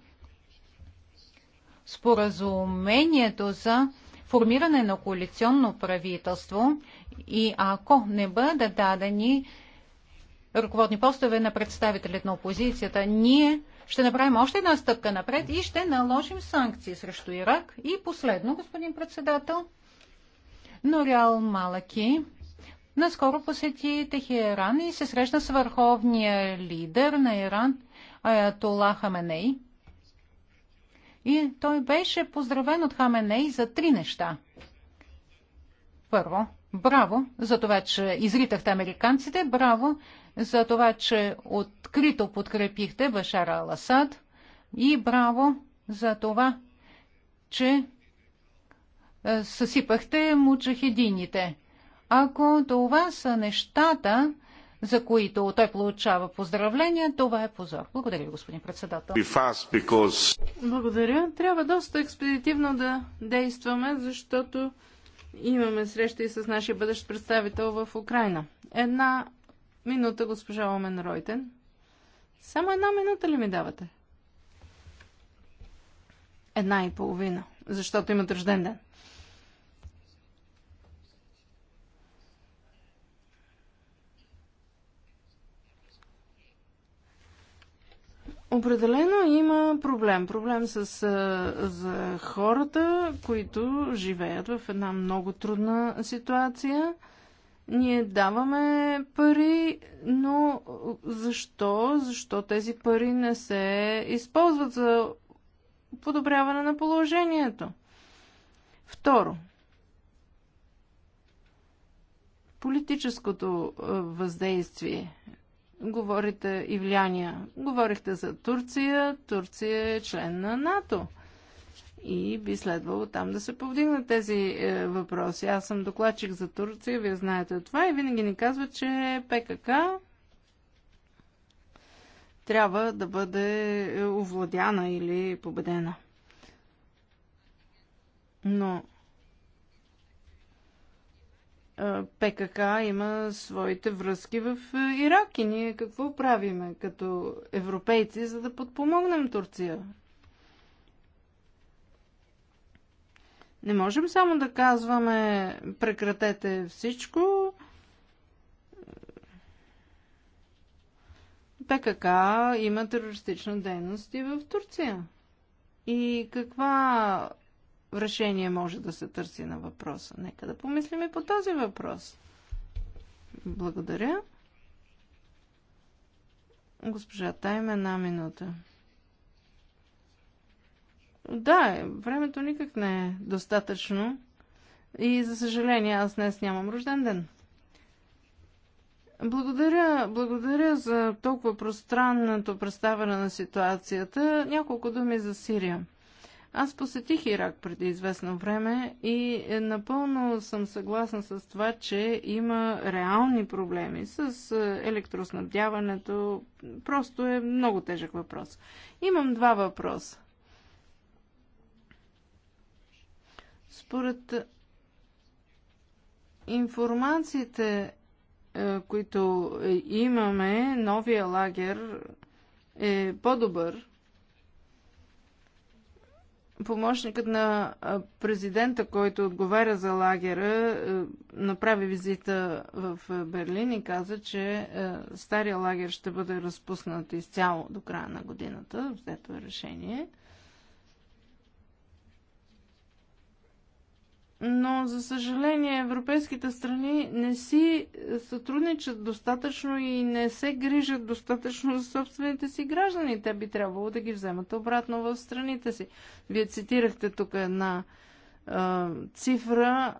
споразумението за формиране на коалиционно правителство и ако не бъдат дадени ръководни постове на представителят на опозицията, ние ще направим още една стъпка напред и ще наложим санкции срещу Ирак. И последно, господин председател, Нориал Малаки наскоро посети Техеран и се срещна с върховния лидер на Иран Аятола Хаменей. И той беше поздравен от Хаменей за три неща. Първо, браво за това, че изритахте американците, браво за това, че открито подкрепихте Башара Аласад и браво за това, че е, съсипахте муджахедините. Ако това са нещата, за които той получава поздравления, това е позор. Благодаря ви, господин председател. Благодаря. Трябва доста експедитивно да действаме, защото имаме среща и с нашия бъдещ представител в Украина. Една минута, госпожа Омен Ройтен. Само една минута ли ми давате? Една и половина, защото имат рожден ден. Определено има проблем. Проблем с, за хората, които живеят в една много трудна ситуация. Ние даваме пари, но защо? Защо тези пари не се използват за подобряване на положението? Второ, политическото въздействие говорите и влияния. Говорихте за Турция. Турция е член на НАТО. И би следвало там да се повдигнат тези е, въпроси. Аз съм докладчик за Турция, вие знаете това и винаги ни казват, че ПКК трябва да бъде е, овладяна или победена. Но ПКК има своите връзки в Ирак и ние какво правиме като европейци, за да подпомогнем Турция? Не можем само да казваме прекратете всичко. ПКК има терористична дейност и в Турция. И каква решение може да се търси на въпроса. Нека да помислим и по този въпрос. Благодаря. Госпожа Тайм, една минута. Да, е, времето никак не е достатъчно. И за съжаление, аз днес нямам рожден ден. Благодаря, благодаря за толкова пространното представяне на ситуацията. Няколко думи за Сирия. Аз посетих Ирак преди известно време и е, напълно съм съгласна с това, че има реални проблеми с е, електроснабдяването. Просто е много тежък въпрос. Имам два въпроса. Според е, информациите, които имаме, новия лагер е по-добър помощникът на президента, който отговаря за лагера, е, направи визита в е, Берлин и каза, че е, стария лагер ще бъде разпуснат изцяло до края на годината. Взето е решение. но за съжаление европейските страни не си сътрудничат достатъчно и не се грижат достатъчно за собствените си граждани. Те би трябвало да ги вземат обратно в страните си. Вие цитирахте тук една е, цифра.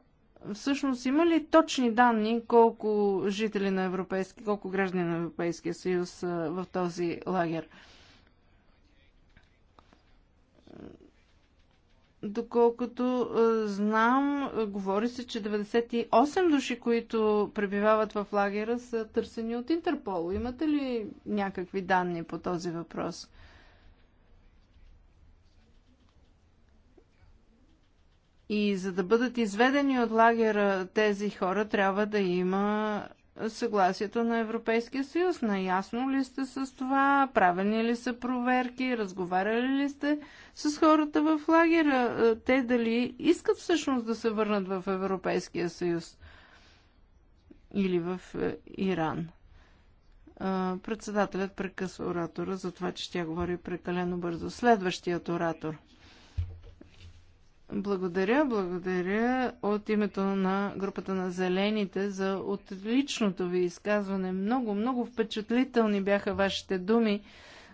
Всъщност има ли точни данни колко жители на Европейски, колко граждани на Европейския съюз е, в този лагер? Доколкото е, знам, говори се, че 98 души, които пребивават в лагера, са търсени от Интерпол. Имате ли някакви данни по този въпрос? И за да бъдат изведени от лагера тези хора, трябва да има съгласието на Европейския съюз. Наясно ли сте с това? Правени ли са проверки? Разговаряли ли сте с хората в лагера? Е, те дали искат всъщност да се върнат в Европейския съюз? Или в е, Иран? Е, председателят прекъсва оратора за това, че тя говори прекалено бързо. Следващият оратор – благодаря, благодаря от името на групата на Зелените за отличното ви изказване. Много, много впечатлителни бяха вашите думи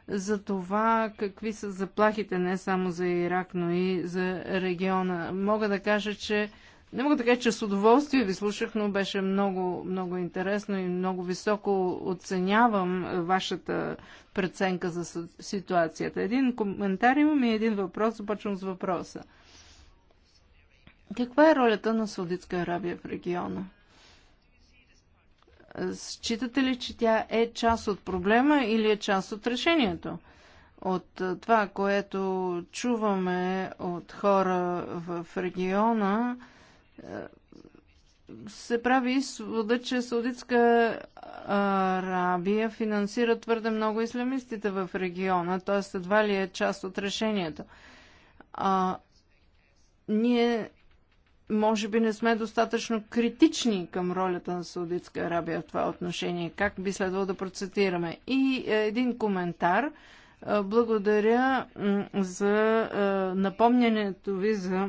за това какви са заплахите не само за Ирак, но и за региона. Мога да кажа, че не мога да кажа, че с удоволствие ви слушах, но беше много, много интересно и много високо оценявам вашата преценка за ситуацията. Един коментар имам и един въпрос. Започвам с въпроса. Каква е ролята на Саудитска Арабия в региона? Считате ли, че тя е част от проблема или е част от решението? От това, което чуваме от хора в региона, се прави извода, че Саудитска Арабия финансира твърде много ислямистите в региона, т.е. едва ли е част от решението. А, ние може би не сме достатъчно критични към ролята на Саудитска Арабия в това отношение. Как би следвало да процитираме? И е, един коментар. Е, благодаря за е, напомнянето ви за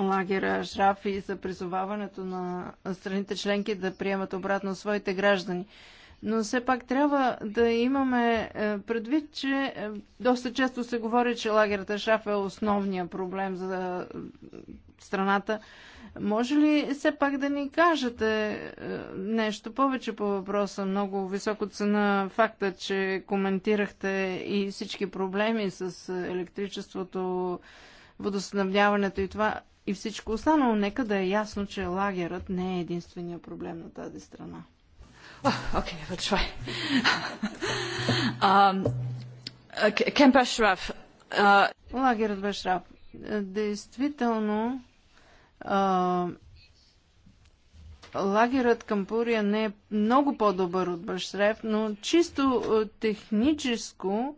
лагера Шраф и за призоваването на страните членки да приемат обратно своите граждани. Но все пак трябва да имаме предвид, че доста често се говори, че лагерът Шраф е основния проблем за страната. Може ли все пак да ни кажете е, нещо повече по въпроса? Много високо цена факта, че коментирахте и всички проблеми с електричеството, водоснабдяването и това и всичко останало. Нека да е ясно, че лагерът не е единствения проблем на тази страна. Окей, oh, okay, um, okay, Uh... Лагерът Бешраф. Е, действително, а, лагерът Кампурия не е много по-добър от Башрев, но чисто техническо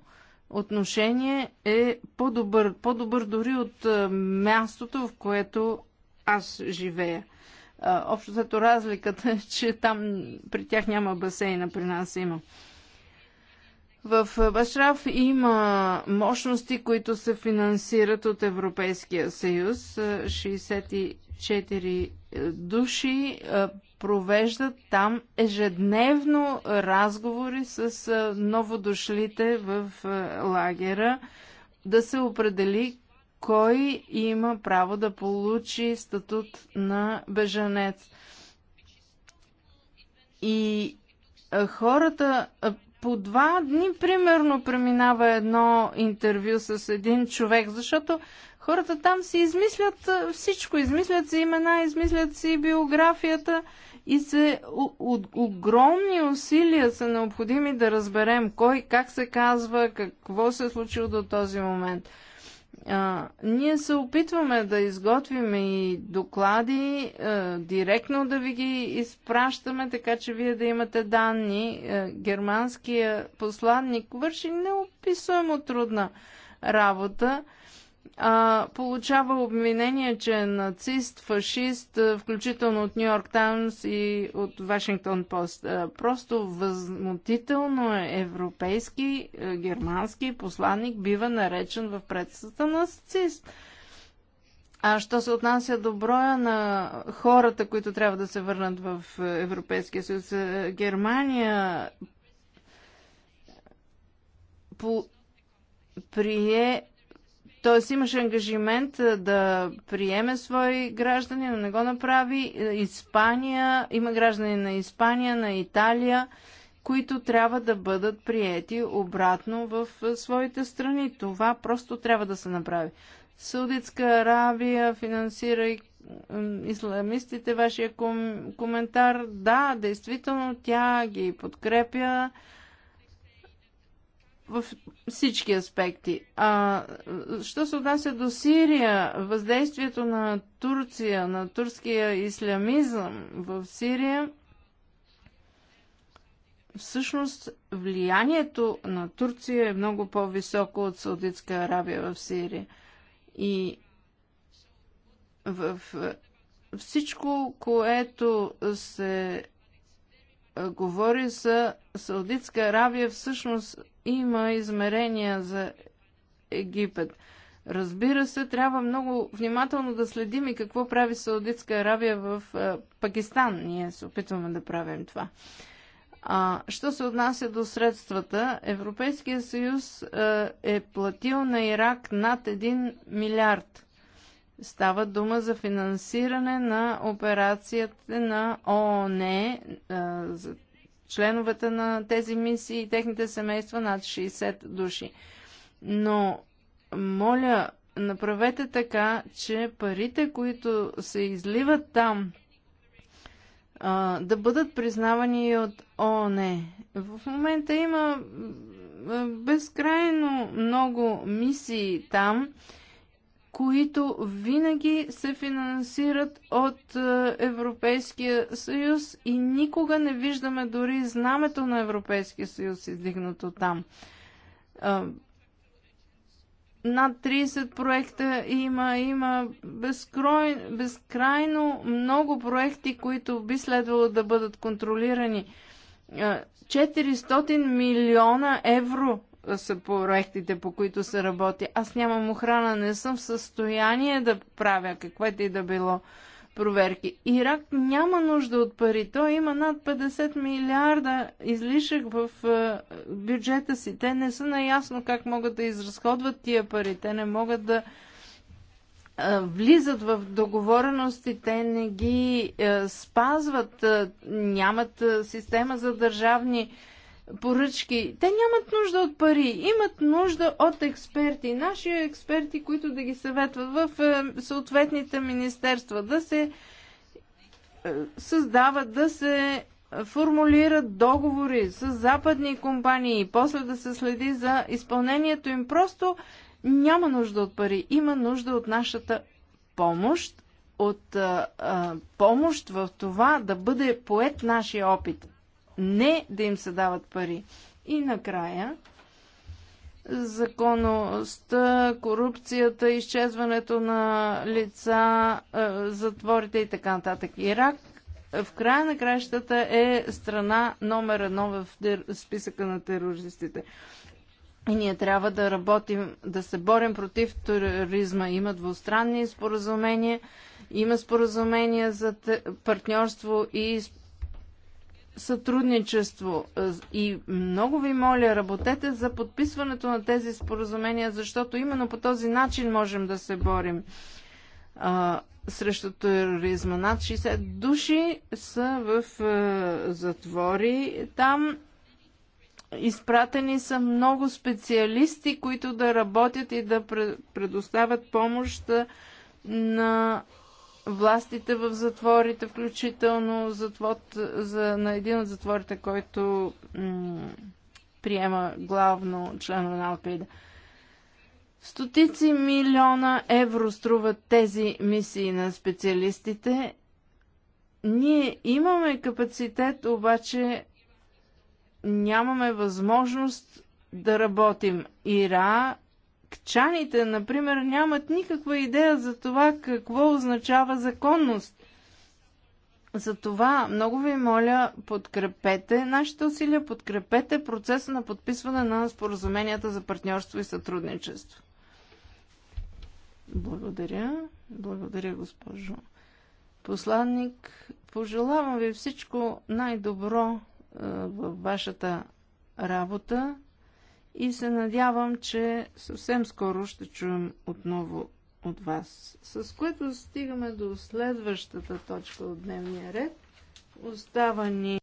отношение е по-добър, по-добър дори от мястото, в което аз живея. Общо зато разликата е, че там при тях няма басейна, при нас има. В Башраф има мощности, които се финансират от Европейския съюз. 64 е, души е, провеждат там ежедневно разговори с е, новодошлите в лагера да се определи кой има право да получи статут на бежанец. И хората по два дни, примерно, преминава едно интервю с един човек, защото хората там си измислят всичко. Измислят си имена, измислят си биографията и се от огромни усилия са необходими да разберем кой, как се казва, какво се е случило до този момент. А, ние се опитваме да изготвим и доклади, а, директно да ви ги изпращаме, така че вие да имате данни. А, германския посланник върши неописуемо трудна работа а, получава обвинение, че е нацист, фашист, включително от Нью Йорк Таймс и от Вашингтон Пост. просто възмутително е европейски, германски посланник бива наречен в предствата на нацист. А що се отнася до броя на хората, които трябва да се върнат в Европейския съюз, Германия по, прие т.е. имаше ангажимент да приеме свои граждани, но не го направи. Испания, има граждани на Испания, на Италия, които трябва да бъдат приети обратно в своите страни. Това просто трябва да се направи. Саудитска Аравия, финансира и исламистите, вашия ком- коментар. Да, действително тя ги подкрепя в всички аспекти. А що се отнася до Сирия, въздействието на Турция, на турския ислямизъм в Сирия, всъщност влиянието на Турция е много по-високо от Саудитска Арабия в Сирия. И в всичко, което се говори за Саудитска Аравия, всъщност има измерения за Египет. Разбира се, трябва много внимателно да следим и какво прави Саудитска Аравия в Пакистан. Ние се опитваме да правим това. А, що се отнася до средствата, Европейския съюз е платил на Ирак над 1 милиард Става дума за финансиране на операцията на ООН е, за членовете на тези мисии и техните семейства над 60 души. Но, моля, направете така, че парите, които се изливат там, да бъдат признавани и от ООН. В момента има безкрайно много мисии там, които винаги се финансират от е, Европейския съюз и никога не виждаме дори знамето на Европейския съюз издигнато там. Над 30 проекта има, има безкрой, безкрайно много проекти, които би следвало да бъдат контролирани. 400 милиона евро са проектите, по които се работи. Аз нямам охрана, не съм в състояние да правя каквото и да било проверки. Ирак няма нужда от пари. Той има над 50 милиарда излишък в е, бюджета си. Те не са наясно как могат да изразходват тия пари. Те не могат да е, влизат в договорености, те не ги е, спазват, нямат система за държавни поръчки. Те нямат нужда от пари, имат нужда от експерти, наши експерти, които да ги съветват в е, съответните министерства, да се е, създават, да се формулират договори с западни компании и после да се следи за изпълнението им. Просто няма нужда от пари, има нужда от нашата помощ, от а, е, а, помощ в това да бъде поет нашия опит не да им се дават пари. И накрая, законността, корупцията, изчезването на лица, е, затворите и така нататък. Ирак е, в края на кращата е страна номер едно в списъка на терористите. И ние трябва да работим, да се борим против тероризма. Има двустранни споразумения, има споразумения за партньорство и сътрудничество. И много ви моля, работете за подписването на тези споразумения, защото именно по този начин можем да се борим а, срещу тероризма. Над 60 души са в а, затвори там. Изпратени са много специалисти, които да работят и да предоставят помощ на властите в затворите, включително затвор, за, на един от затворите, който приема главно членове на Алкаида. Стотици милиона евро струват тези мисии на специалистите. Ние имаме капацитет, обаче нямаме възможност да работим. Ира, Кчаните, например, нямат никаква идея за това какво означава законност. Затова много ви моля, подкрепете нашите усилия, подкрепете процеса на подписване на споразуменията за партньорство и сътрудничество. Благодаря. Благодаря, госпожо посланник. Пожелавам ви всичко най-добро е, във вашата работа и се надявам, че съвсем скоро ще чуем отново от вас. С което стигаме до следващата точка от дневния ред. Остава ни